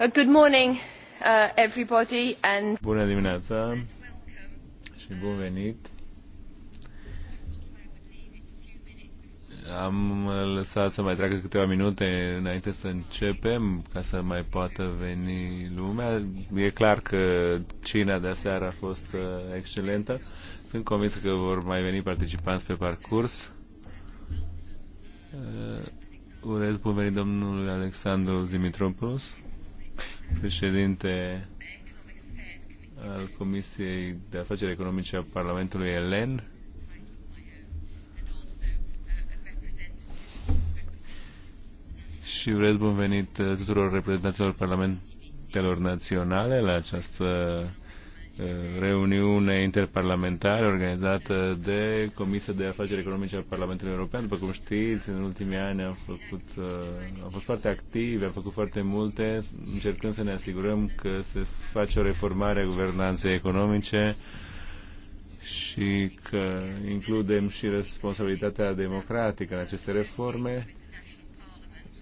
Uh, uh, Bună dimineața și bun venit. Am lăsat să mai treacă câteva minute înainte să începem, ca să mai poată veni lumea. E clar că cina de seară a fost uh, excelentă. Sunt convins că vor mai veni participanți pe parcurs. Urez bun venit domnului Alexandru Dimitropoulos președinte al Comisiei de Afaceri Economice a Parlamentului Elen. Și urez bun venit tuturor reprezentanților parlamentelor naționale la această reuniune interparlamentară organizată de Comisia de Afaceri Economice a Parlamentului European. După cum știți, în ultimii ani am, făcut, uh, am fost foarte activi, am făcut foarte multe, încercând să ne asigurăm că se face o reformare a guvernanței economice și că includem și responsabilitatea democratică în aceste reforme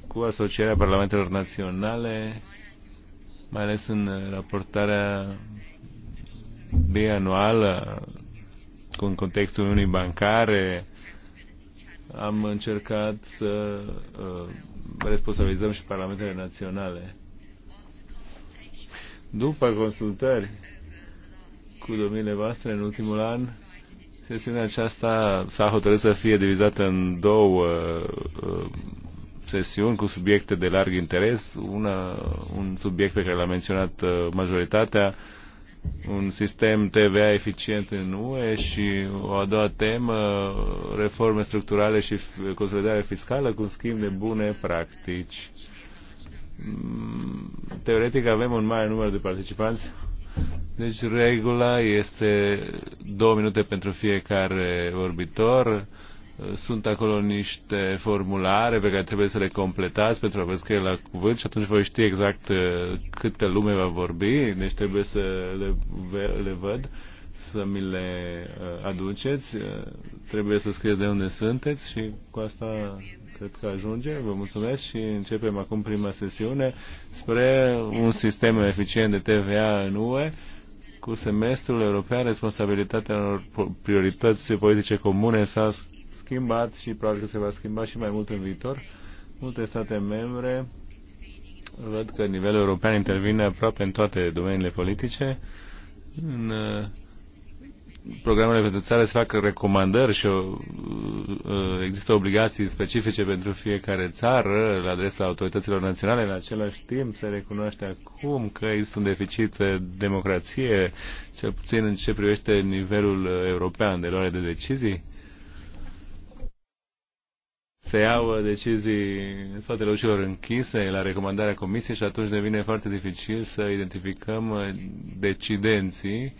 cu asocierea parlamentelor naționale, mai ales în raportarea bianuală cu un contextul unui bancare. Am încercat să uh, responsabilizăm și parlamentele naționale. După consultări cu domnile voastre în ultimul an, sesiunea aceasta s-a hotărât să fie divizată în două uh, sesiuni cu subiecte de larg interes. Una, un subiect pe care l-a menționat uh, majoritatea, un sistem TVA eficient în UE și o a doua temă, reforme structurale și consolidare fiscală cu schimb de bune practici. Mm, teoretic avem un mare număr de participanți, deci regula este două minute pentru fiecare vorbitor sunt acolo niște formulare pe care trebuie să le completați pentru a vă scrie la cuvânt și atunci voi ști exact uh, câte lume va vorbi, deci trebuie să le, le văd, să mi le uh, aduceți, uh, trebuie să scrieți de unde sunteți și cu asta cred că ajunge. Vă mulțumesc și începem acum prima sesiune spre un sistem eficient de TVA în UE cu semestrul european, responsabilitatea unor priorități politice comune s-a schimbat și probabil că se va schimba și mai mult în viitor. Multe state membre văd că nivelul european intervine aproape în toate domeniile politice. În uh, programele pentru țară se fac recomandări și o, uh, uh, există obligații specifice pentru fiecare țară la adresa autorităților naționale. În același timp se recunoaște acum că există un deficit de democrație, cel puțin în ce privește nivelul european de luare de decizii se iau decizii în spatele ușilor închise la recomandarea comisiei și atunci devine foarte dificil să identificăm decidenții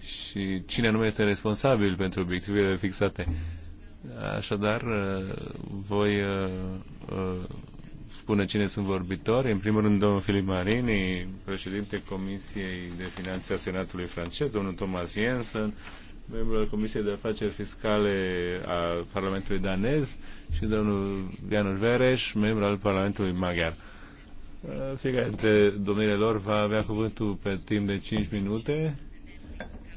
și cine anume este responsabil pentru obiectivele fixate. Așadar, voi uh, uh, spune cine sunt vorbitori. În primul rând, domnul Filip Marini, președinte Comisiei de Finanțe a Senatului francez, domnul Thomas Jensen, membru al Comisiei de Afaceri Fiscale a Parlamentului danez și domnul Janus Vereș, membru al Parlamentului maghiar. Fiecare dintre domnile lor va avea cuvântul pe timp de 5 minute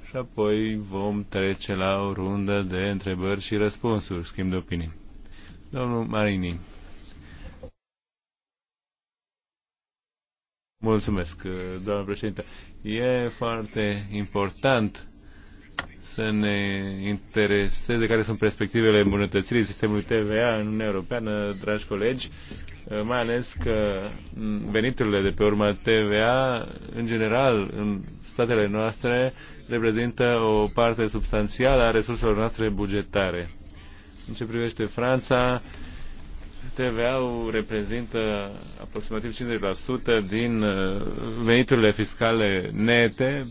și apoi vom trece la o rundă de întrebări și răspunsuri, schimb de opinii. Domnul Marini. Mulțumesc, doamnă președinte. E foarte important să ne intereseze care sunt perspectivele îmbunătățirii sistemului TVA în Uniunea Europeană, dragi colegi, uh, mai ales că veniturile de pe urma TVA, în general, în statele noastre, reprezintă o parte substanțială a resurselor noastre bugetare. În ce privește Franța, TVA-ul reprezintă aproximativ 50% din uh, veniturile fiscale nete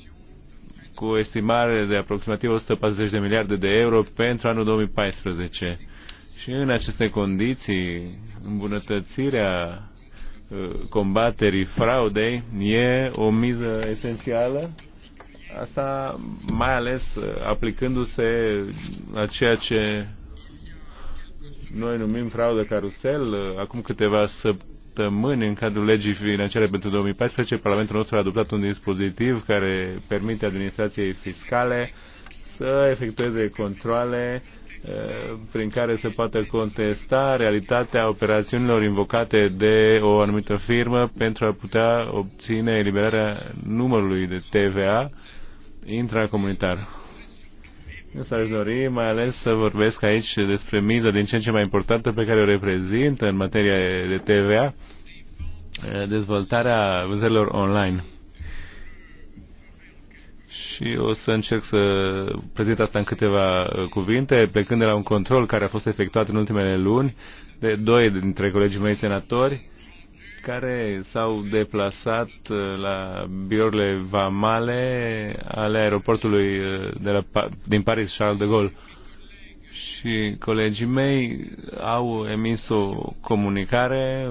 cu o estimare de aproximativ 140 de miliarde de euro pentru anul 2014. Și în aceste condiții, îmbunătățirea uh, combaterii fraudei e o miză esențială asta mai ales uh, aplicându-se la ceea ce noi numim fraudă carusel. Uh, acum câteva săptămâni săptămâni, în cadrul legii financiare pentru 2014, Parlamentul nostru a adoptat un dispozitiv care permite administrației fiscale să efectueze controle eh, prin care se poate contesta realitatea operațiunilor invocate de o anumită firmă pentru a putea obține eliberarea numărului de TVA intracomunitar s aș dori mai ales să vorbesc aici despre miza din ce în ce mai importantă pe care o reprezintă în materie de TVA dezvoltarea vânzărilor online. Și o să încerc să prezint asta în câteva uh, cuvinte, plecând de la un control care a fost efectuat în ultimele luni de doi dintre colegii mei senatori care s-au deplasat uh, la biurile vamale ale aeroportului uh, de la, din Paris Charles de Gaulle. Și colegii mei au emis o comunicare,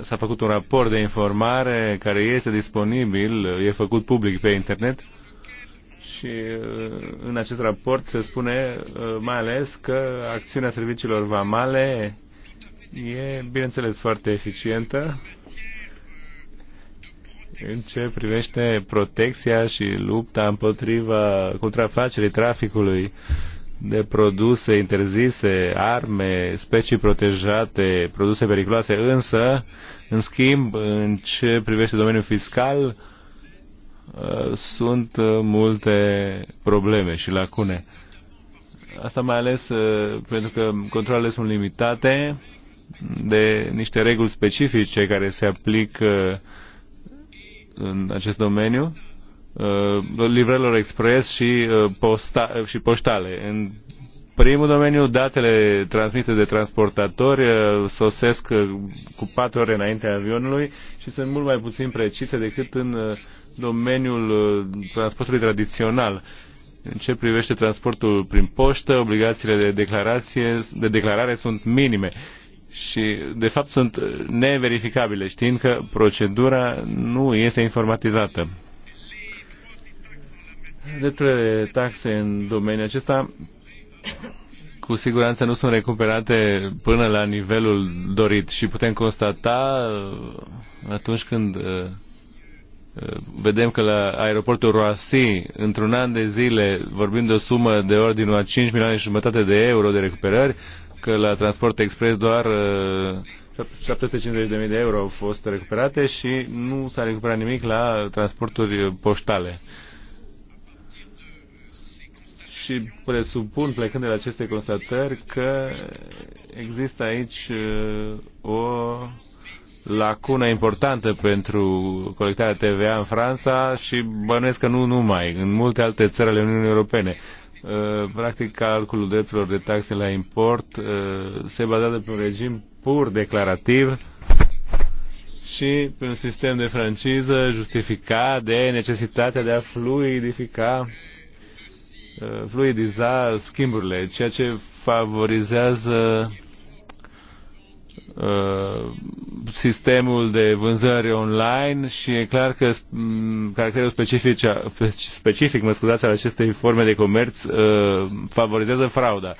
s-a făcut un raport de informare care este disponibil, e făcut public pe internet și uh, în acest raport se spune mai ales că acțiunea serviciilor vamale e, bineînțeles, foarte eficientă în ce privește protecția și lupta împotriva contrafacerii traficului de produse interzise, arme, specii protejate, produse periculoase, însă, în schimb, în ce privește domeniul fiscal, uh, sunt multe probleme și lacune. Asta mai ales uh, pentru că controlele sunt limitate, de niște reguli specifice care se aplică uh, în acest domeniu uh, livrelor expres și, uh, posta, și poștale. În primul domeniu, datele transmise de transportatori sosesc cu patru ore înainte avionului și sunt mult mai puțin precise decât în domeniul transportului tradițional. În ce privește transportul prin poștă, obligațiile de declarație, de declarare sunt minime. Uh, și de fapt sunt neverificabile, știind că procedura nu este informatizată. Drepturile taxe în domeniul acesta cu siguranță nu sunt recuperate până la nivelul dorit și putem constata atunci când uh, uh, vedem că la aeroportul Roasi, într-un an de zile, vorbim de o sumă de ordinul a 5 milioane și jumătate de euro de recuperări, că la transport expres doar 750.000 uh, de euro au fost recuperate și nu s-a recuperat nimic la transporturi poștale. Și presupun, plecând de la aceste constatări, că există aici uh, o lacună importantă pentru colectarea TVA în Franța și bănuiesc că nu numai, în multe alte țări ale Uniunii Europene. Uh, practic calculul drepturilor de taxe la import uh, se bazează pe un regim pur declarativ și pe un sistem de franciză justificat de necesitatea de a fluidifica uh, fluidiza schimburile, ceea ce favorizează Uh, sistemul de vânzări online și e clar că mm, caracterul specific, specific mă scuzați, al acestei forme de comerț uh, favorizează frauda.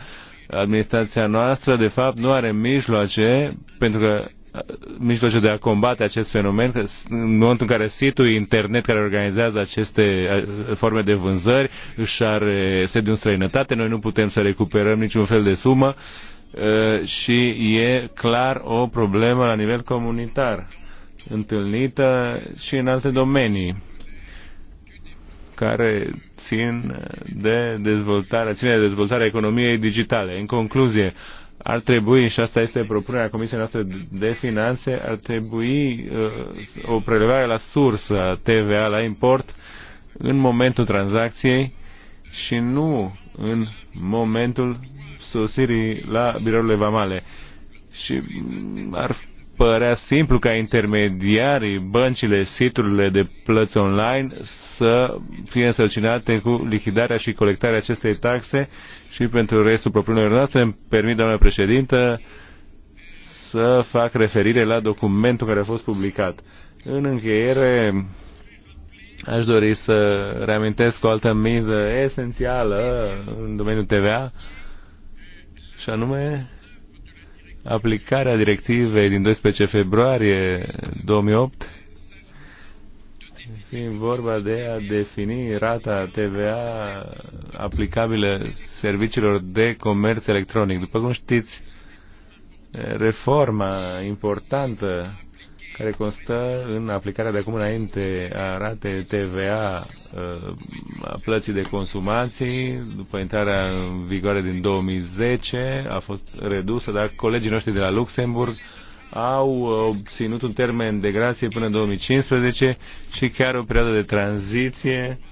Administrația noastră, de fapt, nu are mijloace pentru că uh, mijloace de a combate acest fenomen, că în momentul în care situl internet care organizează aceste forme de vânzări își are sediu în străinătate, noi nu putem să recuperăm niciun fel de sumă, uh, Eh, și e clar o problemă la nivel comunitar, întâlnită și în alte domenii care țin de dezvoltarea, ține de dezvoltarea economiei digitale. În concluzie, ar trebui, și asta este propunerea Comisiei noastre de Finanțe, ar trebui uh, o prelevare la sursă TVA, la import, în momentul tranzacției și nu în momentul sosirii la Eva Male. Și ar părea simplu ca intermediarii, băncile, siturile de plăți online să fie însărcinate cu lichidarea și colectarea acestei taxe și pentru restul propunerilor noastre îmi permit, doamna președintă, să fac referire la documentul care a fost publicat. În încheiere, aș dori să reamintesc o altă miză esențială în domeniul TVA, și anume aplicarea directivei din 12 februarie 2008 fiind vorba de a defini rata TVA aplicabilă serviciilor de comerț electronic. După cum știți, reforma importantă care constă în aplicarea de acum înainte a ratei TVA uh, a plății de consumații după intrarea în vigoare din 2010 a fost redusă, dar colegii noștri de la Luxemburg au obținut un termen de grație până în 2015 și chiar o perioadă de tranziție uh,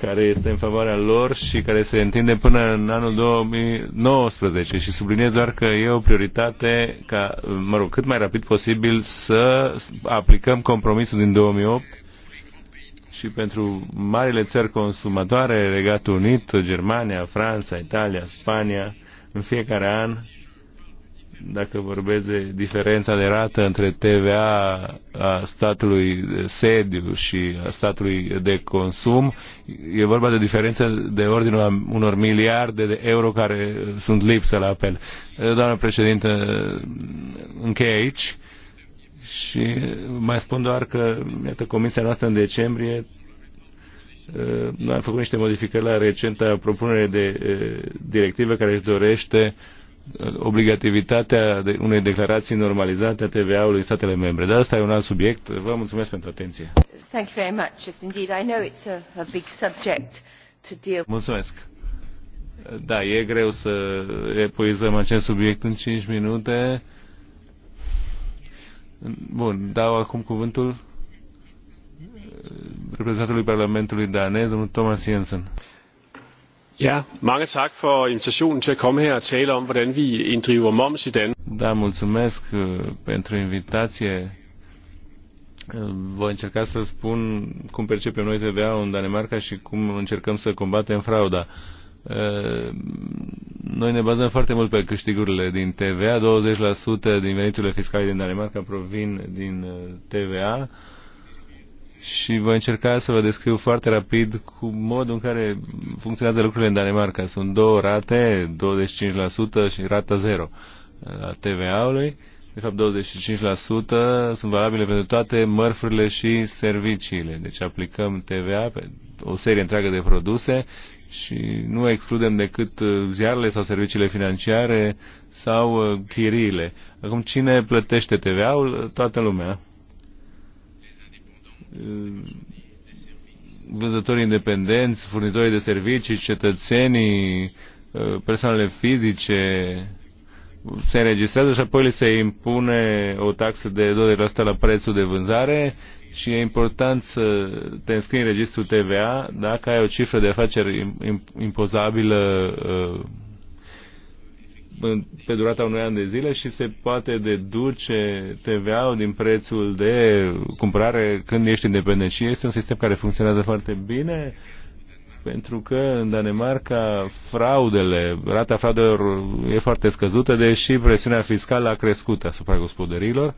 care este în favoarea lor și care se întinde până în anul 2019 și subliniez doar că e o prioritate ca, mă rog, cât mai rapid posibil să aplicăm compromisul din 2008 și pentru marile țări consumatoare, Regatul Unit, Germania, Franța, Italia, Spania, în fiecare an dacă vorbesc de diferența de rată între TVA a statului sediu și a statului de consum, e vorba de diferență de ordinul unor miliarde de euro care sunt lipsă la apel. Doamna președinte, încheie aici și mai spun doar că, iată, comisia noastră în decembrie noi uh, am făcut niște modificări la recenta propunere de uh, directivă care își dorește uh, obligativitatea unei declarații normalizate a TVA-ului statele membre. Dar asta e un alt subiect. Vă mulțumesc pentru atenție. Thank you very much. Indeed, I know it's a, a big subject to deal. Mulțumesc. Da, e greu să epuizăm acest subiect în 5 minute. Bun, dau acum cuvântul uh, reprezentantului Parlamentului danez, domnul Thomas Jensen. Ja, mange tak for invitationen til at komme her og tale om, hvordan vi inddriver moms i Danmark. Da, mulțumesc uh, pentru invitație. Uh, voi încerca să spun cum percepem noi TVA în Danemarca și cum încercăm să combatem frauda. Uh, noi ne bazăm foarte mult pe câștigurile din TVA. 20% din veniturile fiscale din Danemarca provin din TVA și voi încerca să vă descriu foarte rapid cu modul în care funcționează lucrurile în Danemarca. Sunt două rate, 25% și rata 0 a TVA-ului. De fapt, 25% sunt valabile pentru toate mărfurile și serviciile. Deci aplicăm TVA pe o serie întreagă de produse și nu excludem decât ziarele sau serviciile financiare sau uh, chiriile. Acum, cine plătește TVA-ul? Toată lumea Uh, vânzătorii independenți, furnizorii de servicii, cetățenii, uh, persoanele fizice, se înregistrează și apoi li se impune o taxă de 2% la prețul de vânzare și e important să te înscrii în registrul TVA dacă ai o cifră de afaceri impozabilă uh, pe durata unui an de zile și se poate deduce TVA-ul din prețul de cumpărare când ești independent. Și este un sistem care funcționează foarte bine pentru că în Danemarca fraudele, rata fraudelor e foarte scăzută, deși presiunea fiscală a crescut asupra gospodărilor.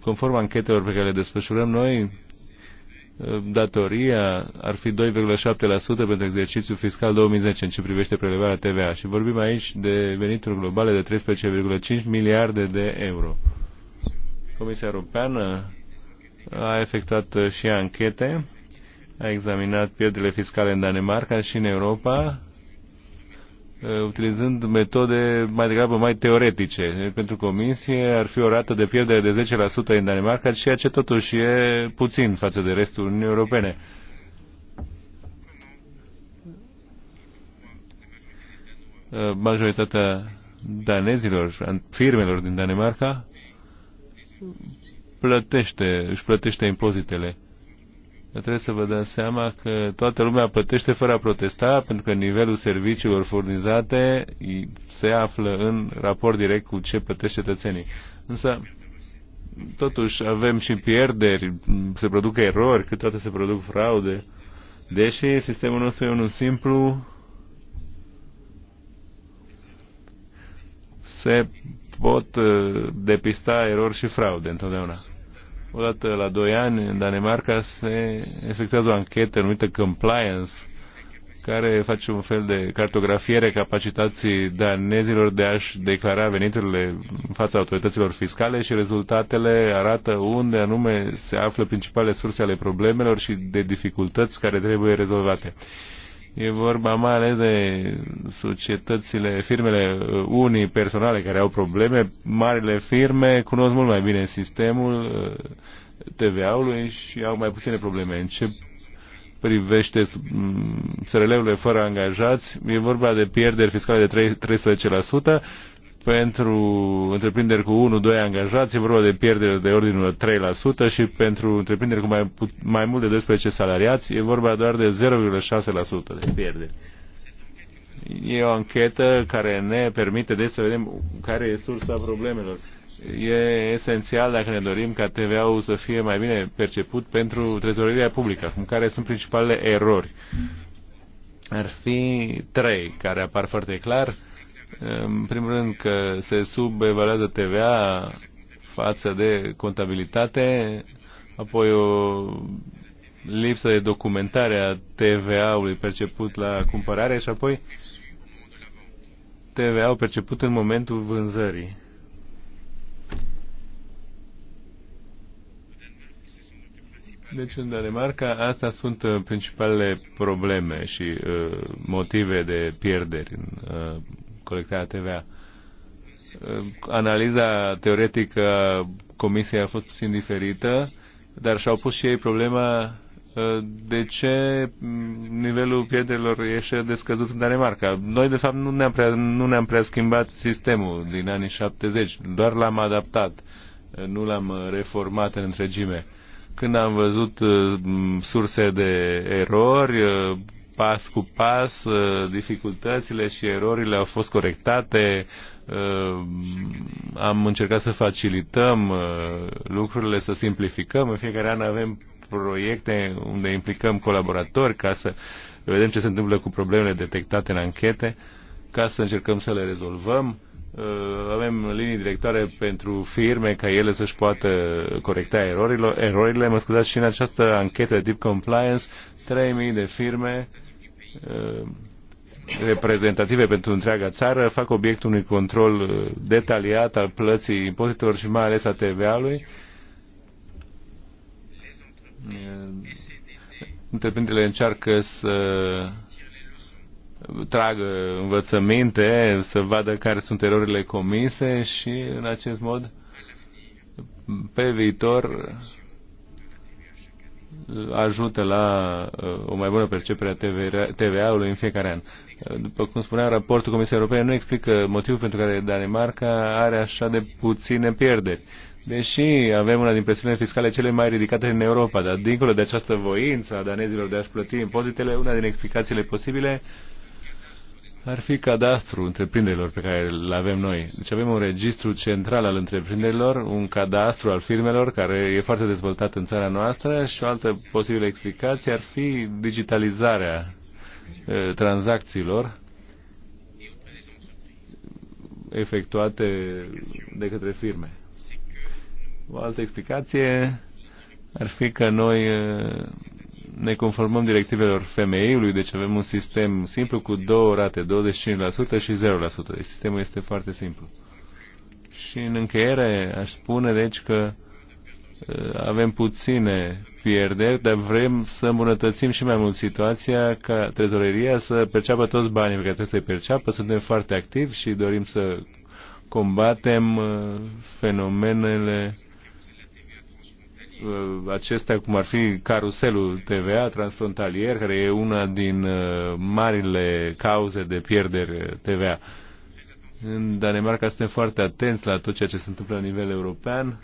Conform anchetelor pe care le desfășurăm noi, datoria ar fi 2,7% pentru exercițiul fiscal 2010 în ce privește prelevarea TVA și vorbim aici de venituri globale de 13,5 miliarde de euro. Comisia Europeană a efectuat și anchete, a examinat pierderile fiscale în Danemarca și în Europa Uh, utilizând metode mai degrabă mai teoretice. Pentru comisie ar fi o rată de pierdere de 10% în Danemarca, ceea ce totuși e puțin față de restul Uniunii Europene. Uh, majoritatea danezilor, firmelor din Danemarca, plătește, își plătește impozitele trebuie să vă dați seama că toată lumea plătește fără a protesta, pentru că nivelul serviciilor furnizate se află în raport direct cu ce plătește cetățenii. Însă, totuși, avem și pierderi, se produc erori, câteodată se produc fraude, deși sistemul nostru e unul simplu, se pot uh, depista erori și fraude întotdeauna odată la 2 ani în Danemarca se efectuează o anchetă numită compliance care face un fel de cartografiere capacității danezilor de a-și declara veniturile în fața autorităților fiscale și rezultatele arată unde anume se află principalele surse ale problemelor și de dificultăți care trebuie rezolvate. E vorba mai ales de societățile, firmele uh, unii personale care au probleme. Marile firme cunosc mult mai bine sistemul uh, TVA-ului și au mai puține probleme. În ce privește srl mm, fără angajați, e vorba de pierderi fiscale de 13% pentru întreprinderi cu 1-2 angajați e vorba de pierdere de ordinul 3% și pentru întreprinderi cu mai, mai mult de 12 salariați e vorba doar de 0,6% de pierdere. E o anchetă care ne permite de deci, să vedem care e sursa problemelor. E esențial dacă ne dorim ca TVA-ul să fie mai bine perceput pentru trezoreria publică. în care sunt principalele erori? Ar fi trei care apar foarte clar. Uh, în primul rând că se subevaluează TVA față de contabilitate, apoi o lipsă de documentare a TVA-ului perceput la cumpărare și apoi TVA-ul perceput în momentul vânzării. Deci, în Danemarca, astea sunt uh, principalele probleme și uh, motive de pierderi în uh, colectarea TVA. Eh, analiza teoretică comisiei a fost puțin diferită, dar și-au pus și ei problema eh, de ce nivelul pierderilor e descăzut de scăzut în Danemarca. Noi, de fapt, nu ne-am prea, nu ne-am prea schimbat sistemul din anii 70, doar l-am adaptat, eh, nu l-am reformat în întregime. Când am văzut surse de erori, pas cu pas, uh, dificultățile și erorile au fost corectate, uh, am încercat să facilităm uh, lucrurile, să simplificăm. În fiecare an avem proiecte unde implicăm colaboratori ca să vedem ce se întâmplă cu problemele detectate în anchete, ca să încercăm să le rezolvăm Uh, avem linii directoare pentru firme ca ele să-și poată corecta erorile. erorile. Mă scuzați și în această anchetă de Deep compliance, 3.000 de firme uh, reprezentative pentru întreaga țară fac obiectul unui control uh, detaliat al plății impozitelor și mai ales a TVA-ului. Întreprinderile încearcă să tragă învățăminte, să vadă care sunt erorile comise și în acest mod pe viitor ajută la uh, o mai bună percepere a TVA-ului în fiecare an. Uh, după cum spuneam, raportul Comisiei Europene nu explică motivul pentru care Danemarca are așa de puține pierderi. Deși avem una din presiunile fiscale cele mai ridicate în Europa, dar dincolo de această voință a danezilor de a-și plăti impozitele, una din explicațiile posibile ar fi cadastru întreprinderilor pe care îl avem noi. Deci avem un registru central al întreprinderilor, un cadastru al firmelor care e foarte dezvoltat în țara noastră și o altă posibilă explicație ar fi digitalizarea eh, tranzacțiilor efectuate de către firme. O altă explicație ar fi că noi ne conformăm directivelor femeiului, deci avem un sistem simplu cu două rate, 25% și 0%. Deci sistemul este foarte simplu. Și în încheiere aș spune deci că uh, avem puține pierderi, dar vrem să îmbunătățim și mai mult situația ca trezoreria să perceapă toți banii pe care trebuie să-i perceapă. Suntem foarte activi și dorim să combatem uh, fenomenele Uh, acestea, cum ar fi caruselul TVA transfrontalier, care e una din uh, marile cauze de pierderi uh, TVA. În Danemarca suntem foarte atenți la tot ceea ce se întâmplă la nivel european,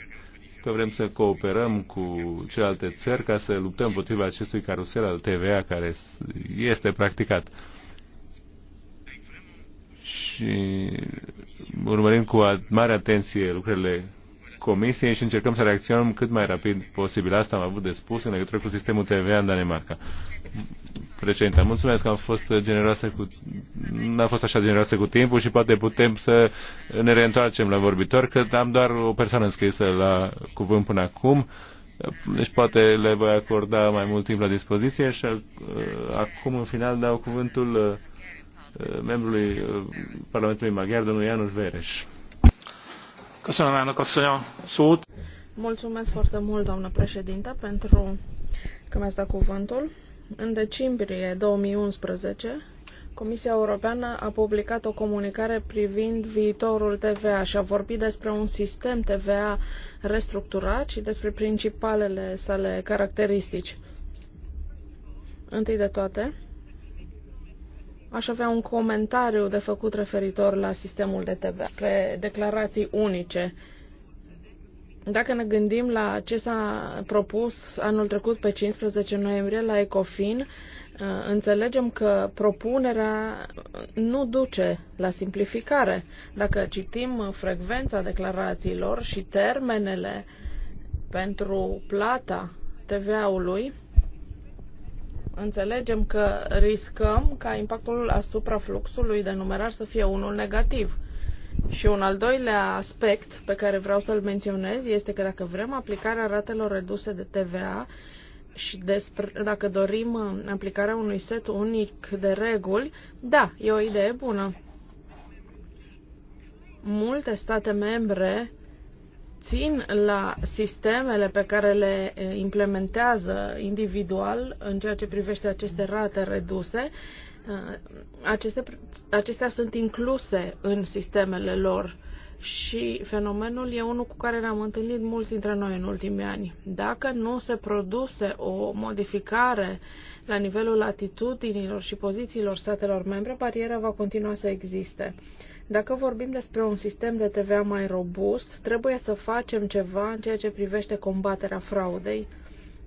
că vrem să cooperăm cu celelalte țări ca să luptăm împotriva acestui carusel al TVA care este practicat și urmărim cu mare atenție lucrurile Comisiei și încercăm să reacționăm cât mai rapid posibil. Asta am avut de spus în legătură cu sistemul TV în Danemarca. Președinte, mulțumesc că am fost generoasă cu... n-a fost așa generoasă cu timpul și poate putem să ne reîntoarcem la vorbitor, că am doar o persoană înscrisă la cuvânt până acum. Deci poate le voi acorda mai mult timp la dispoziție și uh, acum în final dau cuvântul uh, uh, membrului Parlamentului Maghiar, domnul Ianuș Vereș. Mulțumesc foarte mult, doamnă președinte, pentru că mi-ați dat cuvântul. În decembrie 2011, Comisia Europeană a publicat o comunicare privind viitorul TVA și a vorbit despre un sistem TVA restructurat și despre principalele sale caracteristici. Întâi de toate, Aș avea un comentariu de făcut referitor la sistemul de TVA, pre declarații unice. Dacă ne gândim la ce s-a propus anul trecut pe 15 noiembrie la ECOFIN, uh, înțelegem că propunerea nu duce la simplificare. Dacă citim frecvența declarațiilor și termenele pentru plata TVA-ului, Înțelegem că riscăm ca impactul asupra fluxului de numerar să fie unul negativ. Și un al doilea aspect pe care vreau să-l menționez este că dacă vrem aplicarea ratelor reduse de TVA și despre, dacă dorim uh, aplicarea unui set unic de reguli, da, e o idee bună. Multe state membre puțin la sistemele pe care le implementează individual în ceea ce privește aceste rate reduse, aceste, acestea sunt incluse în sistemele lor și fenomenul e unul cu care ne-am întâlnit mulți dintre noi în ultimii ani. Dacă nu se produse o modificare la nivelul atitudinilor și pozițiilor statelor membre, bariera va continua să existe. Dacă vorbim despre un sistem de TVA mai robust, trebuie să facem ceva în ceea ce privește combaterea fraudei.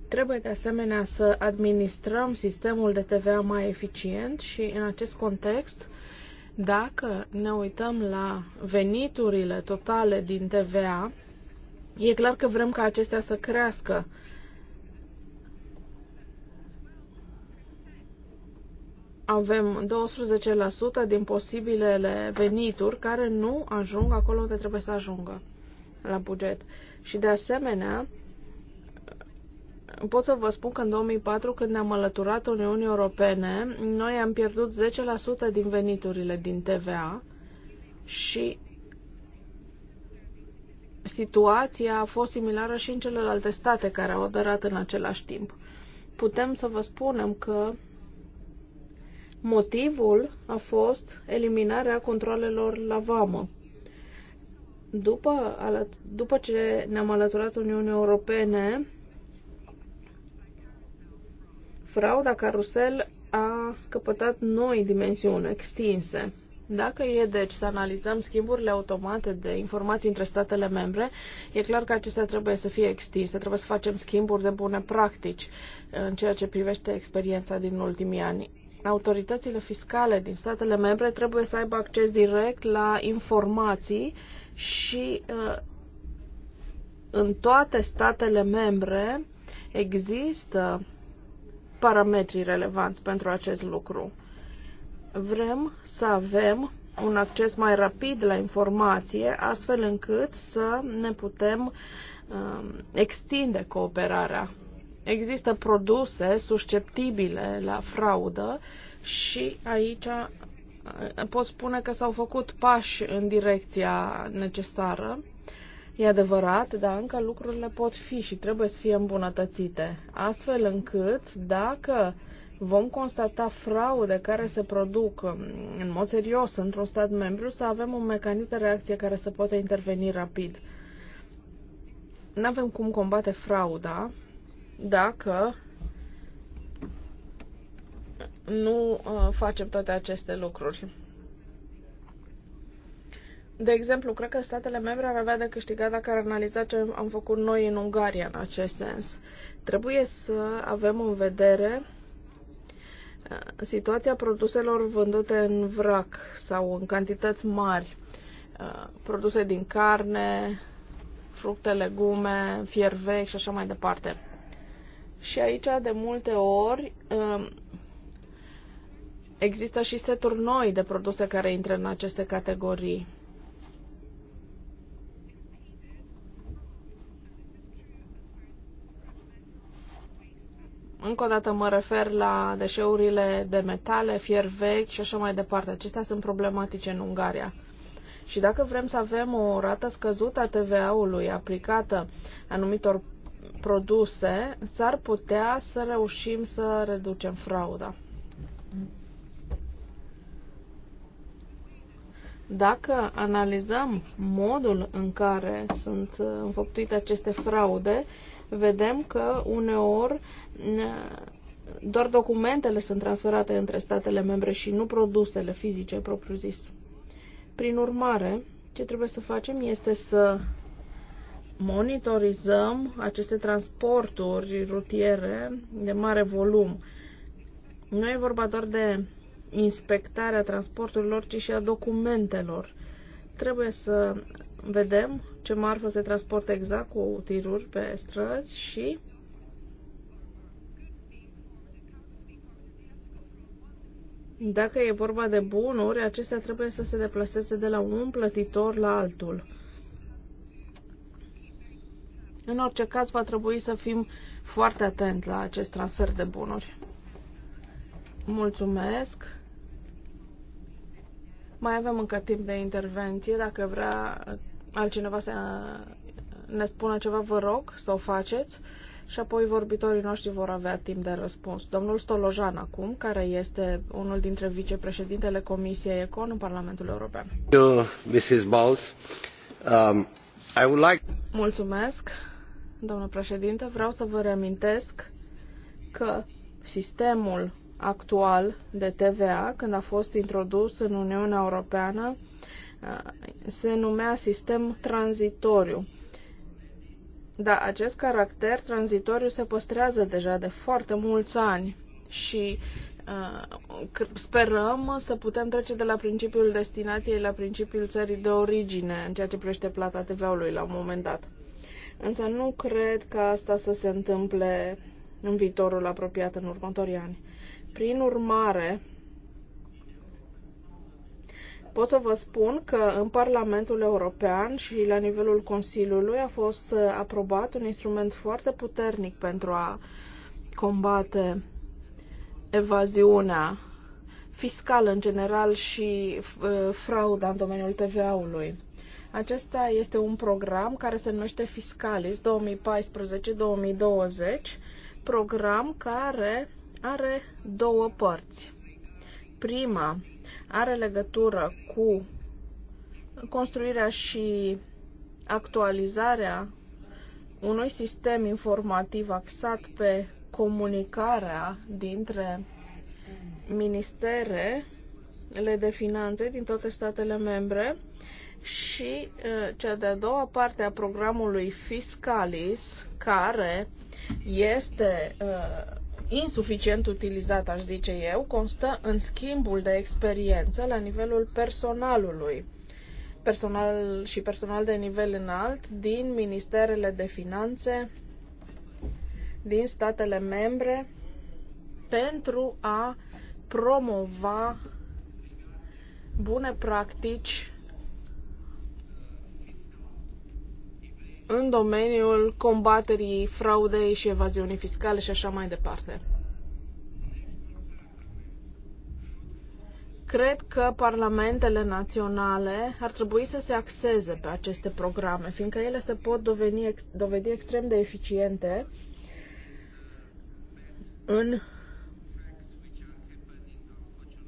Trebuie de asemenea să administrăm sistemul de TVA mai eficient și în acest context, dacă ne uităm la veniturile totale din TVA, e clar că vrem ca acestea să crească avem 12% din posibilele venituri care nu ajung acolo unde trebuie să ajungă la buget. Și de asemenea, pot să vă spun că în 2004, când ne-am alăturat Uniunii Europene, noi am pierdut 10% din veniturile din TVA și situația a fost similară și în celelalte state care au aderat în același timp. Putem să vă spunem că Motivul a fost eliminarea controlelor la vamă. După, după ce ne-am alăturat Uniunii Europene, frauda carusel a căpătat noi dimensiuni extinse. Dacă e, deci, să analizăm schimburile automate de informații între statele membre, e clar că acestea trebuie să fie extinse, trebuie să facem schimburi de bune practici uh, în ceea ce privește experiența din ultimii ani autoritățile fiscale din statele membre trebuie să aibă acces direct la informații și uh, în toate statele membre există parametrii relevanți pentru acest lucru. Vrem să avem un acces mai rapid la informație, astfel încât să ne putem um, extinde cooperarea există produse susceptibile la fraudă și aici pot spune că s-au făcut pași în direcția necesară. E adevărat, dar încă lucrurile pot fi și trebuie să fie îmbunătățite, astfel încât dacă vom constata fraude care se produc um, în mod serios într-un stat membru, să avem un mecanism de reacție care să poată interveni rapid. Nu avem cum combate frauda dacă nu uh, facem toate aceste lucruri. De exemplu, cred că statele membre ar avea de câștigat dacă ar analiza ce am făcut noi în Ungaria în acest sens. Trebuie să avem în vedere uh, situația produselor vândute în vrac sau în cantități mari, uh, produse din carne, fructe, legume, fier vechi și așa mai departe. Și aici, de multe ori, um, există și seturi noi de produse care intră în aceste categorii. Încă o dată mă refer la deșeurile de metale, fier vechi și așa mai departe. Acestea sunt problematice în Ungaria. Și dacă vrem să avem o rată scăzută a TVA-ului aplicată anumitor produse, s-ar putea să reușim să reducem frauda. Dacă analizăm modul în care sunt înfăptuite aceste fraude, vedem că uneori doar documentele sunt transferate între statele membre și nu produsele fizice propriu-zis. Prin urmare, ce trebuie să facem este să monitorizăm aceste transporturi rutiere de mare volum. Nu e vorba doar de inspectarea transporturilor, ci și a documentelor. Trebuie să vedem ce marfă se transportă exact cu tiruri pe străzi și Dacă e vorba de bunuri, acestea trebuie să se deplaseze de la un plătitor la altul. În orice caz, va trebui să fim foarte atenți la acest transfer de bunuri. Mulțumesc! Mai avem încă timp de intervenție. Dacă vrea altcineva să ne spună ceva, vă rog să o faceți și apoi vorbitorii noștri vor avea timp de răspuns. Domnul Stolojan acum, care este unul dintre vicepreședintele Comisiei Econ în Parlamentul European. Um, Mulțumesc, Mulțumesc domnul președinte. Vreau să vă reamintesc că sistemul actual de TVA, când a fost introdus în Uniunea Europeană, uh, se numea sistem tranzitoriu. Dar acest caracter tranzitoriu se păstrează deja de foarte mulți ani și uh, sperăm să putem trece de la principiul destinației la principiul țării de origine în ceea ce privește plata TVA-ului la un moment dat. Însă nu cred că asta să se întâmple în viitorul apropiat, în următorii ani. Prin urmare, pot să vă spun că în Parlamentul European și la nivelul Consiliului a fost aprobat un instrument foarte puternic pentru a combate evaziunea fiscală în general și uh, frauda în domeniul TVA-ului. Acesta este un program care se numește Fiscalis 2014-2020, program care are două părți. Prima are legătură cu construirea și actualizarea unui sistem informativ axat pe comunicarea dintre ministere, le de finanțe din toate statele membre și uh, cea de-a doua parte a programului Fiscalis, care este uh, insuficient utilizat, aș zice eu, constă în schimbul de experiență la nivelul personalului personal și personal de nivel înalt din ministerele de finanțe din statele membre pentru a promova bune practici în domeniul combaterii fraudei și evaziunii fiscale și așa mai departe. Cred că parlamentele naționale ar trebui să se axeze pe aceste programe, fiindcă ele se pot doveni, dovedi extrem de eficiente în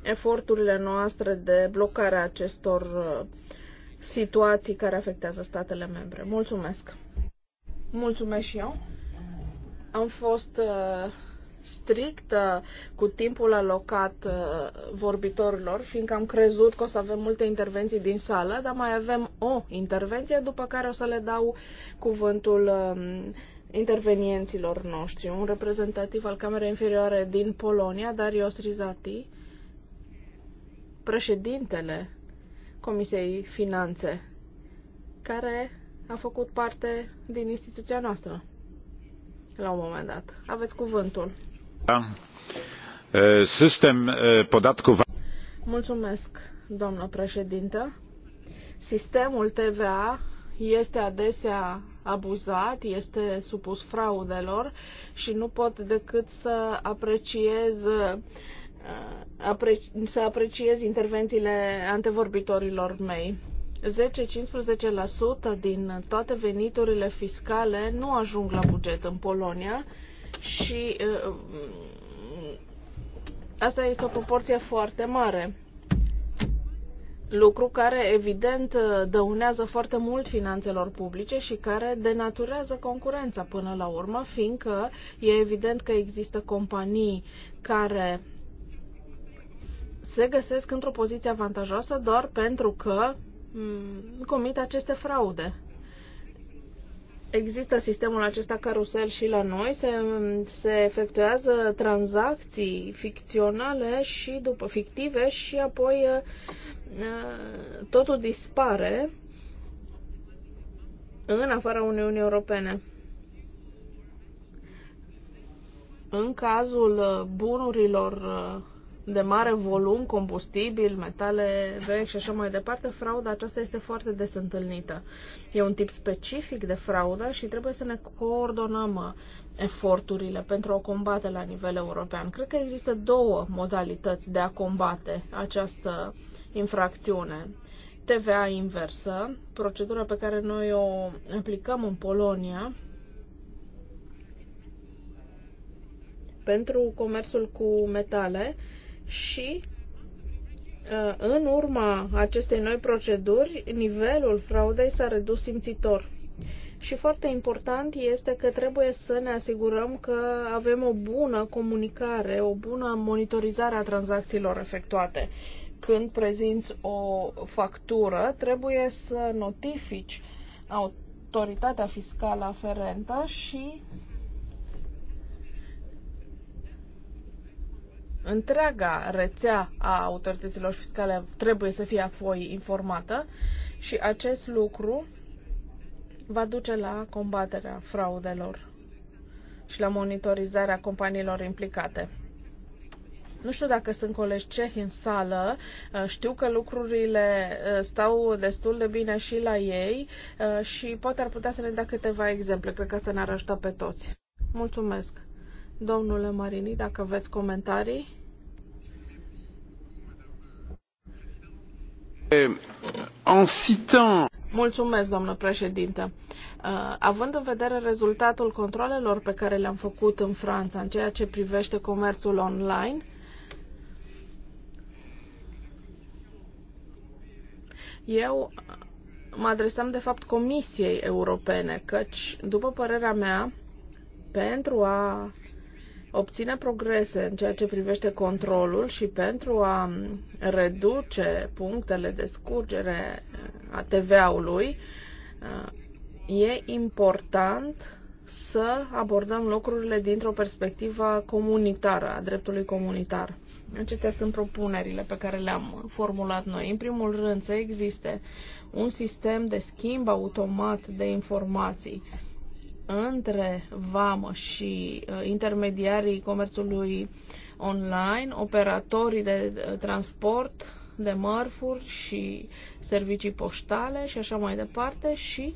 eforturile noastre de blocare a acestor uh, situații care afectează statele membre. Mulțumesc! Mulțumesc și eu! Am fost uh, strictă cu timpul alocat uh, vorbitorilor, fiindcă am crezut că o să avem multe intervenții din sală, dar mai avem o intervenție, după care o să le dau cuvântul um, intervenienților noștri. Un reprezentativ al Camerei Inferioare din Polonia, Darius Rizati, președintele Comisiei Finanțe, care a făcut parte din instituția noastră la un moment dat. Aveți cuvântul. Da. Sistem podatku... Mulțumesc, doamnă președintă. Sistemul TVA este adesea abuzat, este supus fraudelor și nu pot decât să apreciez să apreciez intervențiile antevorbitorilor mei. 10-15% din toate veniturile fiscale nu ajung la buget în Polonia și mm, asta este o proporție foarte mare. Lucru care, evident, dăunează foarte mult finanțelor publice și care denaturează concurența până la urmă, fiindcă e evident că există companii care se găsesc într-o poziție avantajoasă doar pentru că mm, comit aceste fraude. Există sistemul acesta carusel și la noi, se, se efectuează tranzacții ficționale și după fictive și apoi eh, totul dispare în afara Uniunii Europene. În cazul eh, bunurilor eh, de mare volum, combustibil, metale vechi și așa mai departe, frauda aceasta este foarte des întâlnită. E un tip specific de fraudă și trebuie să ne coordonăm uh, eforturile pentru a o combate la nivel european. Cred că există două modalități de a combate această infracțiune. TVA inversă, procedura pe care noi o aplicăm în Polonia, pentru comerțul cu metale și ă, în urma acestei noi proceduri, nivelul fraudei s-a redus simțitor. Și foarte important este că trebuie să ne asigurăm că avem o bună comunicare, o bună monitorizare a tranzacțiilor efectuate. Când prezinți o factură, trebuie să notifici autoritatea fiscală aferentă și întreaga rețea a autorităților fiscale trebuie să fie apoi informată și acest lucru va duce la combaterea fraudelor și la monitorizarea companiilor implicate. Nu știu dacă sunt colegi cehi în sală, uh, știu că lucrurile uh, stau destul de bine și la ei uh, și poate ar putea să ne dea câteva exemple. Cred că asta ne-ar ajuta pe toți. Mulțumesc! Domnule Marini, dacă aveți comentarii. En Mulțumesc, doamnă președintă. Uh, având în vedere rezultatul controlelor pe care le-am făcut în Franța în ceea ce privește comerțul online, eu mă adresam de fapt Comisiei Europene, căci, după părerea mea, pentru a obține progrese în ceea ce privește controlul și pentru a reduce punctele de scurgere a TVA-ului, uh, e important să abordăm lucrurile dintr-o perspectivă comunitară, a dreptului comunitar. Acestea sunt propunerile pe care le-am formulat noi. În primul rând, să existe un sistem de schimb automat de informații între vamă și uh, intermediarii comerțului online, operatorii de uh, transport de mărfuri și servicii poștale și așa mai departe și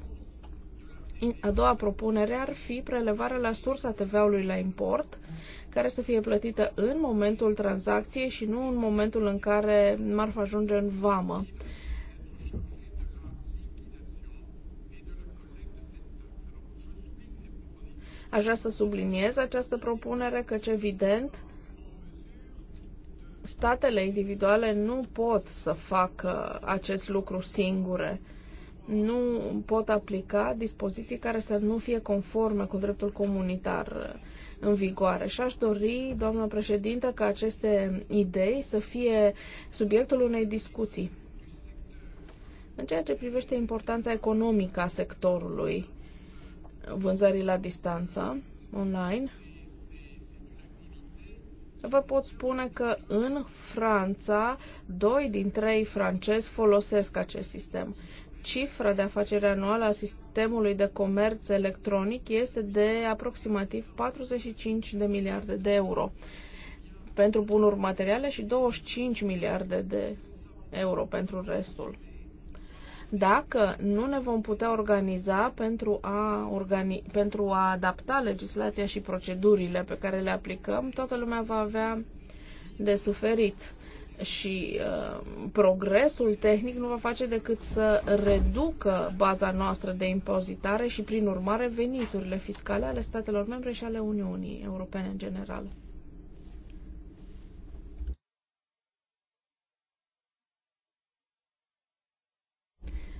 a doua propunere ar fi prelevarea la sursa TVA-ului la import, care să fie plătită în momentul tranzacției și nu în momentul în care marfa ajunge în vamă. Aș vrea să subliniez această propunere căci, evident, statele individuale nu pot să facă acest lucru singure. Nu pot aplica dispoziții care să nu fie conforme cu dreptul comunitar uh, în vigoare. Și aș dori, doamnă președintă, ca aceste idei să fie subiectul unei discuții. În ceea ce privește importanța economică a sectorului, vânzării la distanță online, vă pot spune că în Franța, doi din trei francezi folosesc acest sistem. Cifra de afaceri anuală a sistemului de comerț electronic este de aproximativ 45 de miliarde de euro pentru bunuri materiale și 25 miliarde de euro pentru restul dacă nu ne vom putea organiza pentru a, organi- pentru a adapta legislația și procedurile pe care le aplicăm, toată lumea va avea de suferit și uh, progresul tehnic nu va face decât să reducă baza noastră de impozitare și, prin urmare, veniturile fiscale ale statelor membre și ale Uniunii Europene în general.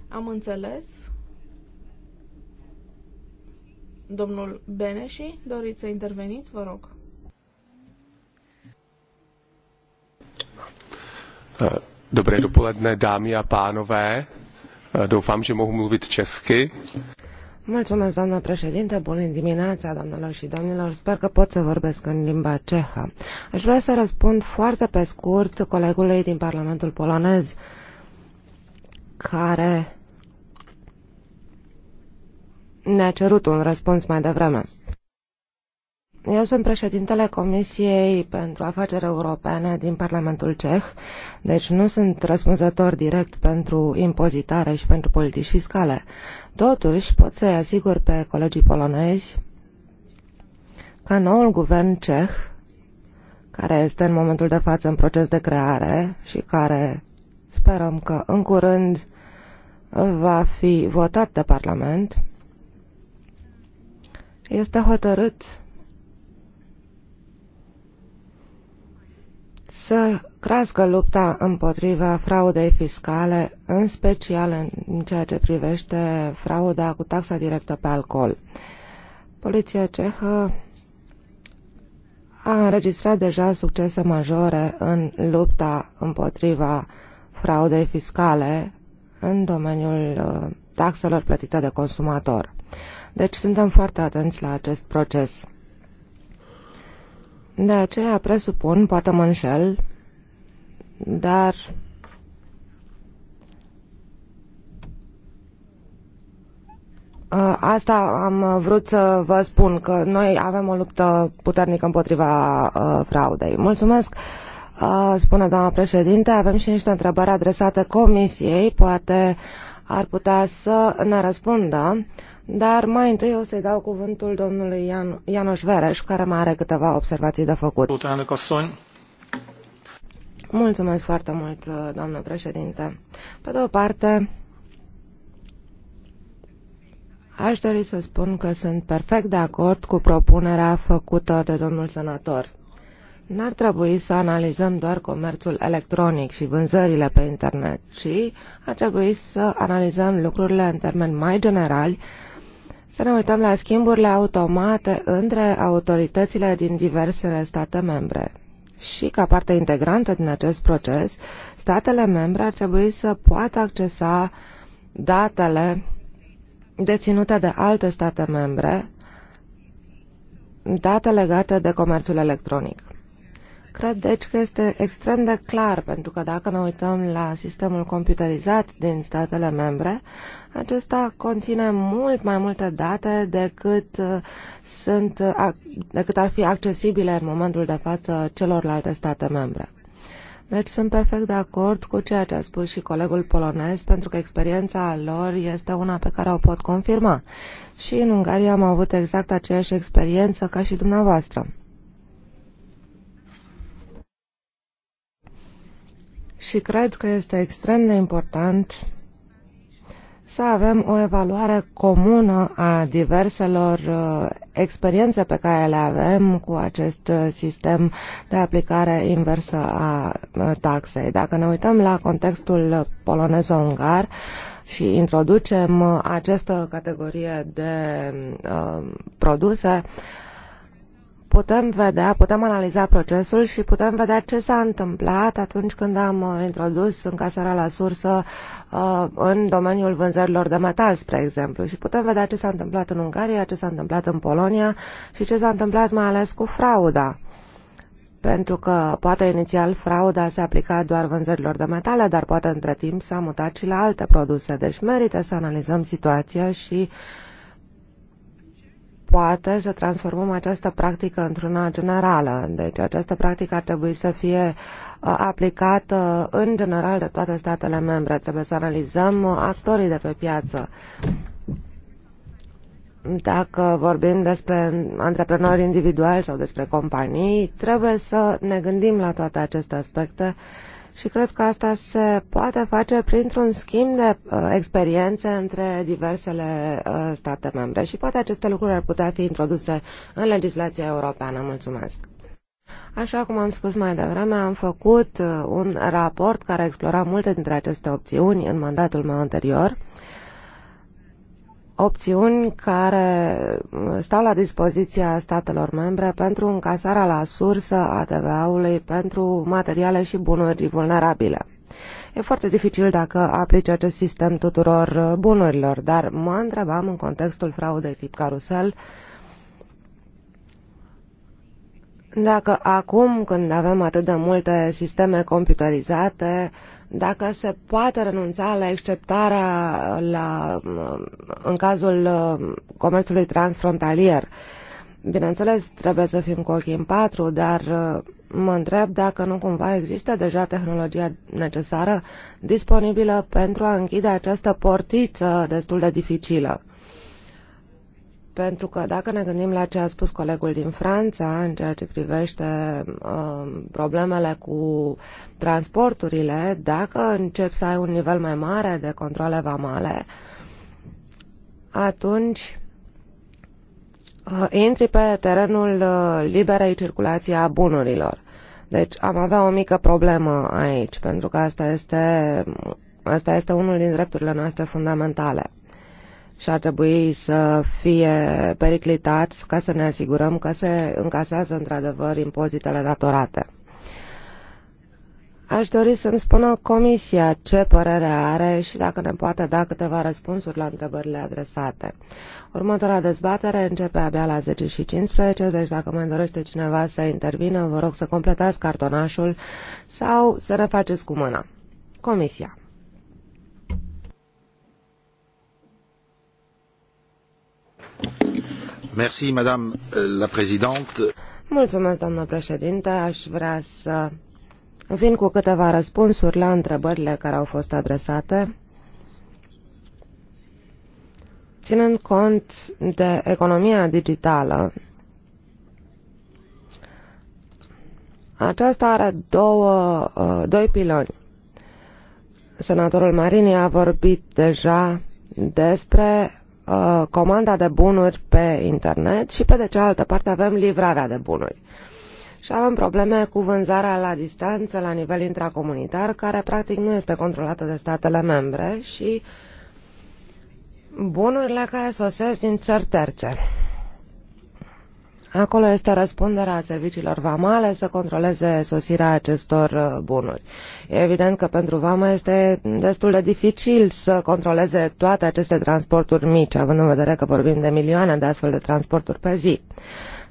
Am înțeles. Domnul Beneși, doriți să interveniți, vă rog. Dobré dopoledne, dámy a pánové. Doufám, že mohu mluvit česky. Mulțumesc, doamnă președinte. Bună dimineața, doamnelor și domnilor. Sper că pot să vorbesc în limba cehă. Aș vrea să răspund foarte pe scurt colegului din Parlamentul polonez care ne-a cerut un răspuns mai devreme. Eu sunt președintele Comisiei pentru Afaceri Europene din Parlamentul Ceh, deci nu sunt răspunzător direct pentru impozitare și pentru politici fiscale. Totuși, pot să-i asigur pe colegii polonezi că noul guvern ceh, care este în momentul de față în proces de creare și care sperăm că în curând va fi votat de Parlament, este hotărât să crească lupta împotriva fraudei fiscale, în special în ceea ce privește frauda cu taxa directă pe alcool. Poliția cehă a înregistrat deja succese majore în lupta împotriva fraudei fiscale în domeniul uh, taxelor plătite de consumator. Deci suntem foarte atenți la acest proces. De aceea presupun, poate mă înșel, dar Asta am vrut să vă spun, că noi avem o luptă puternică împotriva fraudei. Mulțumesc, spune doamna președinte. Avem și niște întrebări adresate comisiei, poate ar putea să ne răspundă. Dar mai întâi o să-i dau cuvântul domnului Ian, Ianoș Vereș, care mai are câteva observații de făcut. Mulțumesc foarte mult, doamnă președinte. Pe de o parte, aș dori să spun că sunt perfect de acord cu propunerea făcută de domnul senator. N-ar trebui să analizăm doar comerțul electronic și vânzările pe internet, ci ar trebui să analizăm lucrurile în termeni mai generali să ne uităm la schimburile automate între autoritățile din diversele state membre. Și ca parte integrantă din acest proces, statele membre ar trebui să poată accesa datele deținute de alte state membre, date legate de comerțul electronic. Cred deci că este extrem de clar, pentru că dacă ne uităm la sistemul computerizat din statele membre, acesta conține mult mai multe date decât, uh, sunt, uh, decât ar fi accesibile în momentul de față celorlalte state membre. Deci sunt perfect de acord cu ceea ce a spus și colegul polonez, pentru că experiența lor este una pe care o pot confirma. Și în Ungaria am avut exact aceeași experiență ca și dumneavoastră. și cred că este extrem de important să avem o evaluare comună a diverselor uh, experiențe pe care le avem cu acest uh, sistem de aplicare inversă a uh, taxei. Dacă ne uităm la contextul polonez-ungar și introducem această categorie de produse, putem vedea, putem analiza procesul și putem vedea ce s-a întâmplat atunci când am uh, introdus încasarea la sursă uh, în domeniul vânzărilor de metal, spre exemplu. Și putem vedea ce s-a întâmplat în Ungaria, ce s-a întâmplat în Polonia și ce s-a întâmplat mai ales cu frauda pentru că poate inițial frauda se aplica doar vânzărilor de metale, dar poate între timp s-a mutat și la alte produse. Deci merită să analizăm situația și uh, poate să transformăm această practică într-una generală. Deci această practică ar trebui să fie uh, aplicată uh, în general de toate statele membre. Trebuie să analizăm uh, actorii de pe piață. Dacă vorbim despre antreprenori individuali sau despre companii, trebuie să ne gândim la toate aceste aspecte uh, și cred că asta se poate face printr-un schimb de uh, experiențe între diversele uh, state membre și poate aceste lucruri ar putea fi introduse în legislația europeană. Mulțumesc! Așa cum am spus mai devreme, am făcut uh, un raport care explora multe dintre aceste opțiuni în mandatul meu anterior opțiuni care stau la dispoziția statelor membre pentru încasarea la sursă a TVA-ului pentru materiale și bunuri vulnerabile. E foarte dificil dacă aplici acest sistem tuturor bunurilor, dar mă întrebam în contextul fraudei tip carusel dacă acum când avem atât de multe sisteme computerizate, uh, dacă se poate renunța la exceptarea la, în cazul uh, comerțului transfrontalier. Bineînțeles, trebuie să fim cu ochii în patru, dar uh, mă întreb dacă nu cumva există deja tehnologia necesară disponibilă pentru a închide această portiță destul de dificilă. Pentru că dacă ne gândim la ce a spus colegul din Franța în ceea ce privește uh, problemele cu transporturile, dacă încep să ai un nivel mai mare de controle vamale, atunci uh, intri pe terenul uh, liberei circulații a bunurilor. Deci am avea o mică problemă aici, pentru că asta este, asta este unul din drepturile noastre fundamentale și ar trebui să fie periclitați ca să ne asigurăm că se încasează într-adevăr impozitele datorate. Aș dori să-mi spună Comisia ce părere are și dacă ne poate da câteva răspunsuri la întrebările adresate. Următoarea dezbatere începe abia la 10 și 15, deci dacă mai dorește cineva să intervină, vă rog să completați cartonașul sau să refaceți faceți cu mâna. Comisia. Merci, Madame euh, la Présidente. Mulțumesc, doamnă președinte. Aș vrea să vin cu câteva răspunsuri la întrebările care au fost adresate, ținând cont de economia digitală. Aceasta are două, uh, doi piloni. Senatorul Marini a vorbit deja despre Uh, comanda de bunuri pe internet și pe de cealaltă parte avem livrarea de bunuri. Și avem probleme cu vânzarea la distanță, la nivel intracomunitar, care practic nu este controlată de statele membre și bunurile care sosesc din țări terțe. Acolo este răspunderea serviciilor vamale să controleze sosirea acestor uh, bunuri. E evident că pentru vama este destul de dificil să controleze toate aceste transporturi mici, având în vedere că vorbim de milioane de astfel de transporturi pe zi.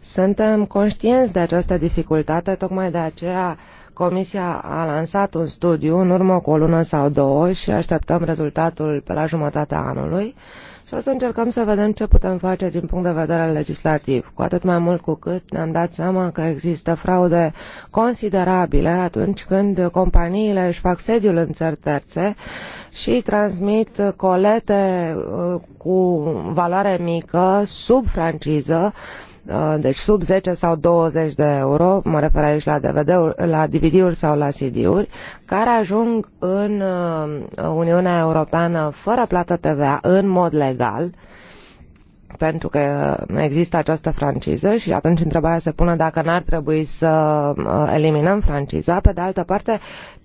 Suntem conștienți de această dificultate, tocmai de aceea Comisia a lansat un studiu în urmă cu o lună sau două și așteptăm rezultatul pe la jumătatea anului și o să încercăm să vedem ce putem face din punct de vedere legislativ, cu atât mai mult cu cât ne-am dat seama că există fraude considerabile atunci când companiile își fac sediul în țări terțe și transmit colete uh, cu valoare mică sub franciză, Uh, deci sub 10 sau 20 de euro, mă refer aici la, DVD la DVD-uri sau la CD-uri, care ajung în uh, Uniunea Europeană fără plată TVA în mod legal, pentru că există această franciză și atunci întrebarea se pune dacă n-ar trebui să uh, eliminăm franciza. Pe de altă parte,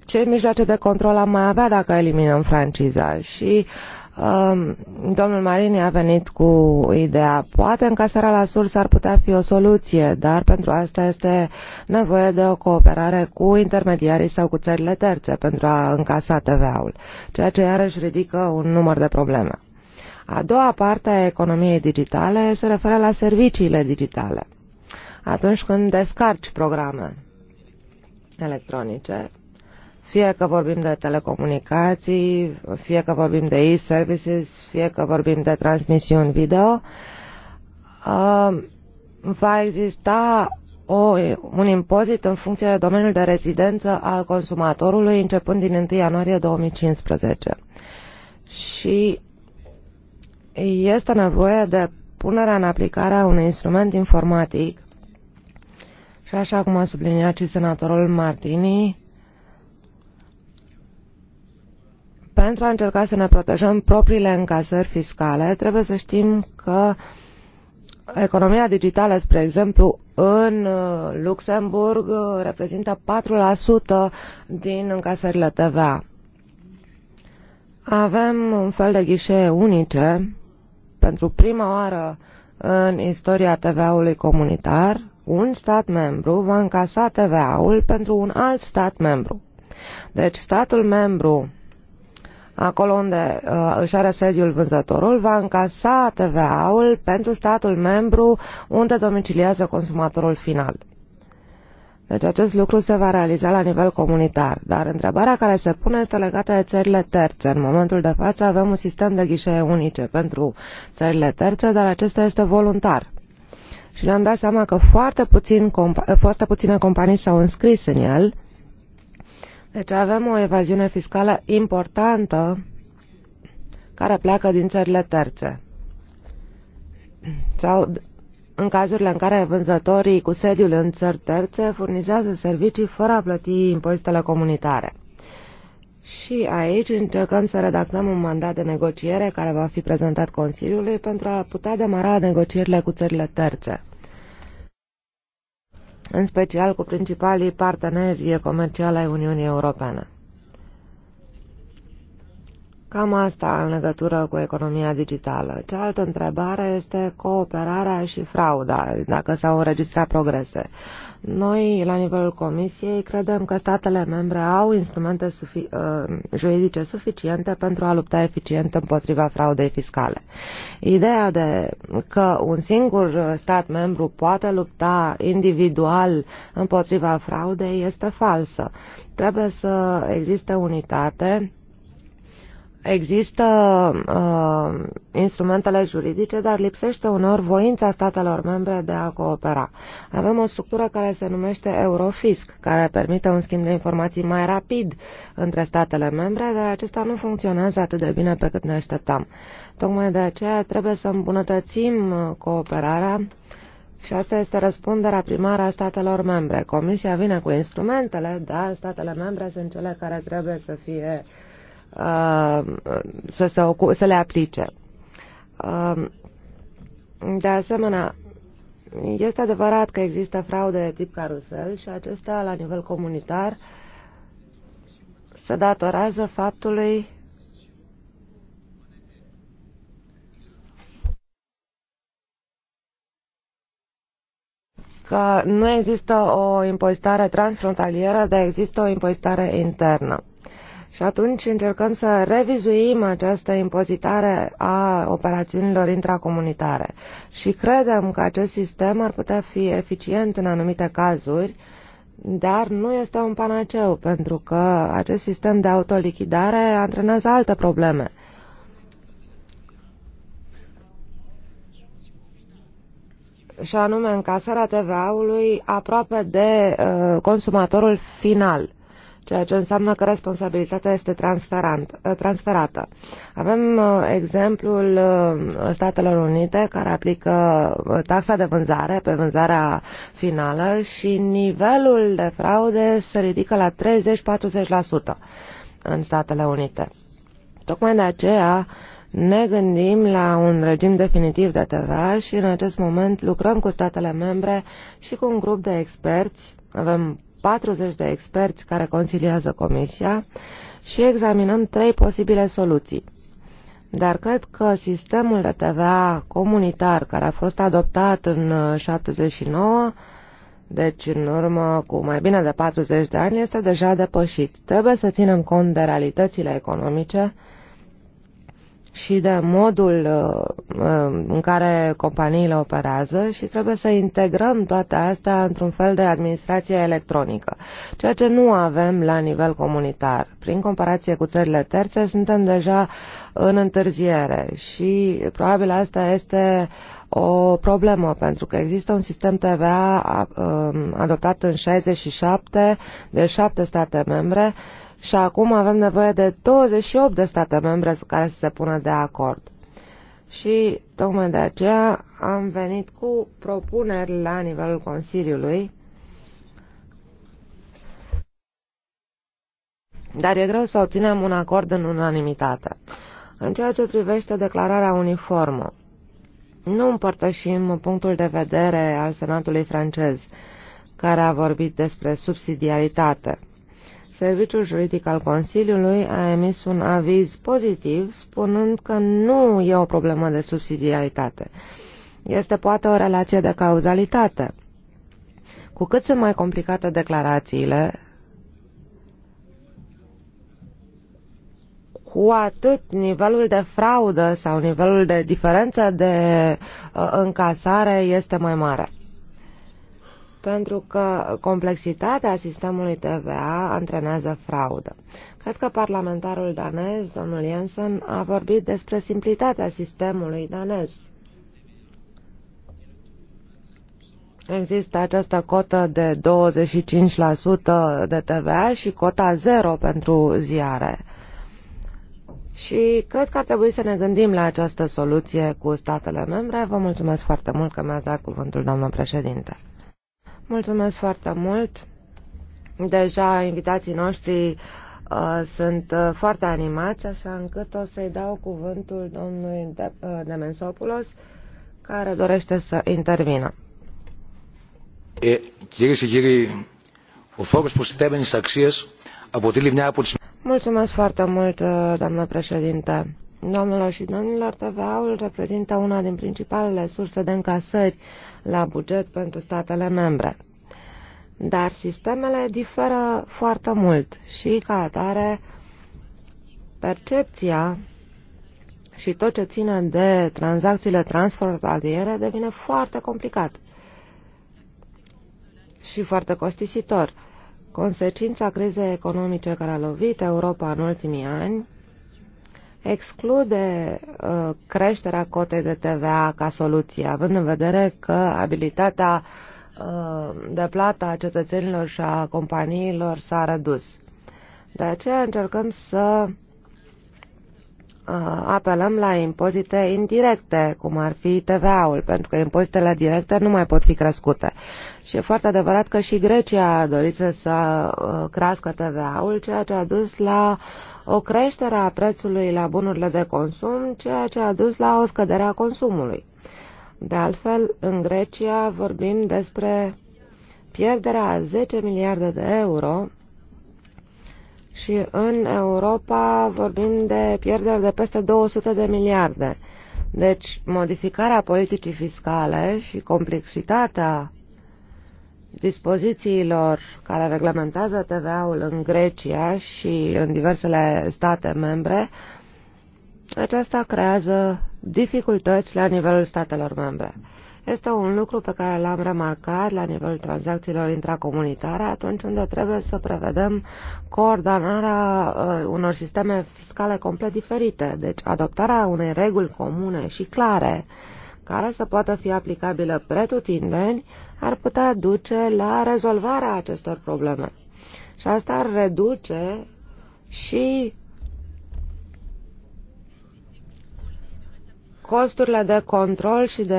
ce mijloace de control am mai avea dacă eliminăm franciza? Și uh, Um, domnul Marini a venit cu ideea, poate încasarea la sursă ar putea fi o soluție, dar pentru asta este nevoie de o cooperare cu intermediarii sau cu țările terțe pentru a încasa TVA-ul, ceea ce iarăși ridică un număr de probleme. A doua parte a economiei digitale se referă la serviciile digitale. Atunci când descarci programe electronice, fie că vorbim de telecomunicații, fie că vorbim de e-services, fie că vorbim de transmisiuni video, uh, va exista o, un impozit în funcție de domeniul de rezidență al consumatorului începând din 1 ianuarie 2015. Și este nevoie de punerea în aplicare a unui instrument informatic și așa cum a subliniat și senatorul Martini, Pentru a încerca să ne protejăm propriile încasări fiscale, trebuie să știm că economia digitală, spre exemplu, în uh, Luxemburg uh, reprezintă 4% din încasările TVA. Avem un fel de ghișee unice pentru prima oară în istoria TVA-ului comunitar, un stat membru va încasa TVA-ul pentru un alt stat membru. Deci statul membru acolo unde uh, își are sediul vânzătorul, va încasa TVA-ul pentru statul membru unde domiciliază consumatorul final. Deci acest lucru se va realiza la nivel comunitar, dar întrebarea care se pune este legată de țările terțe. În momentul de față avem un sistem de ghișe unice pentru țările terțe, dar acesta este voluntar. Și ne-am dat seama că foarte, puțin, foarte puține companii s-au înscris în el deci avem o evaziune fiscală importantă care pleacă din țările terțe. Sau în cazurile în care vânzătorii cu sediul în țări terțe furnizează servicii fără a plăti impozitele comunitare. Și aici încercăm să redactăm un mandat de negociere care va fi prezentat Consiliului pentru a putea demara negocierile cu țările terțe în special cu principalii parteneri comerciali ai Uniunii Europene. Cam asta în legătură cu economia digitală. Cealaltă întrebare este cooperarea și frauda, dacă s-au înregistrat progrese. Noi, la nivelul Comisiei, credem că statele membre au instrumente sufi uh, juridice suficiente pentru a lupta eficient împotriva fraudei fiscale. Ideea de că un singur stat membru poate lupta individual împotriva fraudei este falsă. Trebuie să existe unitate Există uh, instrumentele juridice, dar lipsește unor voința statelor membre de a coopera. Avem o structură care se numește Eurofisc, care permite un schimb de informații mai rapid între statele membre, dar acesta nu funcționează atât de bine pe cât ne așteptam. Tocmai de aceea trebuie să îmbunătățim cooperarea și asta este răspunderea primară a statelor membre. Comisia vine cu instrumentele, dar statele membre sunt cele care trebuie să fie uh, Uh, să, să, să le aplice. Uh, de asemenea, este adevărat că există fraude de tip carusel și acestea, la nivel comunitar, se datorează faptului că nu există o impozitare transfrontalieră, dar există o impozitare internă. Și atunci încercăm să revizuim această impozitare a operațiunilor intracomunitare. Și credem că acest sistem ar putea fi eficient în anumite cazuri, dar nu este un panaceu, pentru că acest sistem de autolichidare antrenează alte probleme. și anume încasarea TVA-ului aproape de uh, consumatorul final ceea ce înseamnă că responsabilitatea este transferată. Avem uh, exemplul uh, Statelor Unite care aplică uh, taxa de vânzare pe vânzarea finală și nivelul de fraude se ridică la 30-40% în Statele Unite. Tocmai de aceea ne gândim la un regim definitiv de TVA și în acest moment lucrăm cu statele membre și cu un grup de experți avem 40 de experți care conciliază Comisia și examinăm trei posibile soluții. Dar cred că sistemul de TVA comunitar care a fost adoptat în 79, uh, deci în urmă cu mai bine de 40 de ani, este deja depășit. Trebuie să ținem cont de realitățile economice și de modul uh, uh, în care companiile operează și trebuie să integrăm toate astea într-un fel de administrație electronică, ceea ce nu avem la nivel comunitar. Prin comparație cu țările terțe, suntem deja în întârziere și probabil asta este o problemă, pentru că există un sistem TVA uh, adoptat în 67 de șapte state membre, și acum avem nevoie de 28 de state membre care să se pună de acord. Și tocmai de aceea am venit cu propuneri la nivelul Consiliului, dar e greu să obținem un acord în unanimitate. În ceea ce privește declararea uniformă, nu împărtășim punctul de vedere al Senatului francez, care a vorbit despre subsidiaritate. Serviciul Juridic al Consiliului a emis un aviz pozitiv spunând că nu e o problemă de subsidiaritate. Este poate o relație de cauzalitate. Cu cât sunt mai complicate declarațiile, cu atât nivelul de fraudă sau nivelul de diferență de uh, încasare este mai mare pentru că complexitatea sistemului TVA antrenează fraudă. Cred că parlamentarul danez, domnul Jensen, a vorbit despre simplitatea sistemului danez. Există această cotă de 25% de TVA și cota zero pentru ziare. Și cred că ar trebui să ne gândim la această soluție cu statele membre. Vă mulțumesc foarte mult că mi-ați dat cuvântul, doamnă președinte. Mulțumesc foarte mult. Deja invitații noștri uh, sunt uh, foarte animați, așa încât o să-i dau cuvântul domnului De- uh, Demensopoulos, care dorește să intervină. Mulțumesc foarte mult, uh, doamnă președinte. Domnilor și domnilor, TVA-ul reprezintă una din principalele surse de încasări la buget pentru statele membre. Dar sistemele diferă foarte mult și, ca atare, percepția și tot ce ține de tranzacțiile transfrontaliere devine foarte complicat și foarte costisitor. Consecința crizei economice care a lovit Europa în ultimii ani exclude uh, creșterea cotei de TVA ca soluție, având în vedere că abilitatea uh, de plată a cetățenilor și a companiilor s-a redus. De aceea încercăm să uh, apelăm la impozite indirecte, cum ar fi TVA-ul, pentru că impozitele directe nu mai pot fi crescute. Și e foarte adevărat că și Grecia a dorit să, uh, crească TVA-ul, ceea ce a dus la uh, o creștere a prețului la bunurile de consum, ceea ce a dus la o scădere a consumului. De altfel, în Grecia vorbim despre pierderea a 10 miliarde de euro și în Europa vorbim de pierderi de peste 200 de miliarde. Deci, modificarea politicii fiscale și complexitatea dispozițiilor care reglementează TVA-ul în Grecia și în diversele state membre, aceasta creează dificultăți la nivelul statelor membre. Este un lucru pe care l-am remarcat la nivelul tranzacțiilor intracomunitare, atunci unde trebuie să prevedem coordonarea uh, unor sisteme fiscale complet diferite. Deci adoptarea unei reguli comune și clare, care să poată fi aplicabile pretutindeni, ar putea duce la rezolvarea acestor probleme. Și asta ar reduce și costurile de control și de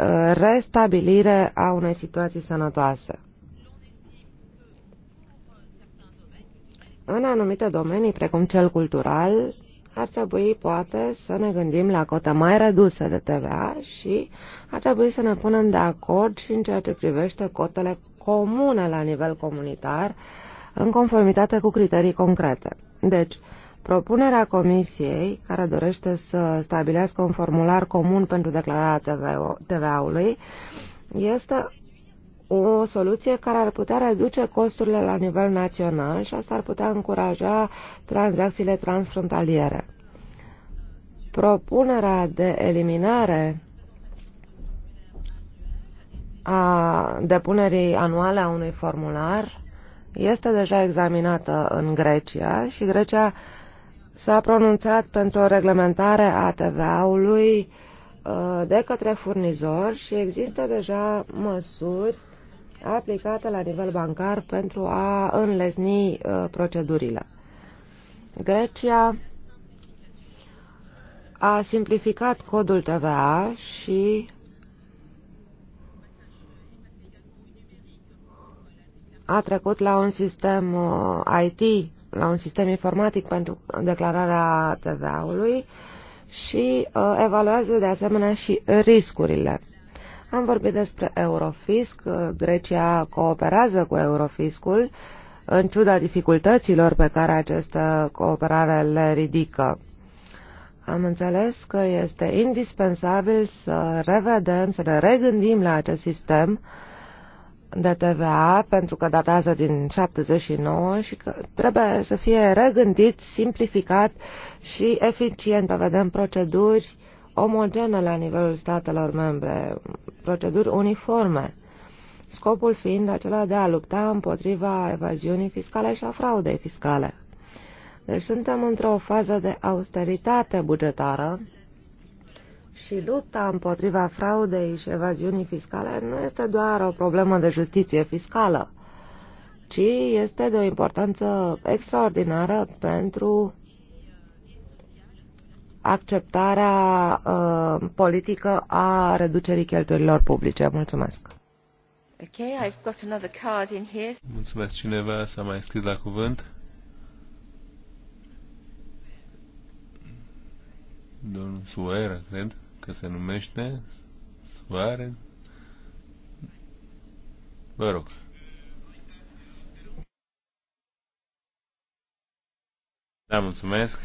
uh, restabilire a unei situații sănătoase. În anumite domenii, precum cel cultural, ar trebui poate să ne gândim la cota mai redusă de TVA și ar trebui să ne punem de acord și în ceea ce privește cotele comune la nivel comunitar, în conformitate cu criterii concrete. Deci, propunerea Comisiei, care dorește să stabilească un formular comun pentru declararea TVA-ului, este o soluție care ar putea reduce costurile la nivel național și asta ar putea încuraja tranzacțiile transfrontaliere. Propunerea de eliminare a depunerii anuale a unui formular este deja examinată în Grecia și Grecia s-a pronunțat pentru o reglementare a TVA-ului uh, de către furnizor și există deja măsuri aplicată la nivel bancar pentru a înlesni uh, procedurile. Grecia a simplificat codul TVA și a trecut la un sistem uh, IT, la un sistem informatic pentru declararea TVA-ului și uh, evaluează de asemenea și riscurile. Am vorbit despre Eurofisc. Grecia cooperează cu Eurofiscul în ciuda dificultăților pe care această cooperare le ridică. Am înțeles că este indispensabil să revedem, să ne regândim la acest sistem de TVA, pentru că datează din 79 și că trebuie să fie regândit, simplificat și eficient. Vedem proceduri omogene la nivelul statelor membre, proceduri uniforme, scopul fiind acela de a lupta împotriva evaziunii fiscale și a fraudei fiscale. Deci suntem într-o fază de austeritate bugetară și lupta împotriva fraudei și evaziunii fiscale nu este doar o problemă de justiție fiscală, ci este de o importanță extraordinară pentru acceptarea uh, politică a reducerii cheltuielilor publice. Mulțumesc. Okay, I've got another card in here. Mulțumesc. Cineva s-a mai scris la cuvânt? Domnul Suera, cred că se numește Suare. Vă rog. Da, mulțumesc.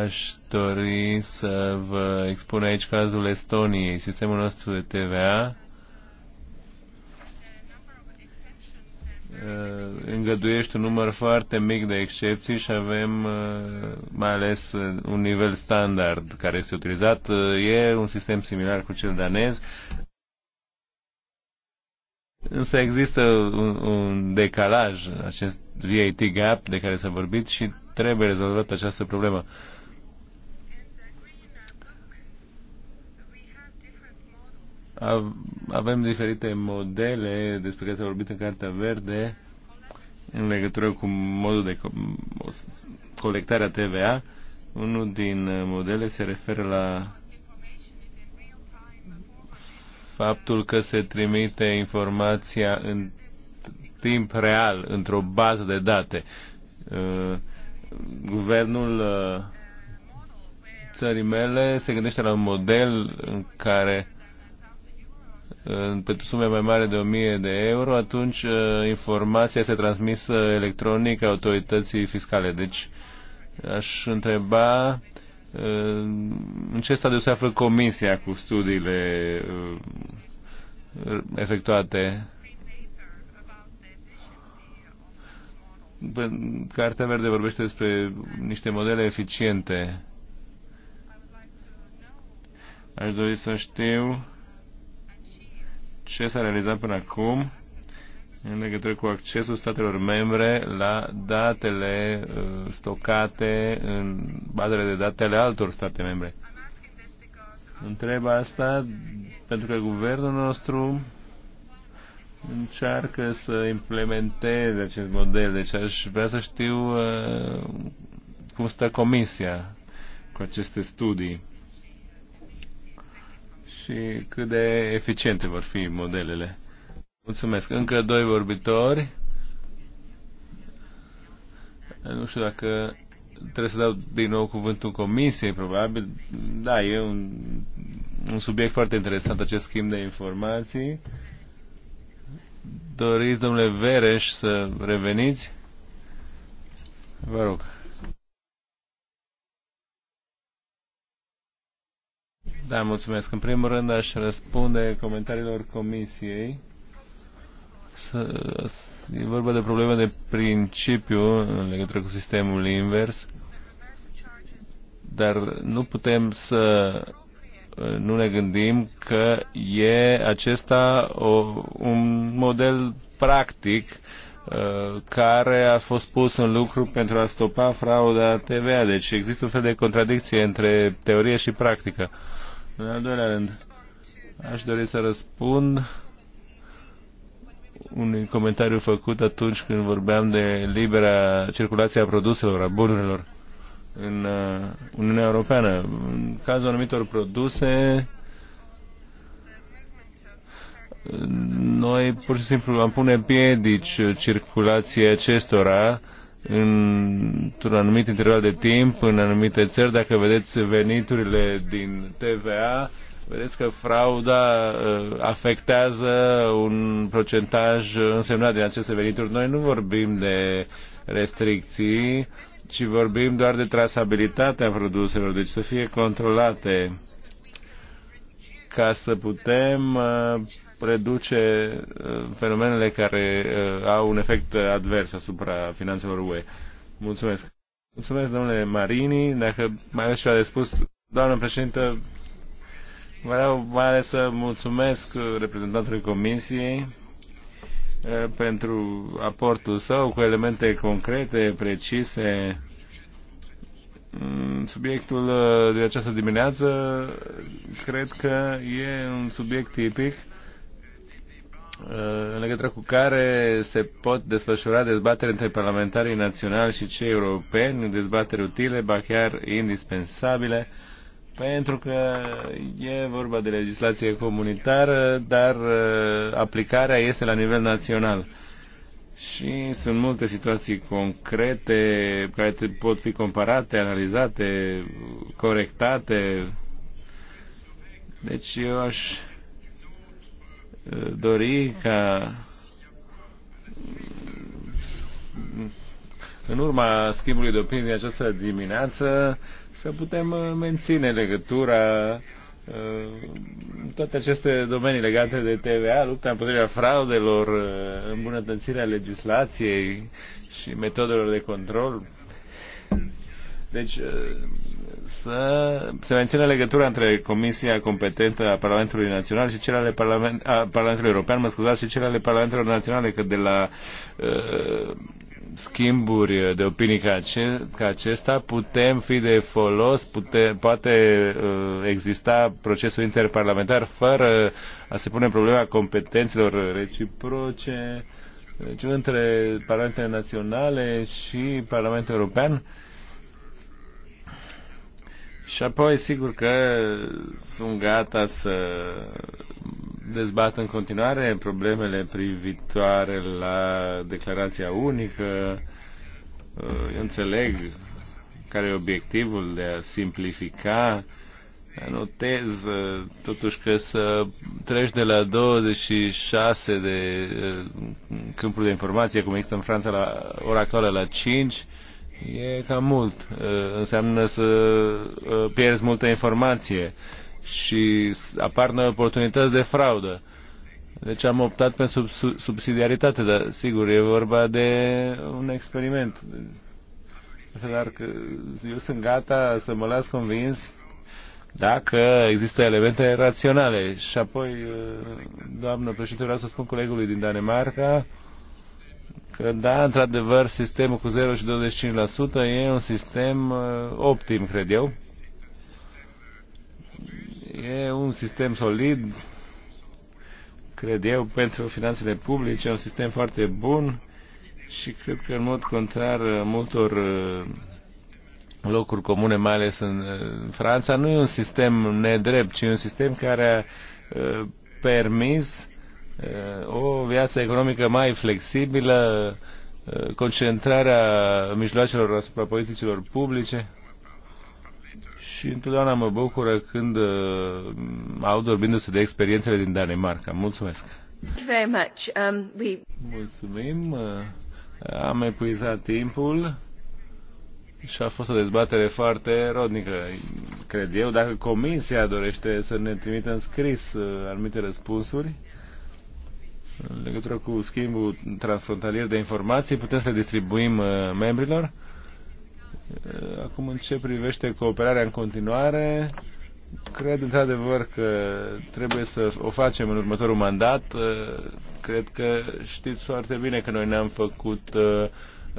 Aș dori să vă expun aici cazul Estoniei, sistemul nostru de TVA. Uh, îngăduiește un număr foarte mic de excepții și avem uh, mai ales uh, un nivel standard care este utilizat. E un sistem similar cu cel danez. Însă există un, un decalaj, acest VAT gap de care s-a vorbit și trebuie rezolvat această problemă. Uh, Avem diferite modele despre care s-a vorbit în Cartea Verde în legătură cu modul de colectare a TVA. Unul din modele se referă la faptul că se trimite informația în timp real într-o bază de date. Uh, guvernul uh, țării mele se gândește la un model în care pentru sume mai mari de 1000 de euro, atunci uh, informația este transmisă electronic autorității fiscale. Deci aș întreba uh, în ce stadiu se află comisia cu studiile uh, efectuate Cartea Verde vorbește despre niște modele eficiente. Aș dori să știu ce s-a realizat până acum în legătură cu accesul statelor membre la datele uh, stocate în bazele de date ale altor state membre. Întreb asta pentru că guvernul nostru încearcă să implementeze acest model. Deci aș vrea să știu uh, cum stă comisia cu aceste studii și cât de eficiente vor fi modelele. Mulțumesc. Încă doi vorbitori. Nu știu dacă trebuie să dau din nou cuvântul comisiei, probabil. Da, e un, un subiect foarte interesant acest schimb de informații. Doriți, domnule Vereș, să reveniți? Vă rog. Da, mulțumesc. În primul rând aș răspunde comentariilor comisiei. E vorba de probleme de principiu în legătură cu sistemul invers, dar nu putem să uh, nu ne gândim că e acesta o, un model practic uh, care a fost pus în lucru pentru a stopa frauda TVA. Deci există un fel de contradicție între teorie și practică. Uh, în al doilea rând, aș dori să răspund un comentariu făcut atunci când vorbeam de libera circulație a produselor, a bunurilor în uh, Uniunea Europeană. În cazul anumitor produse, noi pur și simplu am pune piedici circulației acestora într-un anumit interval de timp în anumite țări, dacă vedeți veniturile din TVA, vedeți că frauda uh, afectează un procentaj însemnat din aceste venituri. Noi nu vorbim de restricții, ci vorbim doar de trasabilitatea produselor, deci să fie controlate ca să putem uh, reduce uh, fenomenele care uh, au un efect advers asupra finanțelor UE. Mulțumesc. Mulțumesc, domnule Marini. Dacă mai aveți ceva de spus, doamnă președintă, vreau mai ales să mulțumesc reprezentantului Comisiei uh, pentru aportul său cu elemente concrete, precise. Mm, subiectul de această dimineață cred că e un subiect tipic în legătură cu care se pot desfășura dezbateri între parlamentarii naționali și cei europeni, dezbateri utile, ba chiar indispensabile, pentru că e vorba de legislație comunitară, dar uh, aplicarea este la nivel național. Și sunt multe situații concrete care pot fi comparate, analizate, corectate. Deci eu aș dori ca în urma schimbului de opinie din această dimineață să putem menține legătura uh, toate aceste domenii legate de TVA, lupta împotriva fraudelor, uh, îmbunătățirea legislației și metodelor de control deci uh, să se menține legătura între Comisia competentă a Parlamentului Național și cele ale Parlament, a Parlamentului European, mă scuzați, și cele ale Parlamentelor Naționale, că de la uh, schimburi de opinii ca, ace- ca acesta putem fi de folos, pute- poate uh, exista procesul interparlamentar fără a se pune problema competențelor reciproce deci între Parlamentele Naționale și Parlamentul European. Uh, și apoi, sigur că sunt gata să dezbat în continuare problemele privitoare la declarația unică. Eu înțeleg care e obiectivul de a simplifica. Notez totuși că să treci de la 26 de eh, câmpuri de informație, cum există în Franța la ora actuală, la 5, E cam mult. Înseamnă să pierzi multă informație și apar noi oportunități de fraudă. Deci am optat pentru sub, subsidiaritate, dar sigur, e vorba de un experiment. Dar că eu sunt gata să mă las convins dacă există elemente raționale. Și apoi, doamnă președinte, vreau să spun colegului din Danemarca, că da, într-adevăr, sistemul cu 0 și 25% e un sistem uh, optim, cred eu. E un sistem solid, cred eu, pentru finanțele publice, un sistem foarte bun și cred că în mod contrar multor uh, locuri comune, mai ales în uh, Franța, nu e un sistem nedrept, ci un sistem care a permis o viață economică mai flexibilă, concentrarea mijloacelor asupra politicilor publice și întotdeauna mă bucură când aud vorbindu-se de experiențele din Danemarca. Mulțumesc! Very much. Um, we... Mulțumim! Am epuizat timpul și a fost o dezbatere foarte rodnică, cred eu. Dacă comisia dorește să ne trimită în scris anumite răspunsuri, în legătură cu schimbul transfrontalier de informații, putem să le distribuim uh, membrilor. Uh, acum, în ce privește cooperarea în continuare, cred într-adevăr că trebuie să o facem în următorul mandat. Uh, cred că știți foarte bine că noi ne-am făcut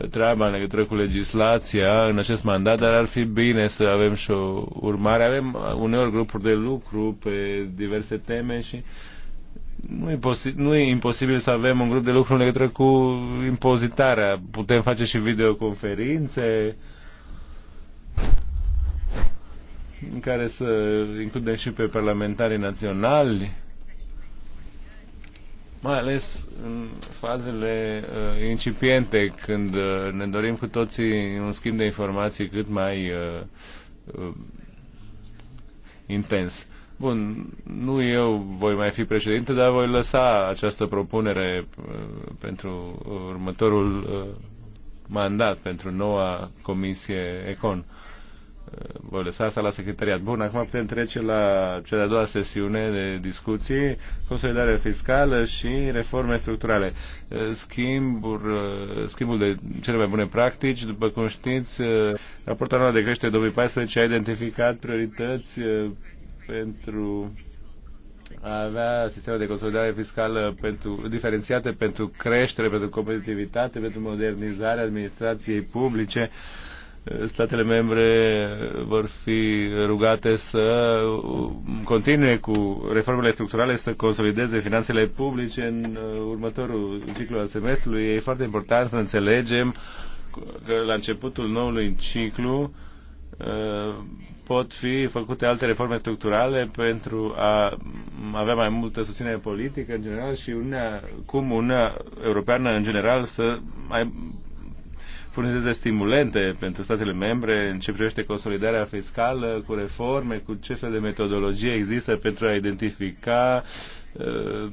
treaba în legătură cu legislația în acest mandat, dar ar fi bine să avem și o urmare. Avem uneori grupuri de lucru pe diverse teme și uh, nu e, nu e imposibil să avem un grup de lucru în legătură cu impozitarea. Putem face și videoconferințe în care să includem și pe parlamentarii naționali, mai ales în fazele uh, incipiente, când uh, ne dorim cu toții un schimb de informații cât mai uh, uh, intens. Bun, nu eu voi mai fi președinte, dar voi lăsa această propunere uh, pentru următorul uh, mandat, pentru noua comisie ECON. Uh, voi lăsa asta la secretariat. Bun, acum putem trece la cea de-a doua sesiune de discuții, consolidare fiscală și reforme structurale. Schimbul, schimbul de cele mai bune practici, după cum știți, raportul anual de creștere 2014 a identificat priorități pentru a avea sisteme de consolidare fiscală pentru, diferențiate pentru creștere, pentru competitivitate, pentru modernizarea administrației publice. Statele membre vor fi rugate să continue cu reformele structurale, să consolideze finanțele publice în următorul ciclu al semestrului. E foarte important să înțelegem că la începutul noului ciclu pot fi făcute alte reforme structurale pentru a avea mai multă susținere politică în general și Uniunea, cum una Europeană în general să mai furnizeze stimulente pentru statele membre în ce privește consolidarea fiscală cu reforme, cu ce fel de metodologie există pentru a identifica uh,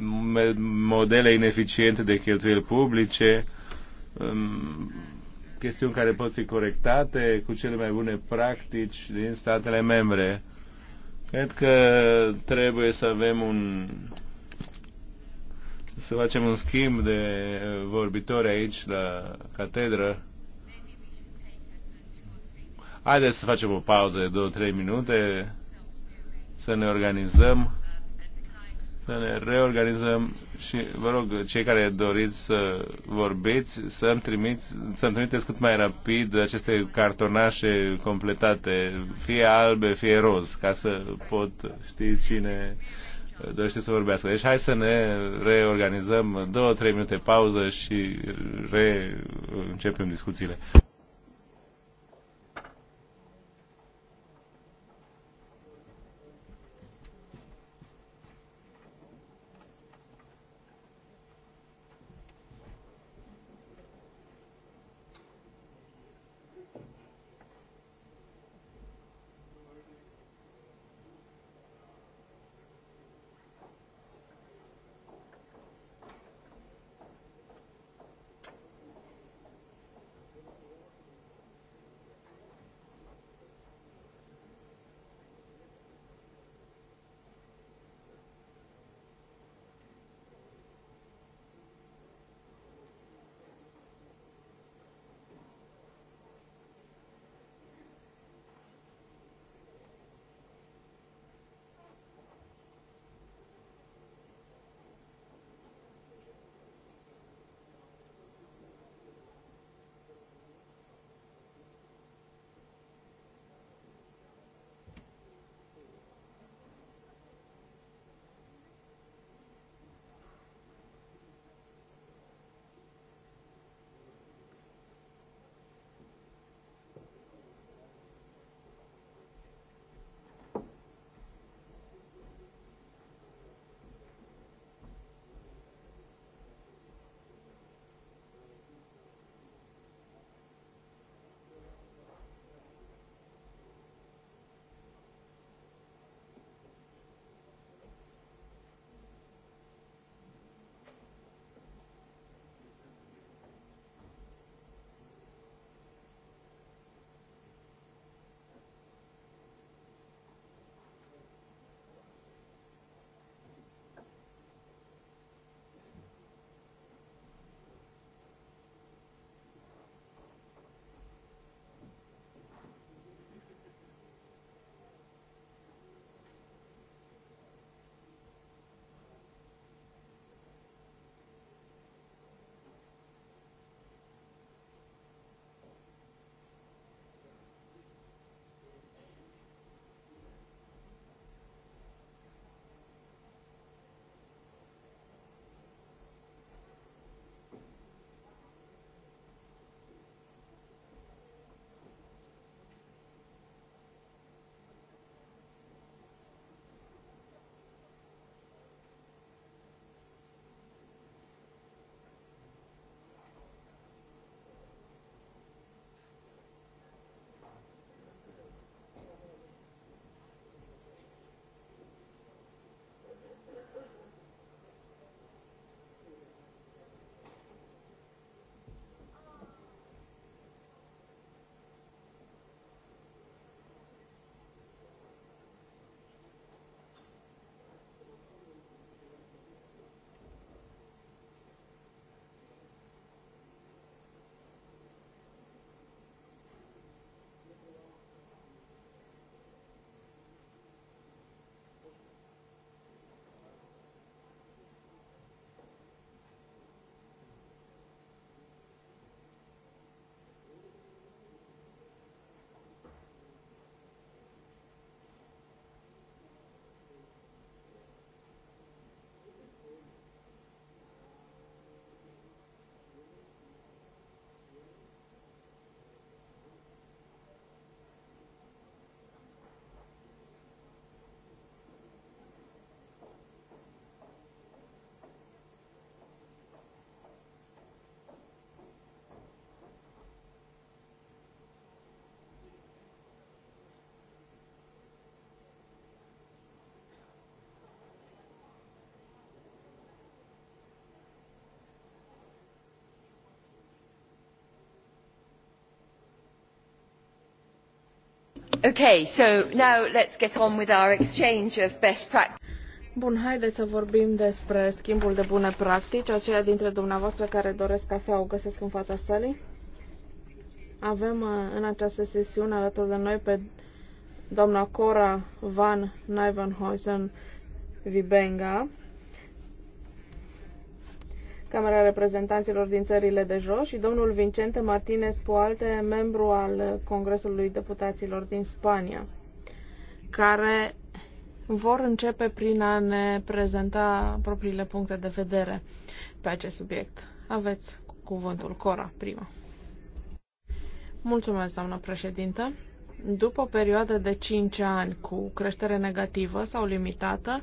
modele ineficiente de cheltuieli publice, um, chestiuni care pot fi corectate cu cele mai bune practici din statele membre. Cred că trebuie să avem un să facem un schimb de vorbitori aici la catedră. Haideți să facem o pauză de 2-3 minute, să ne organizăm să ne reorganizăm și vă rog, cei care doriți să vorbiți, să-mi, trimiți, să-mi trimiteți cât mai rapid aceste cartonașe completate, fie albe, fie roz, ca să pot ști cine uh, dorește să vorbească. Deci hai să ne reorganizăm, două, trei minute pauză și reîncepem discuțiile. Bun, haideți să vorbim despre schimbul de bune practici. Aceia dintre dumneavoastră care doresc cafea o găsesc în fața sălii. Avem uh, în această sesiune alături de noi pe doamna Cora Van Nivenhuizen Vibenga, Camera Reprezentanților din țările de jos și domnul Vincente Martinez Poalte, membru al Congresului Deputaților din Spania, care vor începe prin a ne prezenta propriile puncte de vedere pe acest subiect. Aveți cuvântul Cora, prima. Mulțumesc, doamnă președintă. După o perioadă de 5 ani cu creștere negativă sau limitată,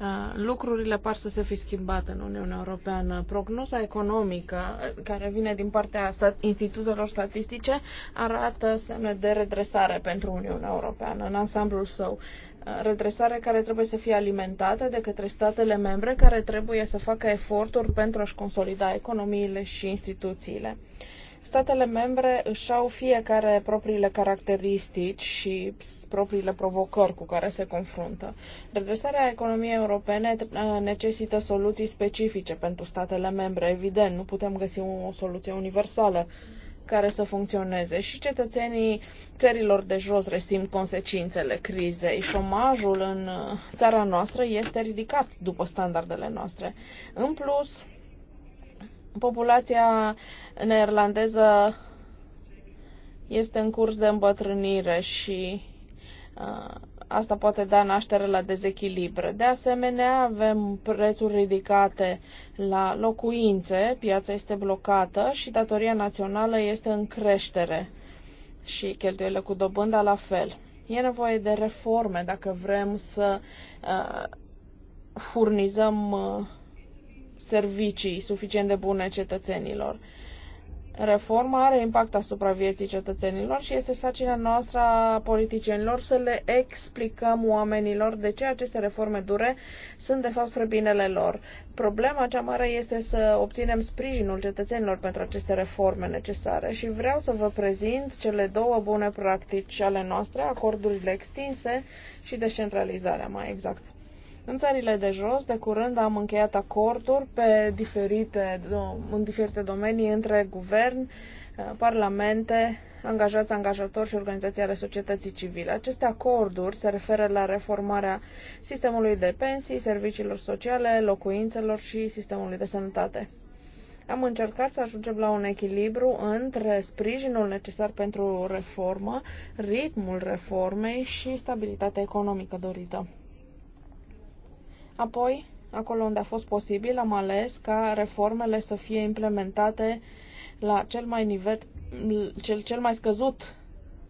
uh, lucrurile par să se fi schimbat în Uniunea Europeană. Prognoza economică uh, care vine din partea stat- institutelor statistice arată semne de redresare pentru Uniunea Europeană în ansamblul său. Uh, redresare care trebuie să fie alimentată de către statele membre care trebuie să facă eforturi pentru a-și consolida economiile și instituțiile statele membre își au fiecare propriile caracteristici și propriile provocări cu care se confruntă. Redresarea economiei europene uh, necesită soluții specifice pentru statele membre. Evident, nu putem găsi o soluție universală care să funcționeze și cetățenii țărilor de jos resimt consecințele crizei. Șomajul în uh, țara noastră este ridicat după standardele noastre. În plus, Populația neerlandeză este în curs de îmbătrânire și uh, asta poate da naștere la dezechilibre. De asemenea, avem prețuri ridicate la locuințe, piața este blocată și datoria națională este în creștere și cheltuielile cu dobânda la fel. E nevoie de reforme dacă vrem să uh, furnizăm uh, servicii suficient de bune cetățenilor. Reforma are impact asupra vieții cetățenilor și este sarcina noastră a politicienilor să le explicăm oamenilor de ce aceste reforme dure sunt de fapt spre binele lor. Problema cea mare este să obținem sprijinul cetățenilor pentru aceste reforme necesare și vreau să vă prezint cele două bune practici ale noastre, acordurile extinse și descentralizarea mai exact. În țările de jos, de curând, am încheiat acorduri pe diferite, în diferite domenii între guvern, eh, parlamente, angajați, angajatori și organizații ale societății civile. Aceste acorduri se referă la reformarea sistemului de pensii, serviciilor sociale, locuințelor și sistemului de sănătate. Am încercat să ajungem la un echilibru între sprijinul necesar pentru reformă, ritmul reformei și stabilitatea economică dorită. Apoi, acolo unde a fost posibil, am ales ca reformele să fie implementate la cel mai nivel, cel, cel mai scăzut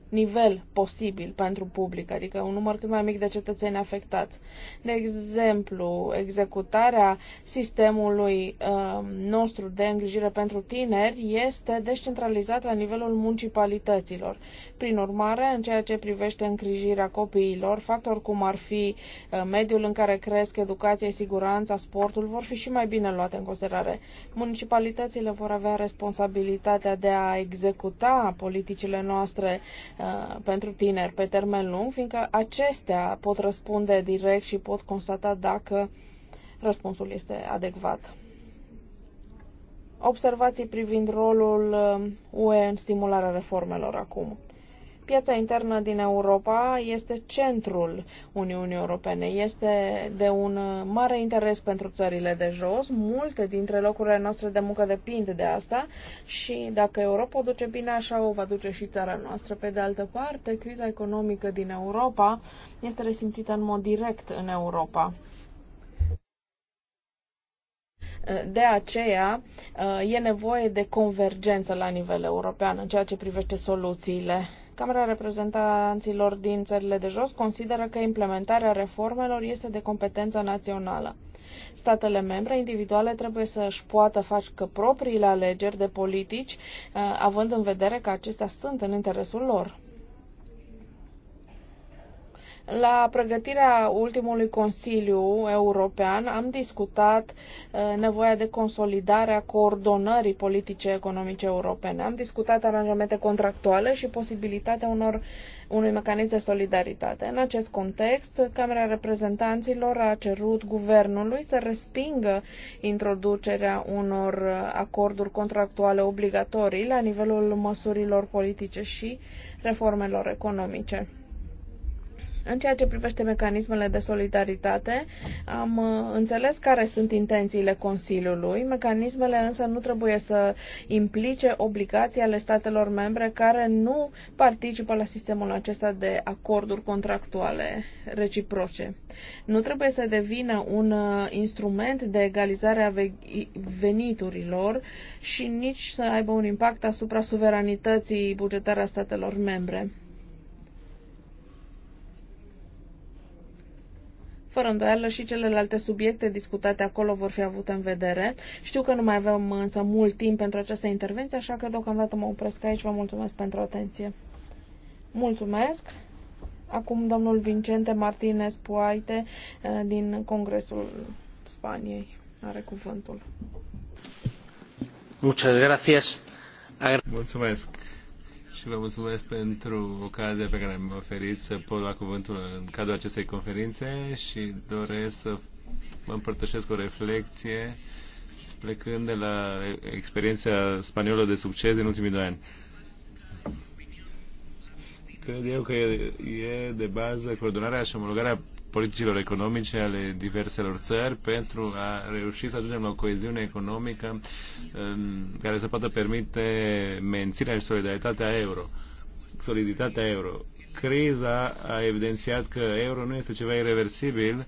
nivel posibil pentru public, adică un număr cât mai mic de cetățeni afectați. De exemplu, executarea sistemului uh, nostru de îngrijire pentru tineri este descentralizată la nivelul municipalităților. Prin urmare, în ceea ce privește îngrijirea copiilor, factori cum ar fi uh, mediul în care cresc, educația, siguranța, sportul, vor fi și mai bine luate în considerare. Municipalitățile vor avea responsabilitatea de a executa politicile noastre Uh, pentru tineri pe termen lung, fiindcă acestea pot răspunde direct și pot constata dacă răspunsul este adecvat. Observații privind rolul uh, UE în stimularea reformelor acum. Piața internă din Europa este centrul Uniunii Europene. Este de un mare interes pentru țările de jos. Multe dintre locurile noastre de muncă depind de asta și dacă Europa o duce bine, așa o va duce și țara noastră. Pe de altă parte, criza economică din Europa este resimțită în mod direct în Europa. De aceea e nevoie de convergență la nivel european în ceea ce privește soluțiile Camera Reprezentanților din țările de jos consideră că implementarea reformelor este de competența națională. Statele membre individuale trebuie să își poată face propriile alegeri de politici, eh, având în vedere că acestea sunt în interesul lor. La pregătirea ultimului Consiliu European am discutat uh, nevoia de consolidare a coordonării politice economice europene. Am discutat aranjamente contractuale și posibilitatea unor, unui mecanism de solidaritate. În acest context, Camera Reprezentanților a cerut guvernului să respingă introducerea unor acorduri contractuale obligatorii la nivelul măsurilor politice și reformelor economice. În ceea ce privește mecanismele de solidaritate, am uh, înțeles care sunt intențiile Consiliului. Mecanismele însă nu trebuie să implice obligații ale statelor membre care nu participă la sistemul acesta de acorduri contractuale reciproce. Nu trebuie să devină un uh, instrument de egalizare a veniturilor și nici să aibă un impact asupra suveranității bugetare a statelor membre. Fără îndoială și celelalte subiecte discutate acolo vor fi avute în vedere. Știu că nu mai avem însă mult timp pentru această intervenție, așa că deocamdată mă opresc aici. Vă mulțumesc pentru atenție. Mulțumesc! Acum domnul Vincente Martinez Poaite eh, din Congresul Spaniei are cuvântul. Muchas gracias. Mulțumesc și vă mulțumesc pentru ocazia pe care mi-a oferit să pot lua cuvântul în cadrul acestei conferințe și doresc să mă împărtășesc o reflexie plecând de la experiența spaniolă de succes din ultimii doi ani. Cred eu că e de bază coordonarea și omologarea politicilor economice ale diverselor țări pentru a reuși să ajungem la o coeziune economică um, care să poată permite menținerea și solidaritatea euro. Soliditatea euro. Criza a evidențiat că euro nu este ceva irreversibil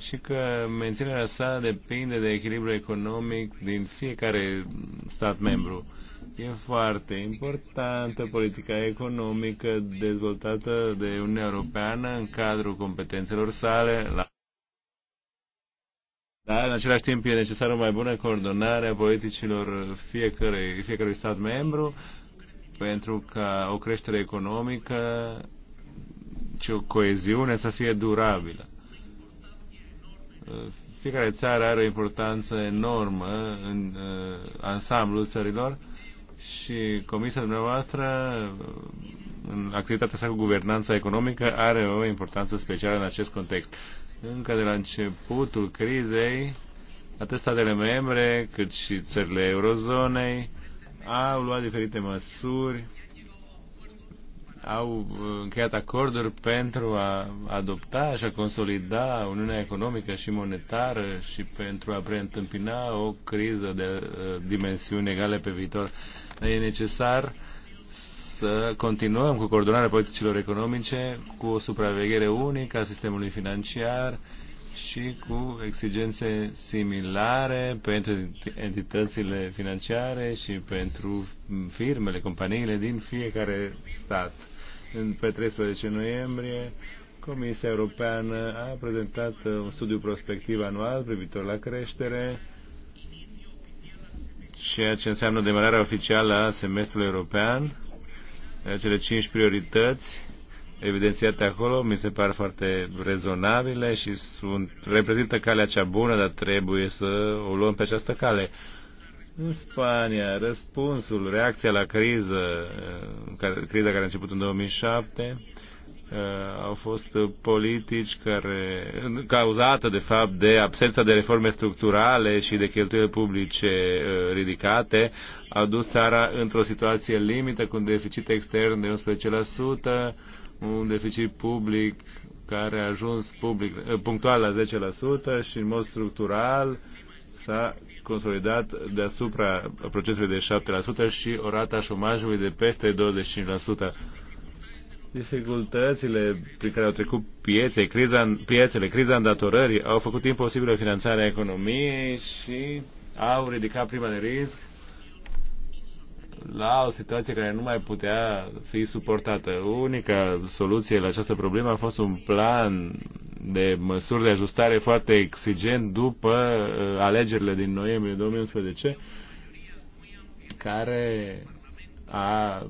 și că menținerea sa depinde de echilibru economic din fiecare stat membru. Mm E foarte importantă politica economică dezvoltată de Uniunea Europeană în cadrul competențelor sale. La dar în același timp e necesară o mai bună coordonare a politicilor fiecărui, fiecărui stat membru pentru ca o creștere economică și o coeziune să fie durabilă. Fiecare țară are o importanță enormă în uh, ansamblul țărilor și comisia dumneavoastră, în activitatea sa cu guvernanța economică, are o importanță specială în acest context. Încă de la începutul crizei, atât statele membre cât și țările eurozonei au luat diferite măsuri au uh, încheiat acorduri pentru a adopta și a consolida Uniunea Economică și Monetară și pentru a preîntâmpina o criză de uh, dimensiuni egale pe viitor. E necesar să continuăm cu coordonarea politicilor economice, cu o supraveghere unică a sistemului financiar și cu exigențe similare pentru entitățile financiare și pentru firmele, companiile din fiecare stat. În, pe 13 noiembrie, Comisia Europeană a prezentat uh, un studiu prospectiv anual privitor la creștere, ceea ce înseamnă demararea oficială a semestrului european, cele cinci priorități evidențiate acolo mi se par foarte rezonabile și sunt, reprezintă calea cea bună, dar trebuie să o luăm pe această cale. În Spania, răspunsul, reacția la criză, uh, criza care a început în 2007, uh, au fost politici care, cauzată de fapt de absența de reforme structurale și de cheltuieli publice uh, ridicate, au dus țara într-o situație limită cu un deficit extern de 11%, un deficit public care a ajuns public, punctual la 10% și în mod structural s-a consolidat deasupra procesului de 7% și o rata șomajului de peste 25%. Dificultățile prin care au trecut piețe, criza, piețele, criza îndatorării, au făcut imposibilă finanțarea economiei și au ridicat prima de risc la o situație care nu mai putea fi suportată. Unica soluție la această problemă a fost un plan de măsuri de ajustare foarte exigent după uh, alegerile din noiembrie 2011, care a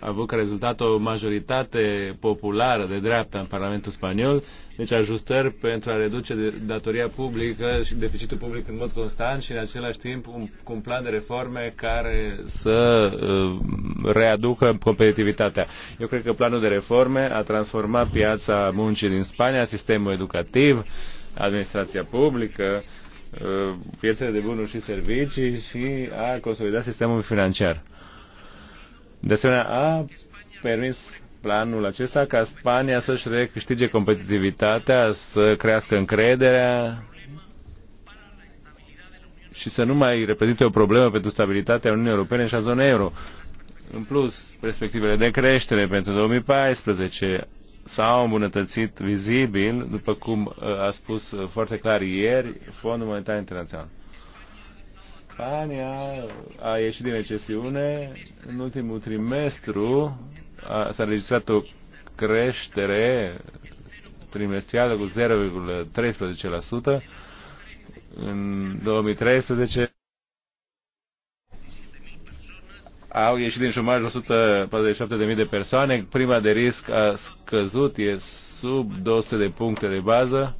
avut ca rezultat o majoritate populară de dreapta în Parlamentul Spaniol, deci ajustări pentru a reduce datoria publică și deficitul public în mod constant și în același timp un, cu un plan de reforme care să uh, readucă competitivitatea. Eu cred că planul de reforme a transformat piața muncii din Spania, sistemul educativ, administrația publică, uh, piețele de bunuri și servicii și a consolidat sistemul financiar. De asemenea, a permis planul acesta ca Spania să-și recâștige competitivitatea, să crească încrederea și să nu mai reprezinte o problemă pentru stabilitatea Uniunii Europene și a zonei euro. În plus, perspectivele de creștere pentru 2014 s-au îmbunătățit vizibil, după cum uh, a spus uh, foarte clar ieri Fondul Monetar Internațional. Spania a ieșit din recesiune. În ultimul trimestru s-a înregistrat o creștere trimestrială cu 0,13%. În 2013 au ieșit din șomaj 147.000 de persoane. Prima de risc a scăzut, e sub 200 de puncte de bază,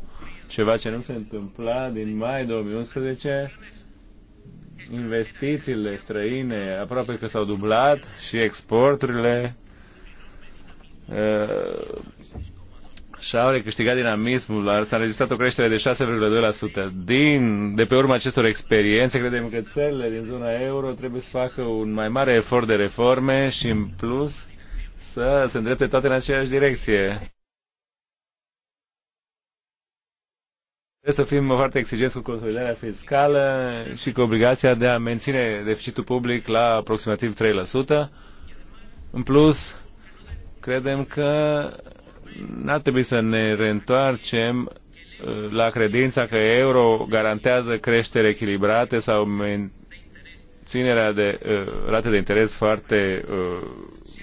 ceva ce nu se întâmpla din mai 2011 investițiile străine aproape că s-au dublat și exporturile uh, și-au recâștigat dinamismul. S-a înregistrat o creștere de 6,2%. Din, de pe urma acestor experiențe, credem că țările din zona euro trebuie să facă un mai mare efort de reforme și, în plus, să se îndrepte toate în aceeași direcție Trebuie să fim foarte exigenți cu consolidarea fiscală și cu obligația de a menține deficitul public la aproximativ 3%. În plus, credem că n-ar trebui să ne reîntoarcem uh, la credința că euro garantează creștere echilibrate sau menținerea de uh, rate de interes foarte uh,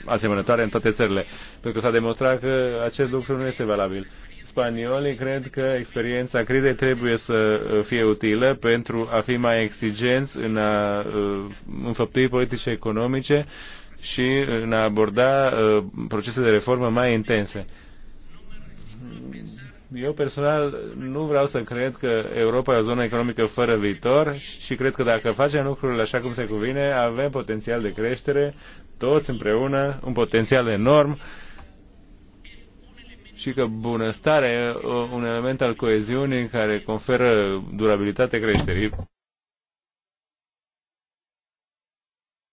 asemănătoare în toate țările, pentru că s-a demonstrat că acest lucru nu este valabil spaniolii cred că experiența crizei trebuie să uh, fie utilă pentru a fi mai exigenți în a uh, înfăptui politice economice și în a aborda uh, procese de reformă mai intense. Eu personal nu vreau să cred că Europa e o zonă economică fără viitor și cred că dacă facem lucrurile așa cum se cuvine, avem potențial de creștere, toți împreună, un potențial enorm și că bunăstarea e uh, un element al coeziunii care conferă durabilitate creșterii.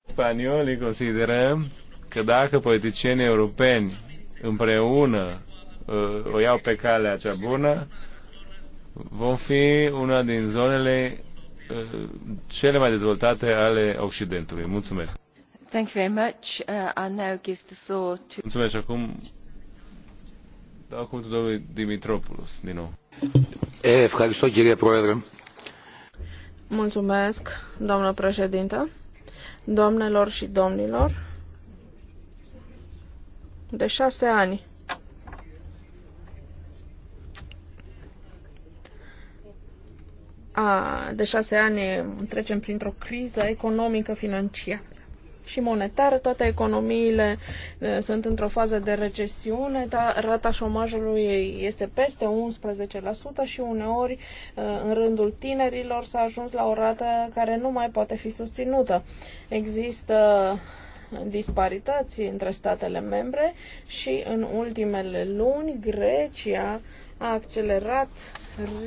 Spaniolii consideră că dacă politicienii europeni împreună uh, o iau pe calea cea bună, vom fi una din zonele uh, cele mai dezvoltate ale Occidentului. Mulțumesc! Thank you very much. Uh, I'll now give the floor to... Mulțumesc acum Dau cuvântul domnului Dimitropoulos din nou. Eh, ευχαριστώ κύριε Πρόεδρε. Mulțumesc, doamnă președintă, doamnelor și domnilor. De șase ani a, de șase ani trecem printr-o criză economică financiară și monetară, toate economiile sunt într-o fază de recesiune, dar rata șomajului este peste 11% și uneori în rândul tinerilor s-a ajuns la o rată care nu mai poate fi susținută. Există disparități între statele membre și în ultimele luni Grecia a accelerat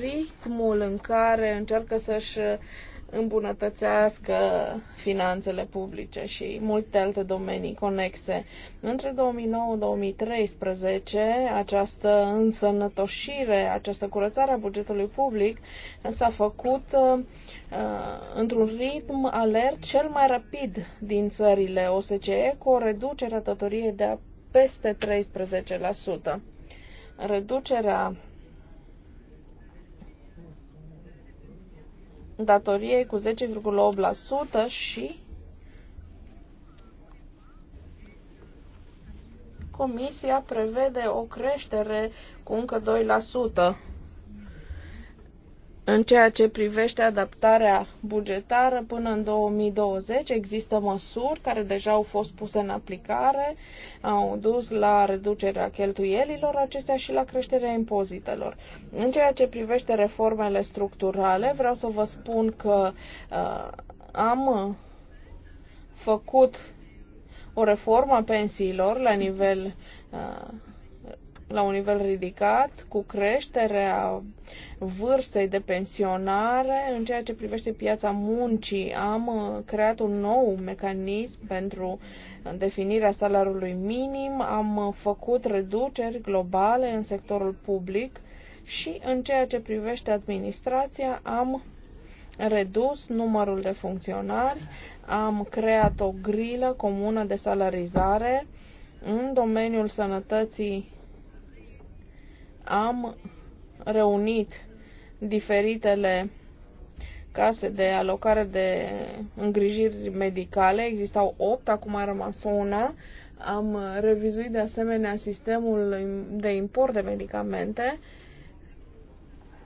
ritmul în care încearcă să-și îmbunătățească finanțele publice și multe alte domenii conexe. Între 2009-2013, această însănătoșire, această curățare a bugetului public s-a făcut uh, uh într-un ritm alert cel mai rapid din țările OSCE, cu o reducere a datoriei de peste 13%. Reducerea datoriei cu 10,8% și Comisia prevede o creștere cu încă 2%. În ceea ce privește adaptarea bugetară, până în 2020 există măsuri care deja au fost puse în aplicare, au dus la reducerea cheltuielilor acestea și la creșterea impozitelor. În ceea ce privește reformele structurale, vreau să vă spun că uh, am făcut o reformă a pensiilor la nivel uh, la un nivel ridicat, cu creșterea vârstei de pensionare. În ceea ce privește piața muncii, am uh, creat un nou mecanism pentru definirea salariului minim, am uh, făcut reduceri globale în sectorul public și în ceea ce privește administrația am redus numărul de funcționari, am creat o grilă comună de salarizare în domeniul sănătății am reunit diferitele case de alocare de îngrijiri medicale. Existau 8, acum a rămas una. Am revizuit de asemenea sistemul de import de medicamente,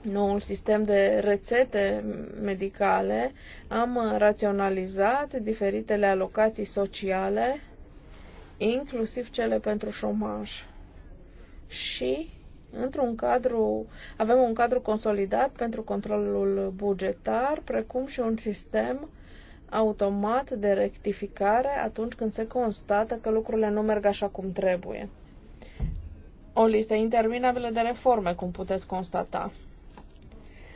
noul sistem de rețete medicale, am raționalizat diferitele alocații sociale, inclusiv cele pentru șomaj. Și într-un cadru, avem un cadru consolidat pentru controlul bugetar, precum și un sistem automat de rectificare atunci când se constată că lucrurile nu merg așa cum trebuie. O listă interminabilă de reforme, cum puteți constata.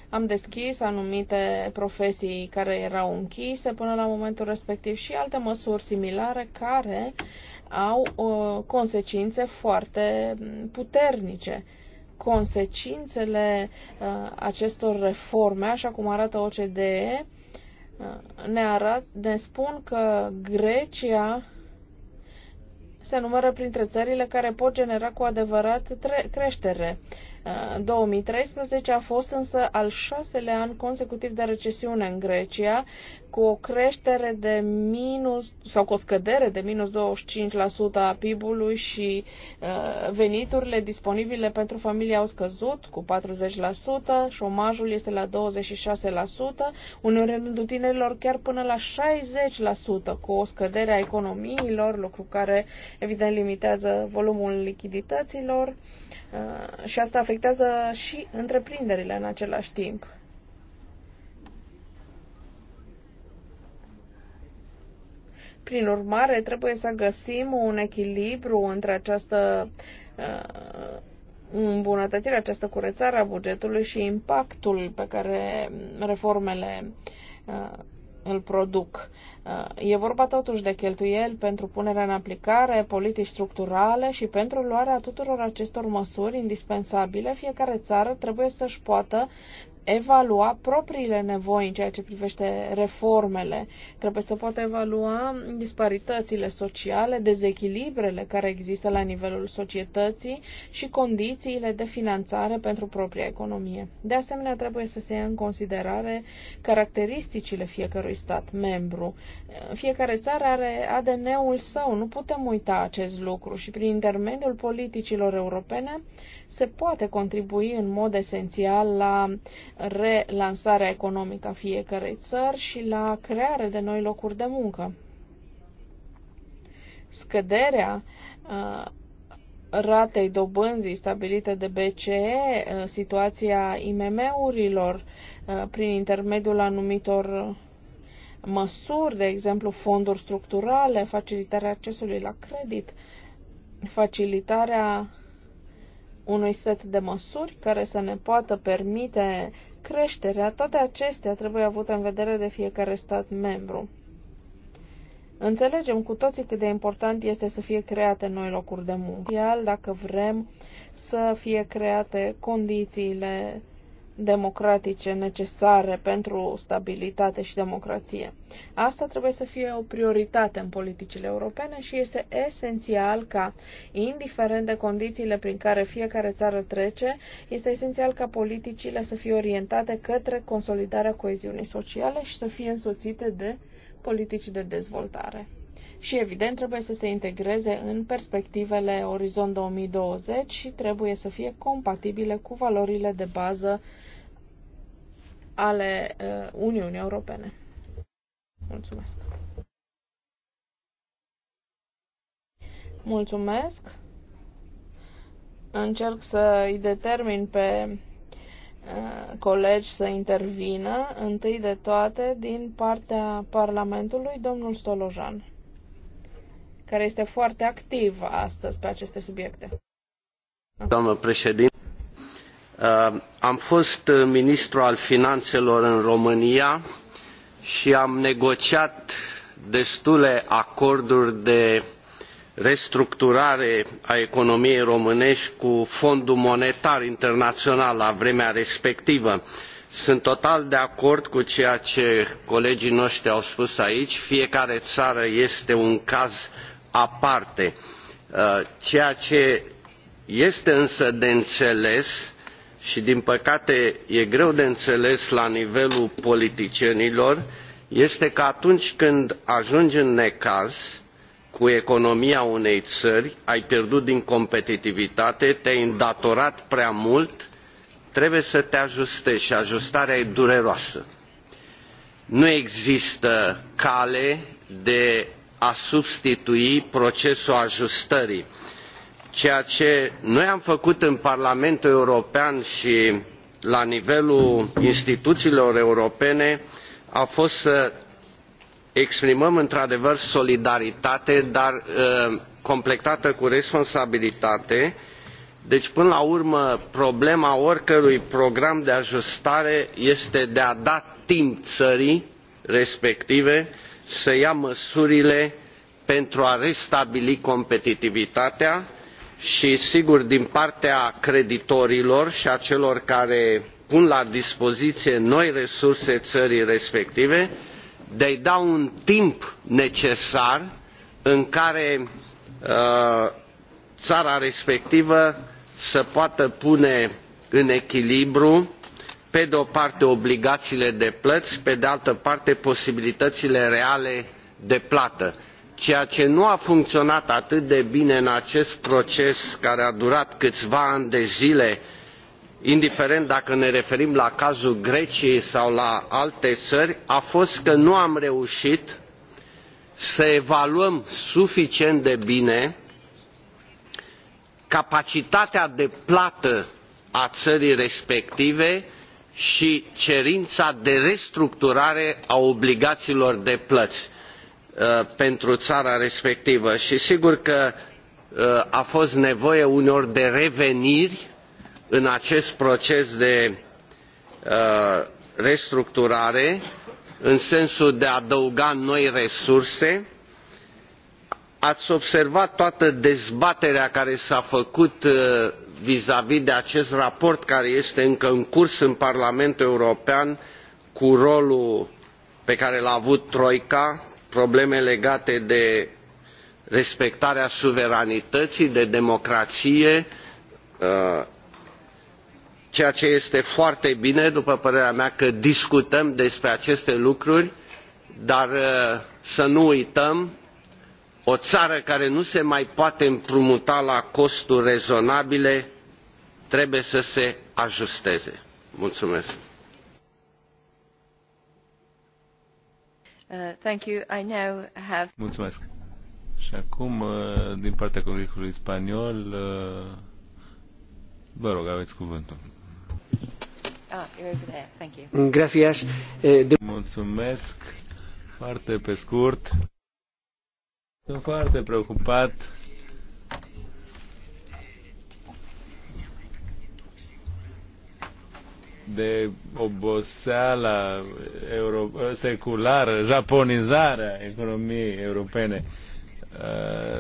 Am deschis anumite profesii care erau închise până la momentul respectiv și alte măsuri similare care au uh, consecințe foarte puternice consecințele uh, acestor reforme, așa cum arată OCDE, uh, ne, arat, ne spun că Grecia se numără printre țările care pot genera cu adevărat creștere. 2013 a fost însă al șaselea an consecutiv de recesiune în Grecia, cu o creștere de minus sau cu o scădere de minus 25% a PIB-ului și uh, veniturile disponibile pentru familie au scăzut cu 40%, șomajul este la 26%, uneori rândul tinerilor chiar până la 60% cu o scădere a economiilor, lucru care evident limitează volumul lichidităților. Uh, și asta afectează și întreprinderile în același timp. Prin urmare, trebuie să găsim un echilibru între această uh, îmbunătățire, această curățare a bugetului și impactul pe care reformele uh, îl produc. Uh, e vorba totuși de cheltuieli pentru punerea în aplicare, politici structurale și pentru luarea tuturor acestor măsuri indispensabile, fiecare țară trebuie să-și poată evalua propriile nevoi în ceea ce privește reformele. Trebuie să poată evalua disparitățile sociale, dezechilibrele care există la nivelul societății și condițiile de finanțare pentru propria economie. De asemenea, trebuie să se ia în considerare caracteristicile fiecărui stat membru. Fiecare țară are ADN-ul său, nu putem uita acest lucru și prin intermediul politicilor europene se poate contribui în mod esențial la relansarea economică a fiecarei țări și la crearea de noi locuri de muncă. Scăderea uh, ratei dobânzii stabilite de BCE, uh, situația IMM-urilor uh, prin intermediul anumitor măsuri, de exemplu fonduri structurale, facilitarea accesului la credit, facilitarea unui set de măsuri care să ne poată permite creșterea, toate acestea trebuie avute în vedere de fiecare stat membru. Înțelegem cu toții cât de important este să fie create noi locuri de muncă, dacă vrem să fie create condițiile democratice necesare pentru stabilitate și democrație. Asta trebuie să fie o prioritate în politicile europene și este esențial ca, indiferent de condițiile prin care fiecare țară trece, este esențial ca politicile să fie orientate către consolidarea coeziunii sociale și să fie însoțite de politici de dezvoltare și, evident, trebuie să se integreze în perspectivele Orizont 2020 și trebuie să fie compatibile cu valorile de bază ale uh, Uniunii Europene. Mulțumesc! Mulțumesc! Încerc să îi determin pe uh, colegi să intervină, întâi de toate din partea Parlamentului, domnul Stolojan, care este foarte activ astăzi pe aceste subiecte. Doamnă președinte, Uh, am fost uh, ministru al finanțelor în românia și am negociat destule acorduri de restructurare a economiei românești cu fondul monetar internațional la vremea respectivă. sunt total de acord cu ceea ce colegii noștri au spus aici fiecare țară este un caz aparte. Uh, ceea ce este însă de înțeles și din păcate e greu de înțeles la nivelul politicienilor este că atunci când ajungi în necaz cu economia unei țări ai pierdut din competitivitate te ai îndatorat prea mult trebuie să te ajustezi și ajustarea e dureroasă. nu există cale de a substitui procesul ajustării ceea ce noi am făcut în parlamentul european și la nivelul instituțiilor europene a fost să exprimăm într adevăr solidaritate dar ă, completată cu responsabilitate deci până la urmă problema oricărui program de ajustare este de a da timp țării respective să ia măsurile pentru a restabili competitivitatea și și sigur din partea creditorilor și a celor care pun la dispoziție noi resurse țării respective de a i da un timp necesar în care uh, țara respectivă să poată pune în echilibru pe de o parte obligațiile de plăți pe de altă parte posibilitățile reale de plată ceea ce nu a funcționat atât de bine în acest proces care a durat câțiva ani de zile indiferent dacă ne referim la cazul greciei sau la alte țări a fost că nu am reușit să evaluăm suficient de bine capacitatea de plată a țării respective și cerința de restructurare a obligațiilor de plăți Uh, pentru țara respectivă și sigur că uh, a fost nevoie uneori de reveniri în acest proces de uh, restructurare în sensul de a adăuga noi resurse ați observat toată dezbaterea care s a făcut vizavi de acest raport care este încă în curs în parlamentul european cu rolul pe care l a avut troica probleme legate de respectarea suveranității de democrație uh, ceea ce este foarte bine după părerea mea că discutăm despre aceste lucruri dar uh, să nu uităm o țară care nu se mai poate împrumuta la costuri rezonabile trebuie să se ajusteze. mulțumesc. Uh, thank you. I now have... Mulțumesc. Și acum, uh, din partea Congresului Spaniol, uh, vă rog, aveți cuvântul. Ah, you're over there. Thank you. Eh, Mulțumesc. Foarte pe scurt. Sunt foarte preocupat de oboseala euro, seculară, japonizarea economiei europene.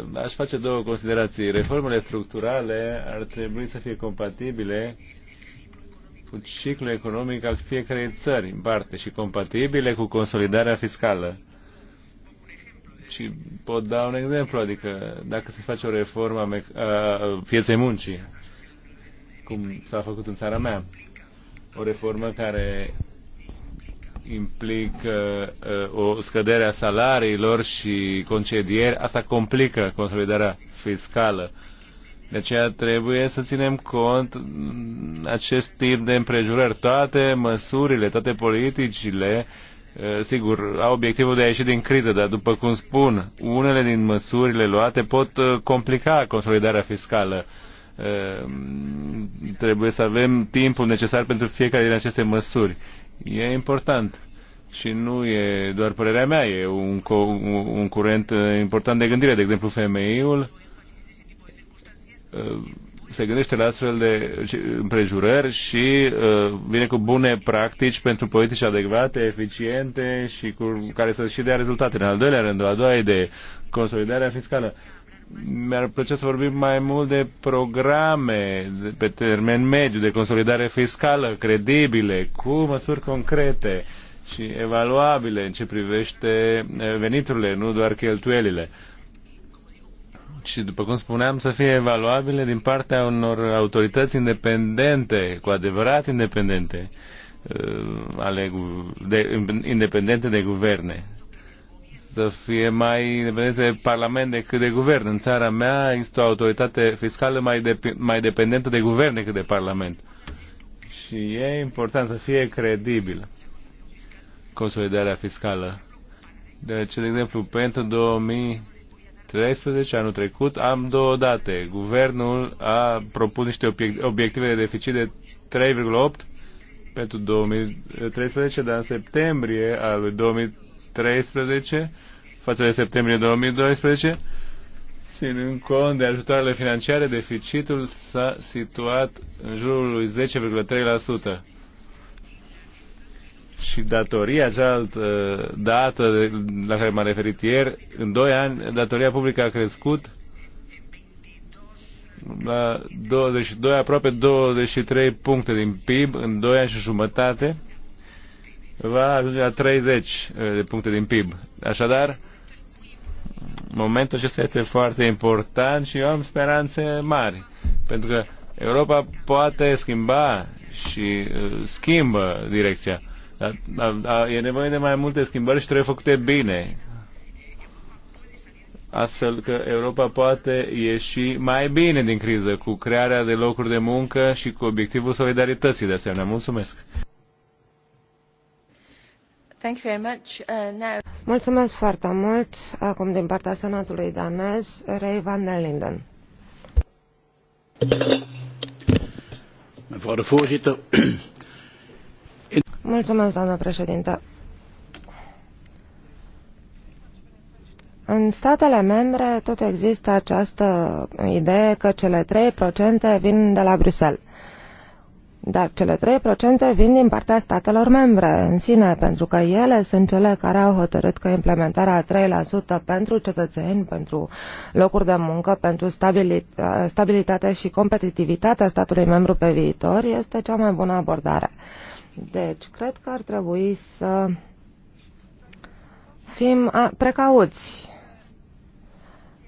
Uh, aș face două considerații. Reformele structurale ar trebui să fie compatibile cu ciclul economic al fiecarei țări în parte și compatibile cu consolidarea fiscală. Și pot da un exemplu, adică dacă se face o reformă a pieței muncii, cum s-a făcut în țara mea, o reformă care implică uh, o scădere a salariilor și concedieri, asta complică consolidarea fiscală. De aceea trebuie să ținem cont acest tip de împrejurări. Toate măsurile, toate politicile, uh, sigur, au obiectivul de a ieși din criză, dar după cum spun, unele din măsurile luate pot uh, complica consolidarea fiscală Ehm, trebuie să avem timpul necesar pentru fiecare din aceste măsuri. E important. Și nu e doar părerea mea, e un, co- un curent uh, important de gândire. De exemplu, femeiul uh, se gândește la astfel de împrejurări și uh, vine cu bune practici pentru politici adecvate, eficiente și cu care să și dea rezultate. În al doilea rând, a doua idee, consolidarea fiscală mi-ar plăcea să vorbim mai mult de programe pe termen mediu, de consolidare fiscală, credibile, cu măsuri concrete și evaluabile în ce privește eh, veniturile, nu doar cheltuielile. Și, după cum spuneam, să fie evaluabile din partea unor autorități independente, cu adevărat independente, eh, ale, de, independente de guverne să fie mai independent de Parlament decât de Guvern. În țara mea există o autoritate fiscală mai, de, mai dependentă de Guvern decât de Parlament. Și e important să fie credibil consolidarea fiscală. Deci, de exemplu, pentru 2013, anul trecut, am două date. Guvernul a propus niște obiective de deficit de 3,8 pentru 2013, dar în septembrie al lui 2013, 2013 față de septembrie 2012, ținând cont de ajutoarele financiare, deficitul s-a situat în jurul lui 10,3% și datoria, cealaltă dată la care m-am referit ieri, în 2 ani, datoria publică a crescut la 22, aproape 23 puncte din PIB în 2 ani și jumătate va ajunge la 30 eh, de puncte din PIB. Așadar, momentul acesta este foarte important și eu am speranțe mari, pentru că Europa poate schimba și eh, schimbă direcția. Dar, dar e nevoie de mai multe schimbări și trebuie făcute bine. Astfel că Europa poate ieși mai bine din criză cu crearea de locuri de muncă și cu obiectivul solidarității de asemenea. Mulțumesc! Uh, Mulțumesc foarte mult. Acum din partea Senatului danez, Ray van der Linden. Mulțumesc, doamnă președintă. În statele membre tot există această idee că cele 3% vin de la Bruxelles. Dar cele 3% vin din partea statelor membre în sine, pentru că ele sunt cele care au hotărât că implementarea 3% pentru cetățeni, pentru locuri de muncă, pentru uh, stabilitate și competitivitatea statului membru pe viitor este cea mai bună abordare. Deci, cred că ar trebui să fim precauți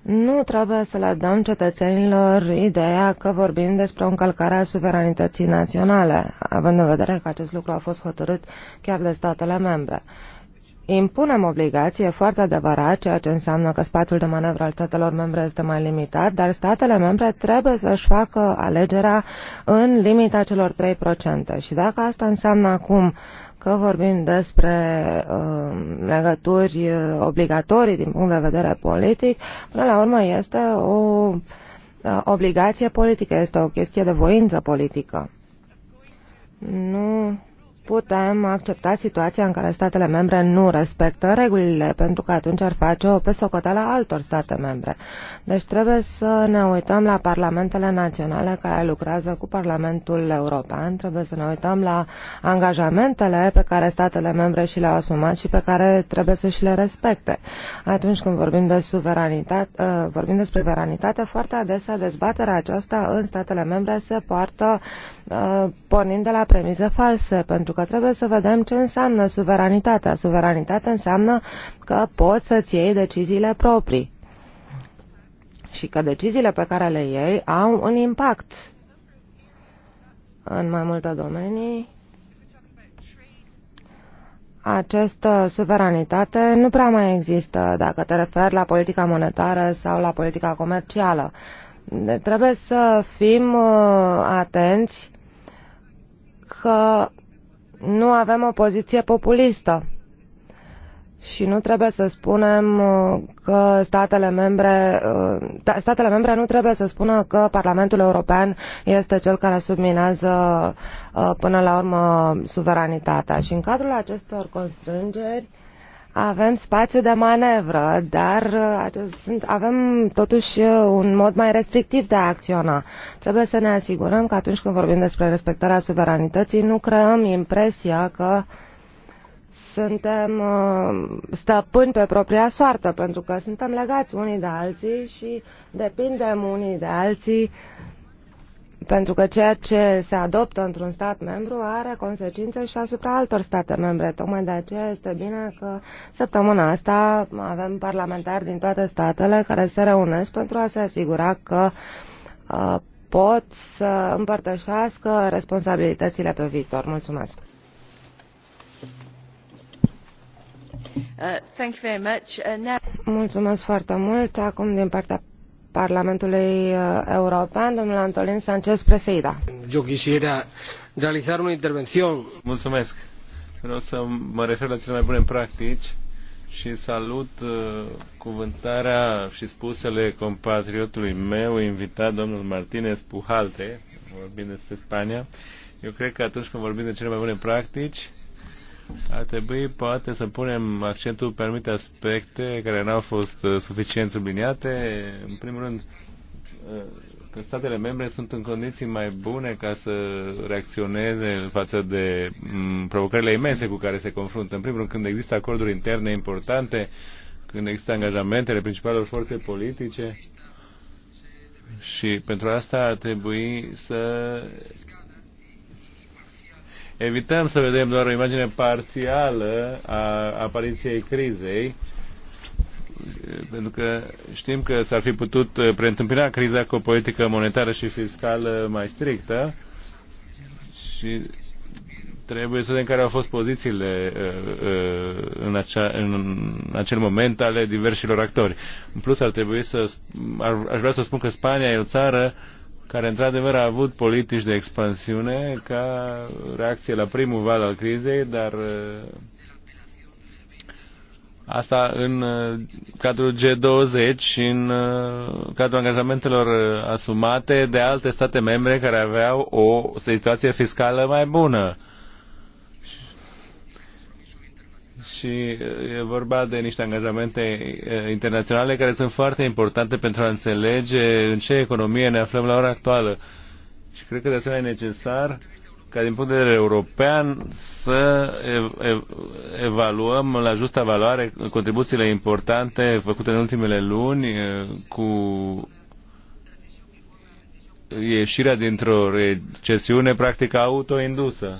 nu trebuie să le dăm cetățenilor ideea că vorbim despre o încălcare a suveranității naționale, având în vedere că acest lucru a fost hotărât chiar de statele membre. Impunem obligație, foarte adevărat, ceea ce înseamnă că spațiul de manevră al statelor membre este mai limitat, dar statele membre trebuie să-și facă alegerea în limita celor 3%. Și dacă asta înseamnă acum uh, că vorbim despre um, uh, legături obligatorii din punct de vedere politic, până la urmă este o uh, obligație politică, este o chestie de voință politică. Nu putem accepta situația în care statele membre nu respectă regulile, pentru că atunci ar face o pesocoteală altor state membre. Deci trebuie să ne uităm la parlamentele naționale care lucrează cu Parlamentul European, trebuie să ne uităm la angajamentele pe care statele membre și le-au asumat și pe care trebuie să și le respecte. Atunci când vorbim, de suveranitate, uh, vorbim despre suveranitate, foarte adesea dezbaterea aceasta în statele membre se poartă uh, pornind de la premize false, pentru că trebuie să vedem ce înseamnă suveranitatea. Suveranitatea înseamnă că poți să-ți iei deciziile proprii și că deciziile pe care le iei au un impact în mai multe domenii. Această suveranitate nu prea mai există dacă te referi la politica monetară sau la politica comercială. Trebuie să fim uh, atenți că nu avem o poziție populistă și nu trebuie să spunem uh, că statele membre, uh, da, statele membre nu trebuie să spună că Parlamentul European este cel care subminează uh, până la urmă suveranitatea. Și în cadrul acestor constrângeri, avem spațiu de manevră, dar uh, avem totuși uh, un mod mai restrictiv de a acționa. Trebuie să ne asigurăm că atunci când vorbim despre respectarea suveranității, nu creăm impresia că suntem uh, stăpâni pe propria soartă, pentru că suntem legați unii de alții și depindem unii de alții pentru că ceea ce se adoptă într-un stat membru are consecințe și asupra altor state membre. Tocmai de aceea este bine că săptămâna asta avem parlamentari din toate statele care se reunesc pentru a se asigura că uh, pot să împărtășească responsabilitățile pe viitor. Mulțumesc! Uh, thank you very much. Uh, now... Mulțumesc foarte mult. Acum din partea Parlamentului uh, European, domnul Antolin Sanchez Preseida. Eu quisiera realizar una intervención. Mulțumesc. Vreau să mă refer la cele mai bune practici și salut uh, cuvântarea și spusele compatriotului meu, invitat domnul Martinez Pujalte, vorbind despre Spania. Eu cred că atunci când vorbim de cele mai bune practici, ar trebui poate să punem accentul pe anumite aspecte care n-au fost uh, suficient subliniate. În primul rând, uh, că statele membre sunt în condiții mai bune ca să reacționeze față de mm, provocările imense cu care se confruntă. În primul rând, când există acorduri interne importante, când există angajamentele principalelor forțe politice și pentru asta ar trebui să evităm să vedem doar o imagine parțială a apariției crizei, pentru că știm că s-ar fi putut uh, preîntâmpina criza cu o politică monetară și fiscală mai strictă și trebuie să vedem care au fost pozițiile uh, uh, în, acea, în acel moment ale diversilor actori. În plus, ar trebui să. aș vrea să spun că Spania e o țară care într-adevăr a avut politici de expansiune ca reacție la primul val al crizei, dar uh, asta în uh, cadrul G20 și în uh, cadrul angajamentelor asumate de alte state membre care aveau o situație fiscală mai bună. și uh, e vorba de niște angajamente uh, internaționale care sunt foarte importante pentru a înțelege în ce economie ne aflăm la ora actuală. Și cred că de asemenea e necesar ca din punct de vedere european să evaluăm la justa valoare contribuțiile importante făcute în ultimele luni uh, cu ieșirea dintr-o recesiune practic autoindusă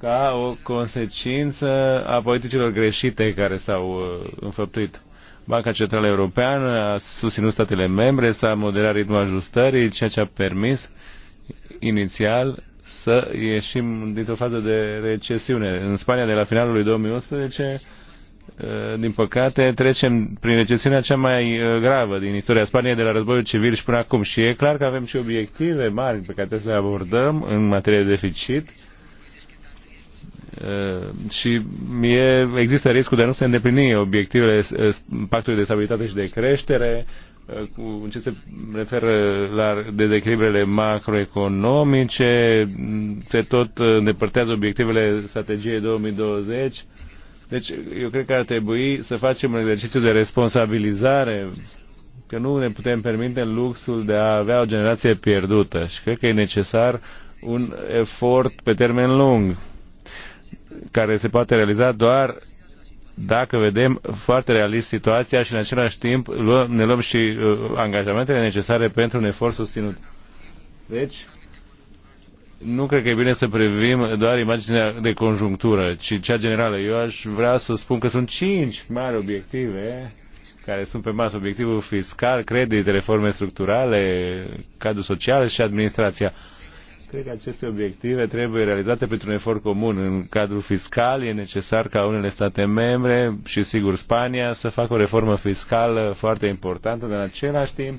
ca o consecință a politicilor greșite care s-au uh, înfăptuit. Banca Centrală Europeană a susținut statele membre, s-a moderat ritmul ajustării, ceea ce a permis inițial să ieșim dintr-o fază de recesiune. În Spania, de la finalul lui 2011, uh, din păcate, trecem prin recesiunea cea mai uh, gravă din istoria Spaniei de la războiul civil și până acum. Și e clar că avem și obiective mari pe care trebuie să le abordăm în materie de deficit Uh, și e, există riscul de a nu se îndeplini obiectivele uh, pactului de stabilitate și de creștere, uh, cu ce se referă la dezechilibrele macroeconomice, se tot îndepărtează obiectivele strategiei 2020. Deci eu cred că ar trebui să facem un exercițiu de responsabilizare, că nu ne putem permite luxul de a avea o generație pierdută și cred că e necesar un efort pe termen lung care se poate realiza doar dacă vedem foarte realist situația și în același timp luăm, ne luăm și uh, angajamentele necesare pentru un efort susținut. Deci, nu cred că e bine să privim doar imaginea de conjunctură, ci cea generală. Eu aș vrea să spun că sunt cinci mari obiective care sunt pe masă. Obiectivul fiscal, credit, reforme structurale, cadrul social și administrația. Uh, Cred că aceste obiective trebuie realizate printr-un efort comun. În cadrul fiscal e necesar ca unele state membre și sigur Spania să facă o reformă fiscală foarte importantă, dar în același timp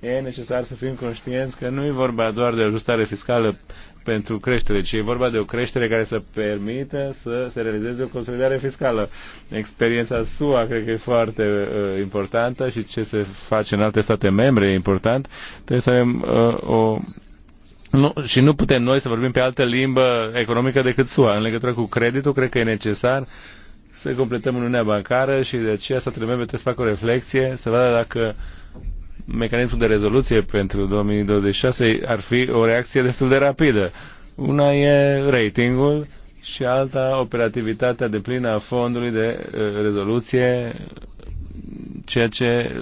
e necesar să fim conștienți că nu e vorba doar de ajustare fiscală pentru creștere, ci e vorba de o creștere care să permită să se realizeze o consolidare fiscală. Experiența SUA cred că e foarte uh, importantă și ce se face în alte state membre e important. Trebuie să avem uh, o nu, și nu putem noi să vorbim pe altă limbă economică decât SUA. În legătură cu creditul, cred că e necesar să completăm Uniunea Bancară și de aceea să membre trebuie să fac o reflexie, să vadă dacă mecanismul de rezoluție pentru 2026 ar fi o reacție destul de rapidă. Una e ratingul și alta operativitatea de plină a fondului de uh, rezoluție ceea ce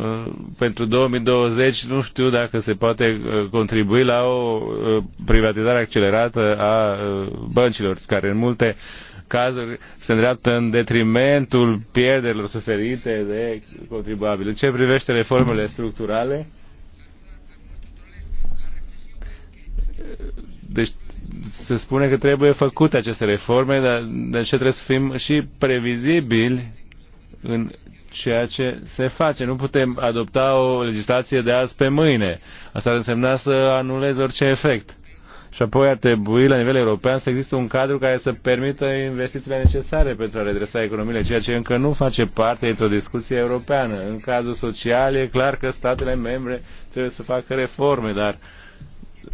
uh, pentru 2020 nu știu dacă se poate uh, contribui la o uh, privatizare accelerată a băncilor, care în multe cazuri se îndreaptă în detrimentul pierderilor suferite de contribuabili. ce privește reformele structurale, deci se spune că trebuie făcute aceste reforme, dar de ce trebuie să fim și previzibili în ceea ce se face. Nu putem adopta o legislație de azi pe mâine. Asta ar însemna să anulezi orice efect. Și apoi ar trebui, la nivel european, să există un cadru care să permită investițiile necesare pentru a redresa economiile, ceea ce încă nu face parte dintr-o discuție europeană. În cadrul social e clar că statele membre trebuie să facă reforme, dar uh,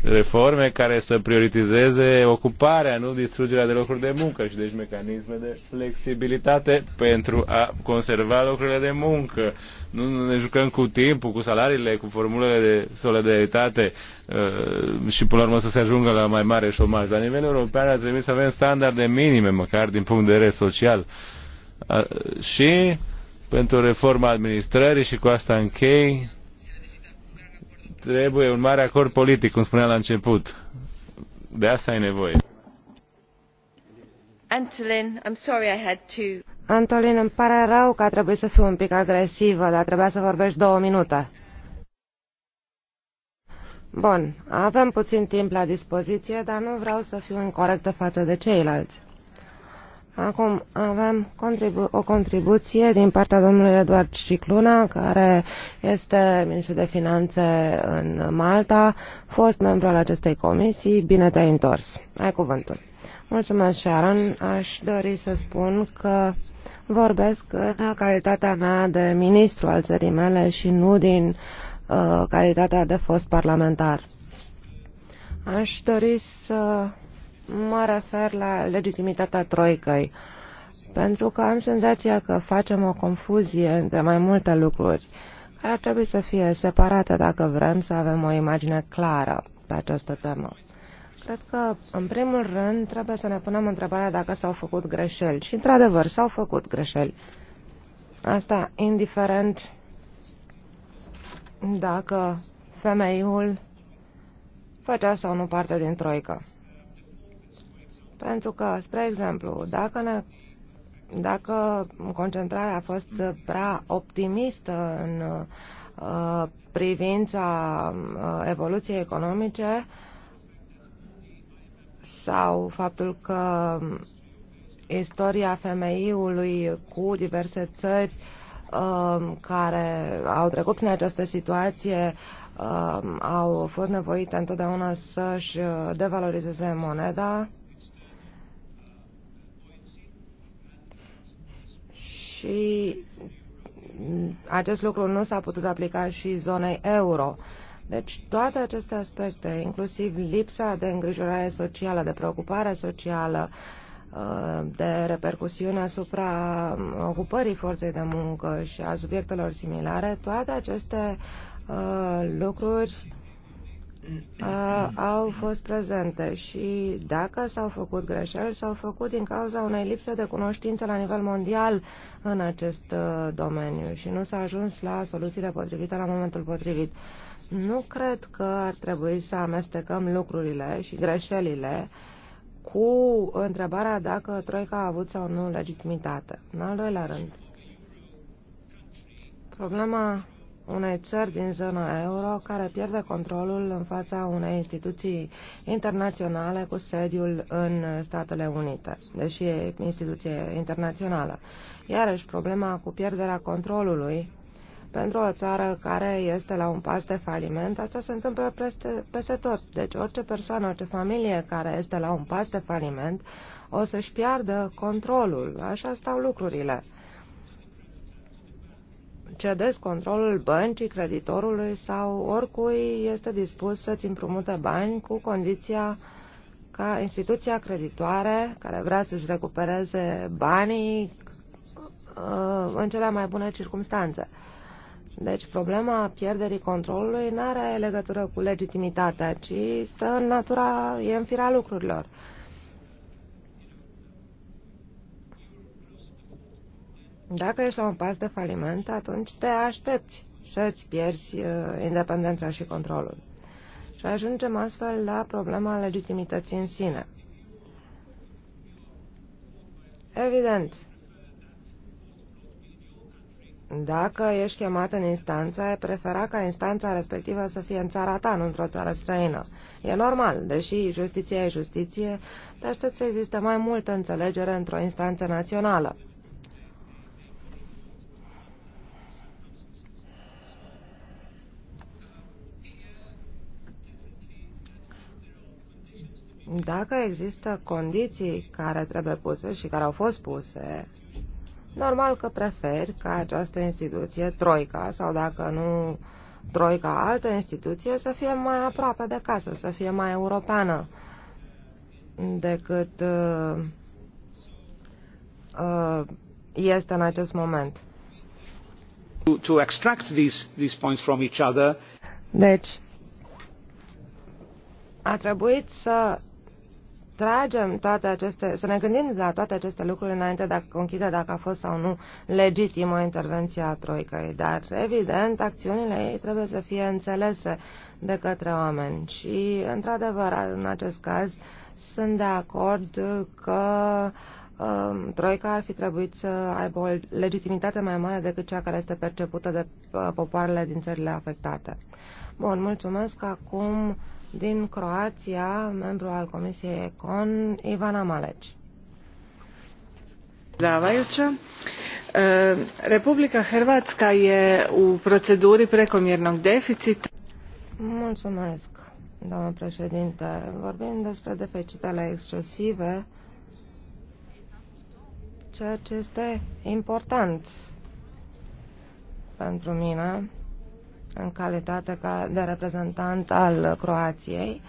reforme care să prioritizeze ocuparea, nu distrugerea de locuri de muncă și deci mecanisme de flexibilitate pentru a conserva locurile de muncă. Nu ne jucăm cu timpul, cu salariile, cu formulele de solidaritate uh, și până la urmă să se ajungă la mai mare șomaj. La nivel european ar trebui să avem standarde minime, măcar din punct de vedere social. Uh, și pentru reforma administrării și cu asta închei, trebuie un mare acord politic, cum spuneam la început. De asta ai nevoie. Antolin, I'm sorry I had to... Antolin, îmi pare rău că a trebuit să fiu un pic agresivă, dar trebuia să vorbești două minute. Bun, avem puțin timp la dispoziție, dar nu vreau să fiu incorrectă față de ceilalți. Acum avem contribu o contribuție din partea domnului Eduard Cicluna, care este ministru de finanțe în Malta, fost membru al acestei comisii. Bine te-ai întors. Ai cuvântul. Mulțumesc, Sharon. Aș dori să spun că vorbesc în calitatea mea de ministru al țării mele și nu din uh, calitatea de fost parlamentar. Aș dori să mă refer la legitimitatea troicăi, pentru că am senzația că facem o confuzie între mai multe lucruri care ar trebui să fie separate dacă vrem să avem o imagine clară pe această temă. Cred că, în primul rând, trebuie să ne punem întrebarea dacă s-au făcut greșeli. Și, într-adevăr, s-au făcut greșeli. Asta indiferent dacă femeiul făcea sau nu parte din troică. Pentru că, spre exemplu, dacă, ne, dacă concentrarea a fost prea optimistă în uh, privința uh, evoluției economice sau faptul că istoria femeiului cu diverse țări uh, care au trecut prin această situație uh, au fost nevoite întotdeauna să-și uh, devalorizeze moneda, și acest lucru nu s-a putut aplica și zonei euro. Deci toate aceste aspecte, inclusiv lipsa de îngrijorare socială, de preocupare socială, uh, de repercusiune asupra uh, ocupării forței de muncă și a subiectelor similare, toate aceste uh, lucruri au fost prezente și dacă s-au făcut greșeli, s-au făcut din cauza unei lipse de cunoștință la nivel mondial în acest uh, domeniu și nu s-a ajuns la soluțiile potrivite la momentul potrivit. Nu cred că ar trebui să amestecăm lucrurile și greșelile cu întrebarea dacă Troica a avut sau nu legitimitate. În al doilea rând, problema unei țări din zona euro care pierde controlul în fața unei instituții internaționale cu sediul în Statele Unite, deși e instituție internațională. Iarăși problema cu pierderea controlului pentru o țară care este la un pas de faliment, asta se întâmplă peste, peste tot. Deci orice persoană, orice familie care este la un pas de faliment, o să-și piardă controlul. Așa stau lucrurile cedezi controlul băncii, creditorului sau oricui este dispus să-ți împrumute bani cu condiția ca instituția creditoare care vrea să-și recupereze banii uh, în cele mai bune circunstanțe. Deci problema pierderii controlului nu are legătură cu legitimitatea, ci stă în natura, e în firea lucrurilor. Dacă ești la un pas de faliment, atunci te aștepți să-ți pierzi uh, independența și controlul. Și ajungem astfel la problema legitimității în sine. Evident, dacă ești chemat în instanță, e prefera ca instanța respectivă să fie în țara ta, nu într-o țară străină. E normal, deși justiția e justiție, te aștept să existe mai multă înțelegere într-o instanță națională. Dacă există condiții care trebuie puse și care au fost puse, normal că prefer ca această instituție, Troica, sau dacă nu Troica, altă instituție, să fie mai aproape de casă, să fie mai europeană decât uh, uh, este în acest moment. To, to extract these, these points from each other. Deci, a trebuit să tragem toate aceste, să ne gândim la toate aceste lucruri înainte de a conchide dacă a fost sau nu legitimă intervenția Troicăi. Dar, evident, acțiunile ei trebuie să fie înțelese de către oameni. Și, într-adevăr, în acest caz, sunt de acord că um, Troica ar fi trebuit să aibă o legitimitate mai mare decât cea care este percepută de uh, popoarele din țările afectate. Bun, mulțumesc. Acum din Croația, membru al Comisiei Econ, Ivana Maleci. Predsjedavajuća, eh, Republika Hrvatska je u proceduri prekomjernog deficita. Mulțumesc, doamnă președinte. Vorbim despre deficitele excesive, ceea ce este important pentru mine în calitate ca de reprezentant al Croației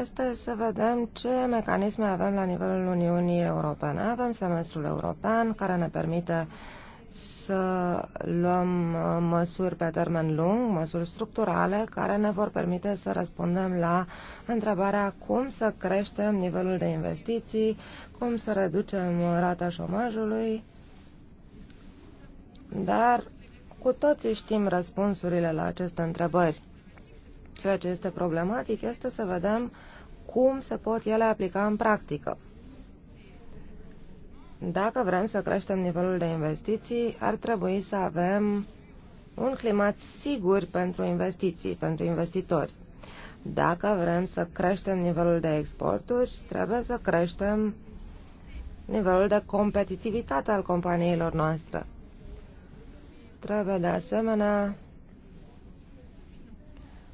este să vedem ce mecanisme avem la nivelul Uniunii Europene. Avem semestrul european care ne permite să luăm uh, măsuri pe termen lung, măsuri structurale care ne vor permite să răspundem la întrebarea cum să creștem nivelul de investiții, cum să reducem rata șomajului, dar cu toții știm răspunsurile la aceste întrebări. Ceea ce este problematic este să vedem cum se pot ele aplica în practică. Dacă vrem să creștem nivelul de investiții, ar trebui să avem un climat sigur pentru investiții, pentru investitori. Dacă vrem să creștem nivelul de exporturi, trebuie să creștem nivelul de competitivitate al companiilor noastre. Trebuie de asemenea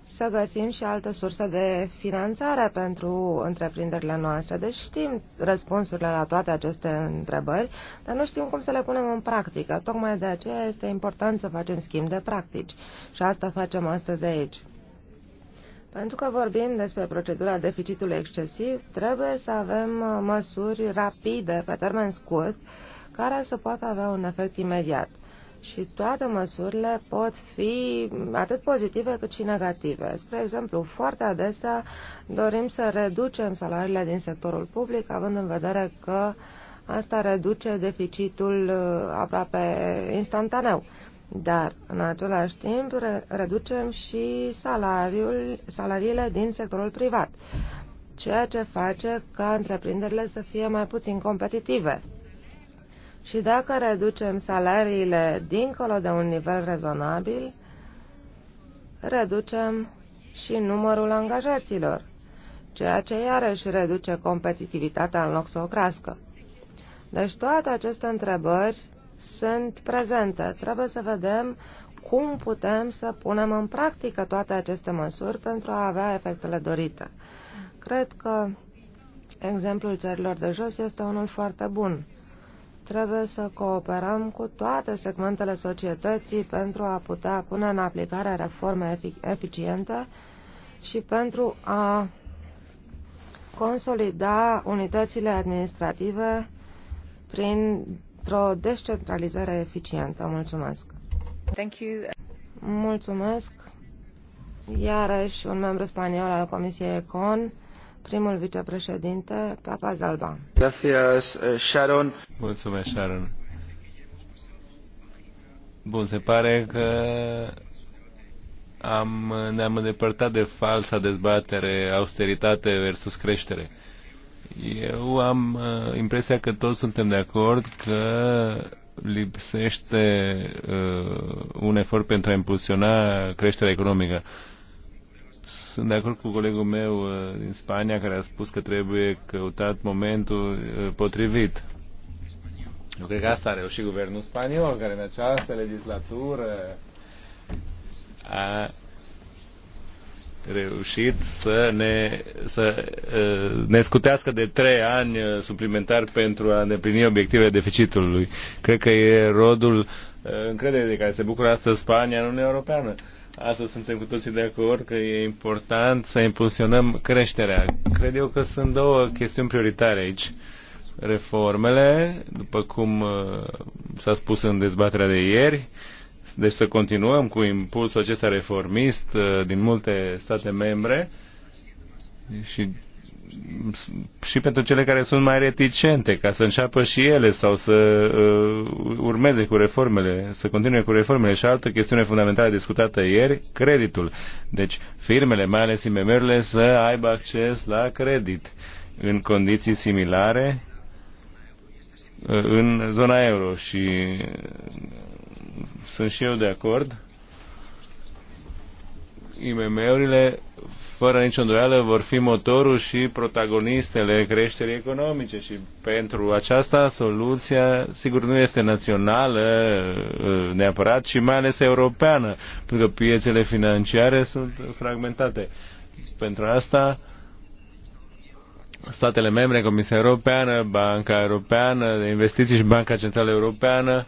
să găsim și altă sursă de finanțare pentru întreprinderile noastre. Deci știm răspunsurile la toate aceste întrebări, dar nu știm cum să le punem în practică. Tocmai de aceea este important să facem schimb de practici. Și asta facem astăzi aici. Pentru că vorbim despre procedura deficitului excesiv, trebuie să avem uh, măsuri rapide, pe termen scurt, care să poată avea un efect imediat. Și toate măsurile pot fi atât pozitive cât și negative. Spre exemplu, foarte adesea dorim să reducem salariile din sectorul public, având în vedere că asta reduce deficitul uh, aproape instantaneu. Dar, în același timp, reducem și salariul, salariile din sectorul privat, ceea ce face ca întreprinderile să fie mai puțin competitive și dacă reducem salariile dincolo de un nivel rezonabil, reducem și numărul angajaților, ceea ce iarăși reduce competitivitatea în loc să o crească. Deci toate aceste întrebări sunt prezente. Trebuie să vedem cum putem să punem în practică toate aceste măsuri pentru a avea efectele dorite. Cred că exemplul țărilor de jos este unul foarte bun. Trebuie să cooperăm cu toate segmentele societății pentru a putea pune în aplicare reforme eficiente și pentru a consolida unitățile administrative printr-o descentralizare eficientă. Mulțumesc! Thank you. Mulțumesc! Iarăși un membru spaniol al Comisiei ECON primul vicepreședinte, Papa Zalba. Gracias, eh, Sharon. Mulțumesc, Sharon. Bun, se pare că am, ne-am îndepărtat de falsa dezbatere austeritate versus creștere. Eu am uh, impresia că toți suntem de acord că lipsește uh, un efort pentru a impulsiona creșterea economică. Uh, sunt de acord cu colegul meu uh, din Spania care a spus că trebuie căutat momentul uh, potrivit. Eu cred că asta a reușit guvernul spaniol, care în această legislatură a reușit să ne, să uh, ne scutească de trei ani suplimentar pentru a îndeplini obiectivele deficitului. Cred că e rodul încrederii de care se bucură astăzi Spania în Uniunea Europeană. Asta suntem cu toții de acord că e important să impulsionăm creșterea. Cred eu că sunt două chestiuni prioritare aici. Reformele, după cum uh, s-a spus în dezbaterea de ieri, deci să continuăm cu impulsul acesta reformist uh, din multe state membre și și pentru cele care sunt mai reticente, ca să înceapă și ele sau să uh, urmeze cu reformele, să continue cu reformele. Și altă chestiune fundamentală discutată ieri, creditul. Deci firmele, mai ales IMM-urile, să aibă acces la credit în condiții similare uh, în zona euro și uh, sunt și eu de acord IMM-urile fără nicio îndoială, vor fi motorul și protagonistele creșterii economice și pentru aceasta soluția, sigur, nu este națională uh, neapărat, ci mai ales europeană, pentru că piețele financiare sunt fragmentate. Pentru asta, statele membre, Comisia Europeană, Banca Europeană de Investiții și Banca Centrală Europeană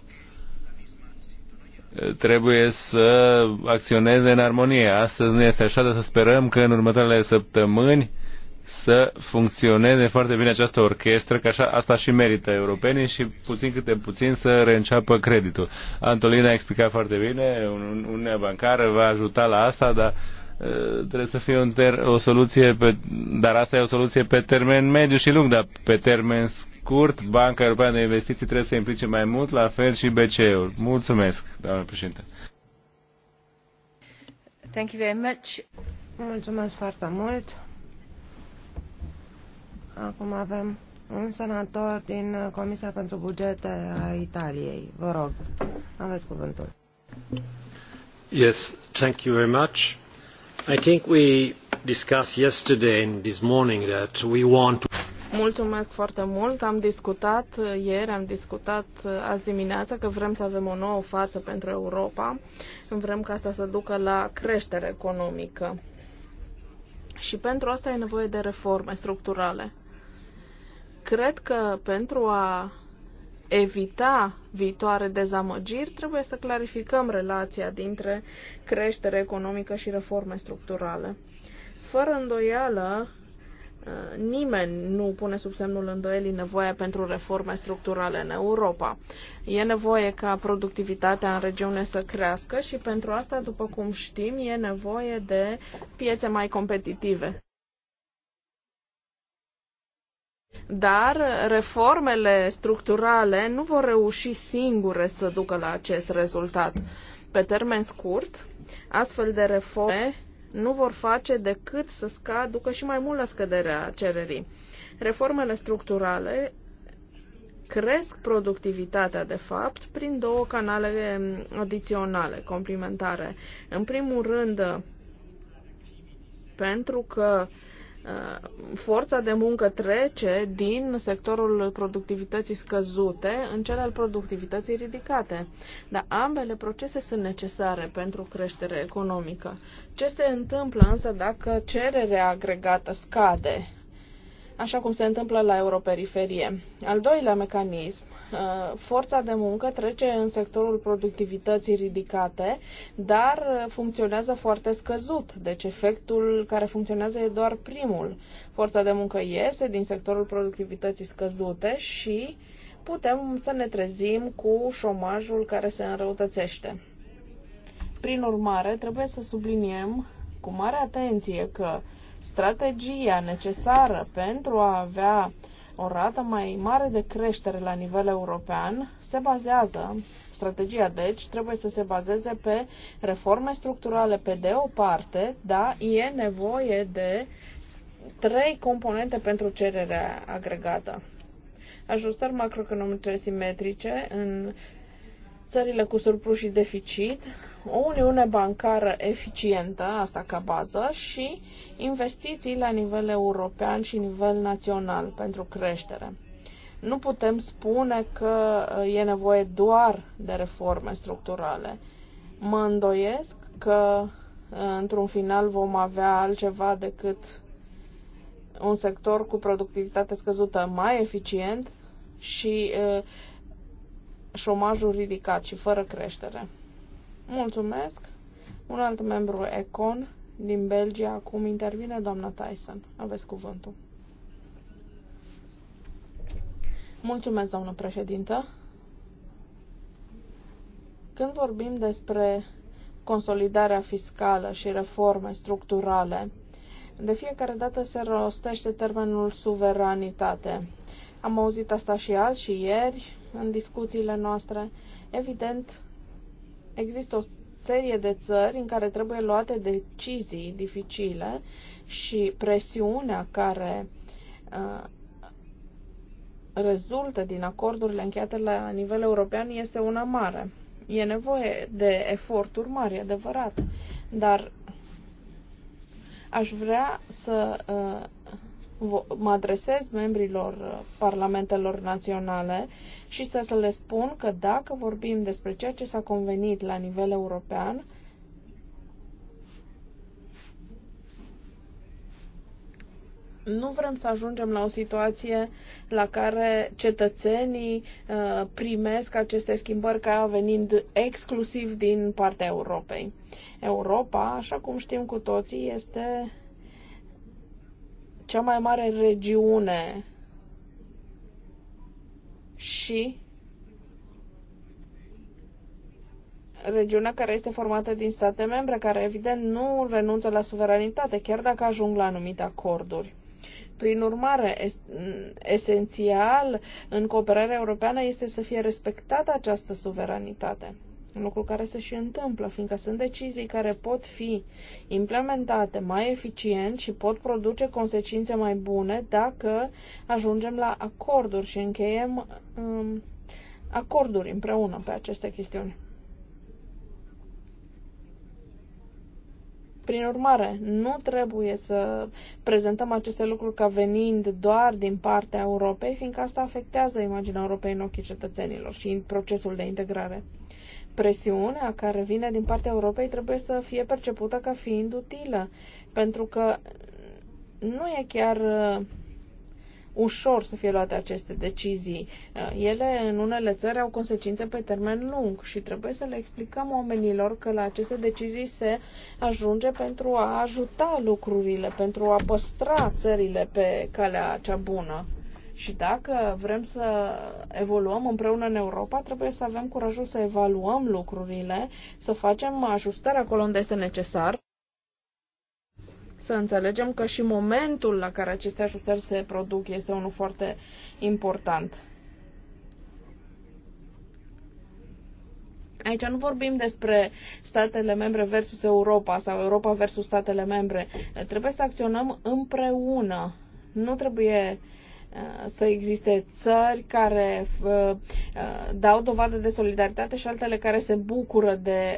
trebuie să acționeze în armonie. Astăzi nu este așa, dar să sperăm că în următoarele săptămâni să funcționeze foarte bine această orchestră, că așa asta și merită europenii și puțin câte puțin să reînceapă creditul. Antolina a explicat foarte bine, Uniunea Bancară va ajuta la asta, dar trebuie să fie un ter- o soluție, pe, dar asta e o soluție pe termen mediu și lung, dar pe termen scurt, Banca Europeană de Investiții trebuie să implice mai mult, la fel și BCE-ul. Mulțumesc, doamnă președinte. Thank you very much. Mulțumesc foarte mult. Acum avem un senator din Comisia pentru Bugete a Italiei. Vă rog, aveți cuvântul. Yes, thank you very much. I think we discussed yesterday and this morning that we want to Mulțumesc foarte mult. Am discutat uh, ieri, am discutat uh, azi dimineața că vrem să avem o nouă față pentru Europa. Vrem ca asta să ducă la creștere economică. Și pentru asta e nevoie de reforme structurale. Cred că pentru a evita viitoare dezamăgiri, trebuie să clarificăm relația dintre creștere economică și reforme structurale. Fără îndoială, nimeni nu pune sub semnul îndoielii nevoia pentru reforme structurale în Europa. E nevoie ca productivitatea în regiune să crească și pentru asta, după cum știm, e nevoie de piețe mai competitive. Dar reformele structurale nu vor reuși singure să ducă la acest rezultat. Pe termen scurt, astfel de reforme nu vor face decât să scadă, ducă și mai mult la scăderea cererii. Reformele structurale cresc productivitatea, de fapt, prin două canale adiționale, complementare. În primul rând, pentru că uh, Uh, forța de muncă trece din sectorul productivității scăzute în cel al productivității ridicate. Dar ambele procese sunt necesare pentru creștere economică. Ce se întâmplă însă dacă cererea agregată scade, așa cum se întâmplă la europeriferie? Al doilea mecanism Uh, forța de muncă trece în sectorul productivității ridicate, dar uh, funcționează foarte scăzut. Deci efectul care funcționează e doar primul. Forța de muncă iese din sectorul productivității scăzute și putem să ne trezim cu șomajul care se înrăutățește. Prin urmare, trebuie să subliniem cu mare atenție că strategia necesară pentru a avea uh, o rată mai mare de creștere la nivel european se bazează, strategia deci, trebuie să se bazeze pe reforme structurale pe de o parte, dar e nevoie de trei componente pentru cererea agregată. Ajustări macroeconomice simetrice în țările cu surplus și deficit, o uniune bancară eficientă, asta ca bază, și investiții la nivel european și nivel național pentru creștere. Nu putem spune că uh, e nevoie doar de reforme structurale. Mă îndoiesc că uh, într-un final vom avea altceva decât un sector cu productivitate scăzută mai eficient și uh, șomajul ridicat și fără creștere. Mulțumesc. Un alt membru Econ din Belgia acum intervine, doamna Tyson. Aveți cuvântul. Mulțumesc, doamnă președintă. Când vorbim despre consolidarea fiscală și reforme structurale, de fiecare dată se rostește termenul suveranitate. Am auzit asta și azi și ieri în discuțiile noastre. Evident, Există o serie de țări în care trebuie luate decizii dificile și presiunea care uh, rezultă din acordurile încheiate la nivel european este una mare. E nevoie de eforturi mari, adevărat, dar aș vrea să uh, mă adresez membrilor uh, parlamentelor naționale și să, să le spun că dacă vorbim despre ceea ce s-a convenit la nivel european, nu vrem să ajungem la o situație la care cetățenii uh, primesc aceste schimbări ca venind exclusiv din partea Europei. Europa, așa cum știm cu toții, este cea mai mare regiune și regiunea care este formată din state membre, care evident nu renunță la suveranitate, chiar dacă ajung la anumite acorduri. Prin urmare, esențial în cooperarea europeană este să fie respectată această suveranitate. Un lucru care se și întâmplă, fiindcă sunt decizii care pot fi implementate mai eficient și pot produce consecințe mai bune dacă ajungem la acorduri și încheiem um, acorduri împreună pe aceste chestiuni. Prin urmare, nu trebuie să prezentăm aceste lucruri ca venind doar din partea Europei, fiindcă asta afectează imaginea Europei în ochii cetățenilor și în procesul de integrare presiunea care vine din partea Europei trebuie să fie percepută ca fiind utilă, pentru că nu e chiar uh, ușor să fie luate aceste decizii. Uh, ele, în unele țări, au consecințe pe termen lung și trebuie să le explicăm oamenilor că la aceste decizii se ajunge pentru a ajuta lucrurile, pentru a păstra țările pe calea cea bună. Și dacă vrem să evoluăm împreună în Europa, trebuie să avem curajul să evaluăm lucrurile, să facem ajustări acolo unde este necesar, să înțelegem că și momentul la care aceste ajustări se produc este unul foarte important. Aici nu vorbim despre statele membre versus Europa sau Europa versus statele membre. Trebuie să acționăm împreună. Nu trebuie uh, Uh, să existe țări care uh, uh, dau dovadă de solidaritate și altele care se bucură de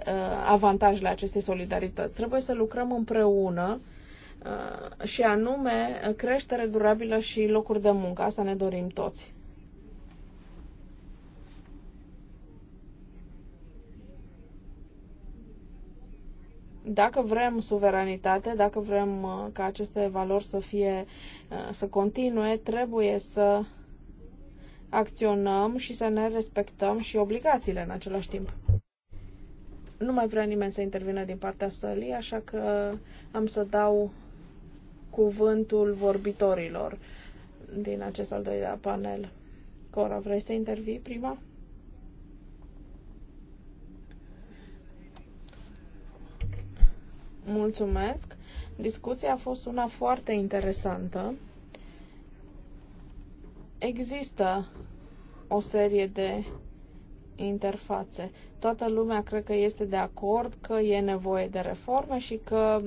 avantajele acestei solidarități. Trebuie să lucrăm împreună și anume creștere durabilă și locuri de muncă. Asta ne dorim toți. Dacă vrem suveranitate, dacă vrem uh, ca aceste valori să fie, uh, să continue, trebuie să acționăm și să ne respectăm și obligațiile în același timp. Nu mai vrea nimeni să intervină din partea sălii, așa că am să dau cuvântul vorbitorilor din acest al doilea panel. Cora, vrei să intervii prima? Mulțumesc. Discuția a fost una foarte interesantă. Există o serie de interfațe. Toată lumea cred că este de acord că e nevoie de reforme și că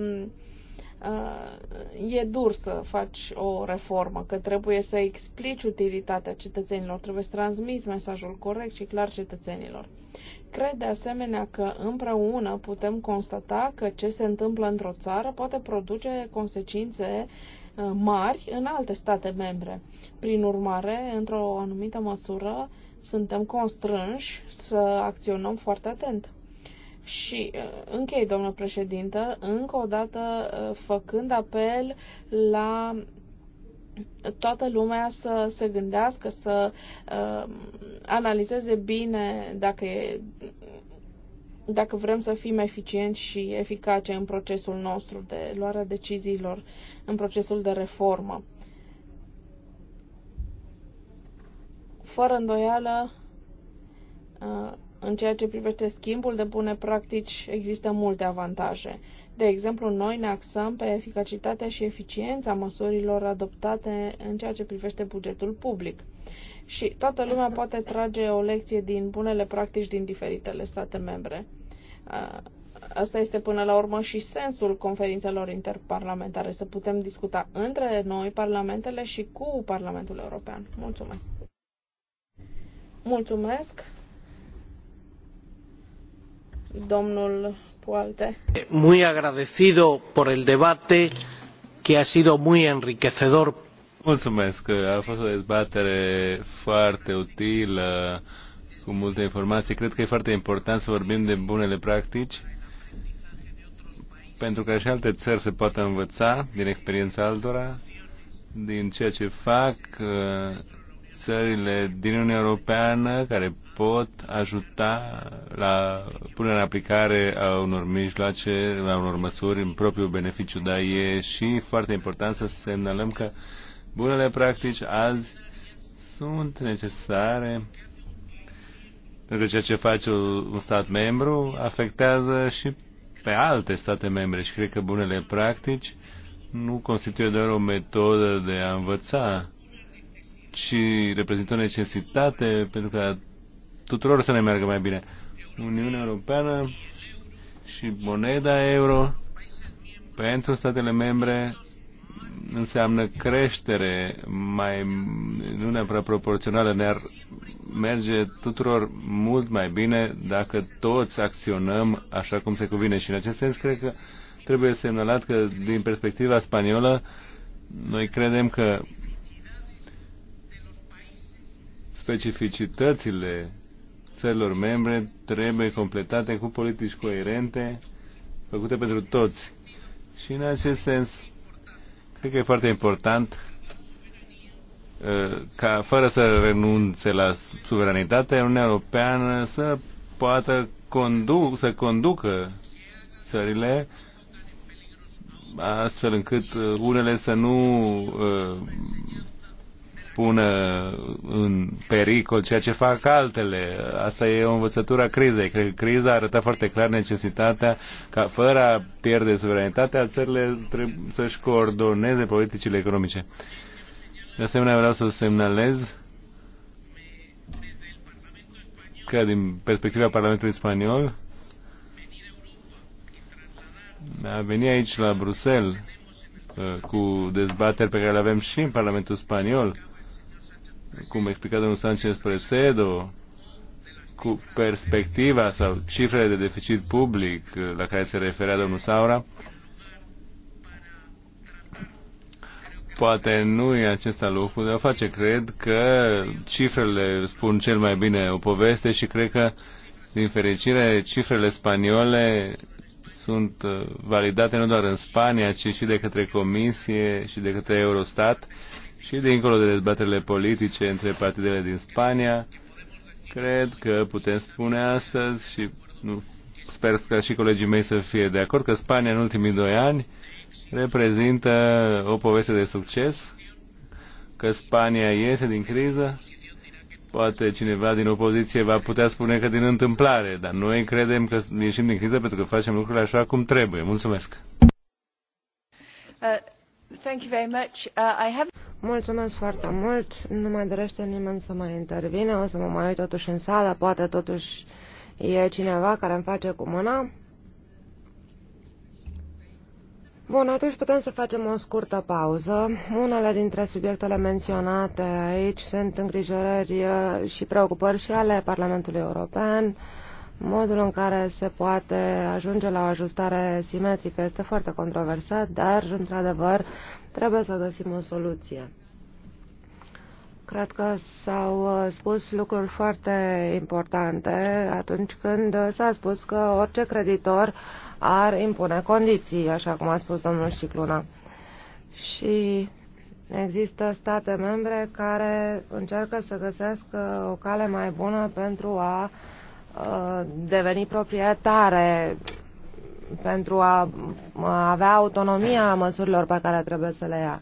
Uh, e dur să faci o reformă, că trebuie să explici utilitatea cetățenilor, trebuie să transmiți mesajul corect și clar cetățenilor. Cred de asemenea că împreună putem constata că ce se întâmplă într-o țară poate produce consecințe uh, mari în alte state membre. Prin urmare, într-o anumită măsură, suntem constrânși să acționăm foarte atent. Și uh, închei, doamnă președintă, încă o dată uh, făcând apel la toată lumea să se gândească, să uh, analizeze bine dacă, e, dacă vrem să fim eficienți și eficace în procesul nostru de luarea deciziilor, în procesul de reformă. Fără îndoială, uh, în ceea ce privește schimbul de bune practici, există multe avantaje. De exemplu, noi ne axăm pe eficacitatea și eficiența măsurilor adoptate în ceea ce privește bugetul public. Și toată lumea poate trage o lecție din bunele practici din diferitele state membre. Asta este până la urmă și sensul conferințelor interparlamentare, să putem discuta între noi, parlamentele și cu Parlamentul European. Mulțumesc! Mulțumesc! domnul Pualte. Muy agradecido por el debate que ha sido muy enriquecedor. Mulțumesc, a fost o dezbatere foarte utilă, cu multe informații. Cred că e foarte important să vorbim de bunele practici, pentru că și alte țări se poată învăța din experiența altora, din ceea ce fac țările din Uniunea Europeană care pot ajuta la punerea în aplicare a unor mijloace, la unor măsuri în propriul beneficiu, dar e și foarte important să semnalăm că bunele practici azi sunt necesare pentru că ceea ce face un stat membru afectează și pe alte state membre și cred că bunele practici nu constituie doar o metodă de a învăța și reprezintă o necesitate pentru ca tuturor să ne meargă mai bine. Uniunea Europeană și moneda euro pentru statele membre înseamnă creștere mai nu neapărat proporțională, ne-ar merge tuturor mult mai bine dacă toți acționăm așa cum se cuvine. Și în acest sens cred că trebuie semnalat că din perspectiva spaniolă noi credem că specificitățile țărilor membre trebuie completate cu politici coerente făcute pentru toți. Și în acest sens, cred că e foarte important uh, ca, fără să renunțe la suveranitate, Uniunea Europeană să poată condu- să conducă țările astfel încât uh, unele să nu uh, pună în pericol ceea ce fac altele. Asta e o învățătură a crizei. Cred că criza a arătat foarte clar necesitatea ca fără a pierde suveranitatea, țările să-și coordoneze politicile economice. De asemenea, vreau să semnalez că din perspectiva Parlamentului Spaniol a venit aici la Bruxelles cu dezbateri pe care le avem și în Parlamentul Spaniol cum explica domnul Sanchez Presedo, cu perspectiva sau cifrele de deficit public uh, la care se referea domnul Saura, poate nu e acesta locul de a face. Cred că cifrele spun cel mai bine o poveste și cred că, din fericire, cifrele spaniole sunt uh, validate nu doar în Spania, ci și de către Comisie și de către Eurostat și dincolo de dezbaterile politice între partidele din Spania, cred că putem spune astăzi și nu, sper că și colegii mei să fie de acord că Spania în ultimii doi ani reprezintă o poveste de succes, că Spania iese din criză, poate cineva din opoziție va putea spune că din întâmplare, dar noi credem că ieșim din criză pentru că facem lucrurile așa cum trebuie. Mulțumesc! Uh, thank you very much. Uh, I have... Mulțumesc foarte mult. Nu mai dorește nimeni să mai intervine. O să mă mai uit totuși în sală. Poate totuși e cineva care îmi face cu mâna. Bun, atunci putem să facem o scurtă pauză. Unele dintre subiectele menționate aici sunt îngrijorări și preocupări și ale Parlamentului European. Modul în care se poate ajunge la o ajustare simetrică este foarte controversat, dar, într-adevăr, Trebuie să găsim o soluție. Cred că s-au uh, spus lucruri foarte importante atunci când s-a spus că orice creditor ar impune condiții, așa cum a spus domnul Șicluna. Și există state membre care încearcă să găsească o cale mai bună pentru a uh, deveni proprietare pentru a avea autonomia măsurilor pe care trebuie să le ia.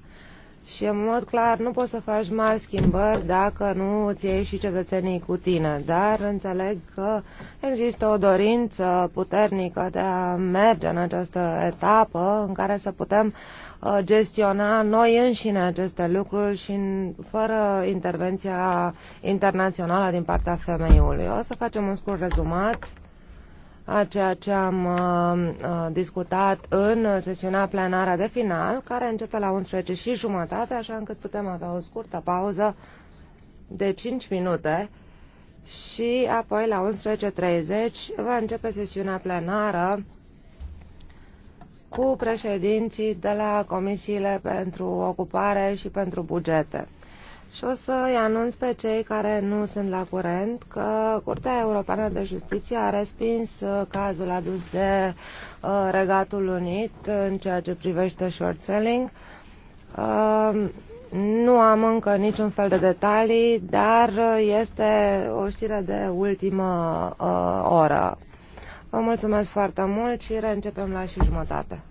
Și în mod clar nu poți să faci mari schimbări dacă nu îți iei și cetățenii cu tine, dar înțeleg că există o dorință puternică de a merge în această etapă în care să putem uh, gestiona noi înșine aceste lucruri și fără intervenția internațională din partea femeiului. O să facem un scurt rezumat a ceea ce am uh, uh, discutat în sesiunea plenară de final, care începe la 11 și jumătate, așa încât putem avea o scurtă pauză de 5 minute și apoi la 11.30 va începe sesiunea plenară cu președinții de la Comisiile pentru Ocupare și pentru Bugete. Și o să-i anunț pe cei care nu sunt la curent că Curtea Europeană de Justiție a respins uh, cazul adus de uh, Regatul Unit în ceea ce privește short selling. Uh, nu am încă niciun fel de detalii, dar este o știre de ultimă oră. Vă mulțumesc foarte mult și reîncepem la și jumătate.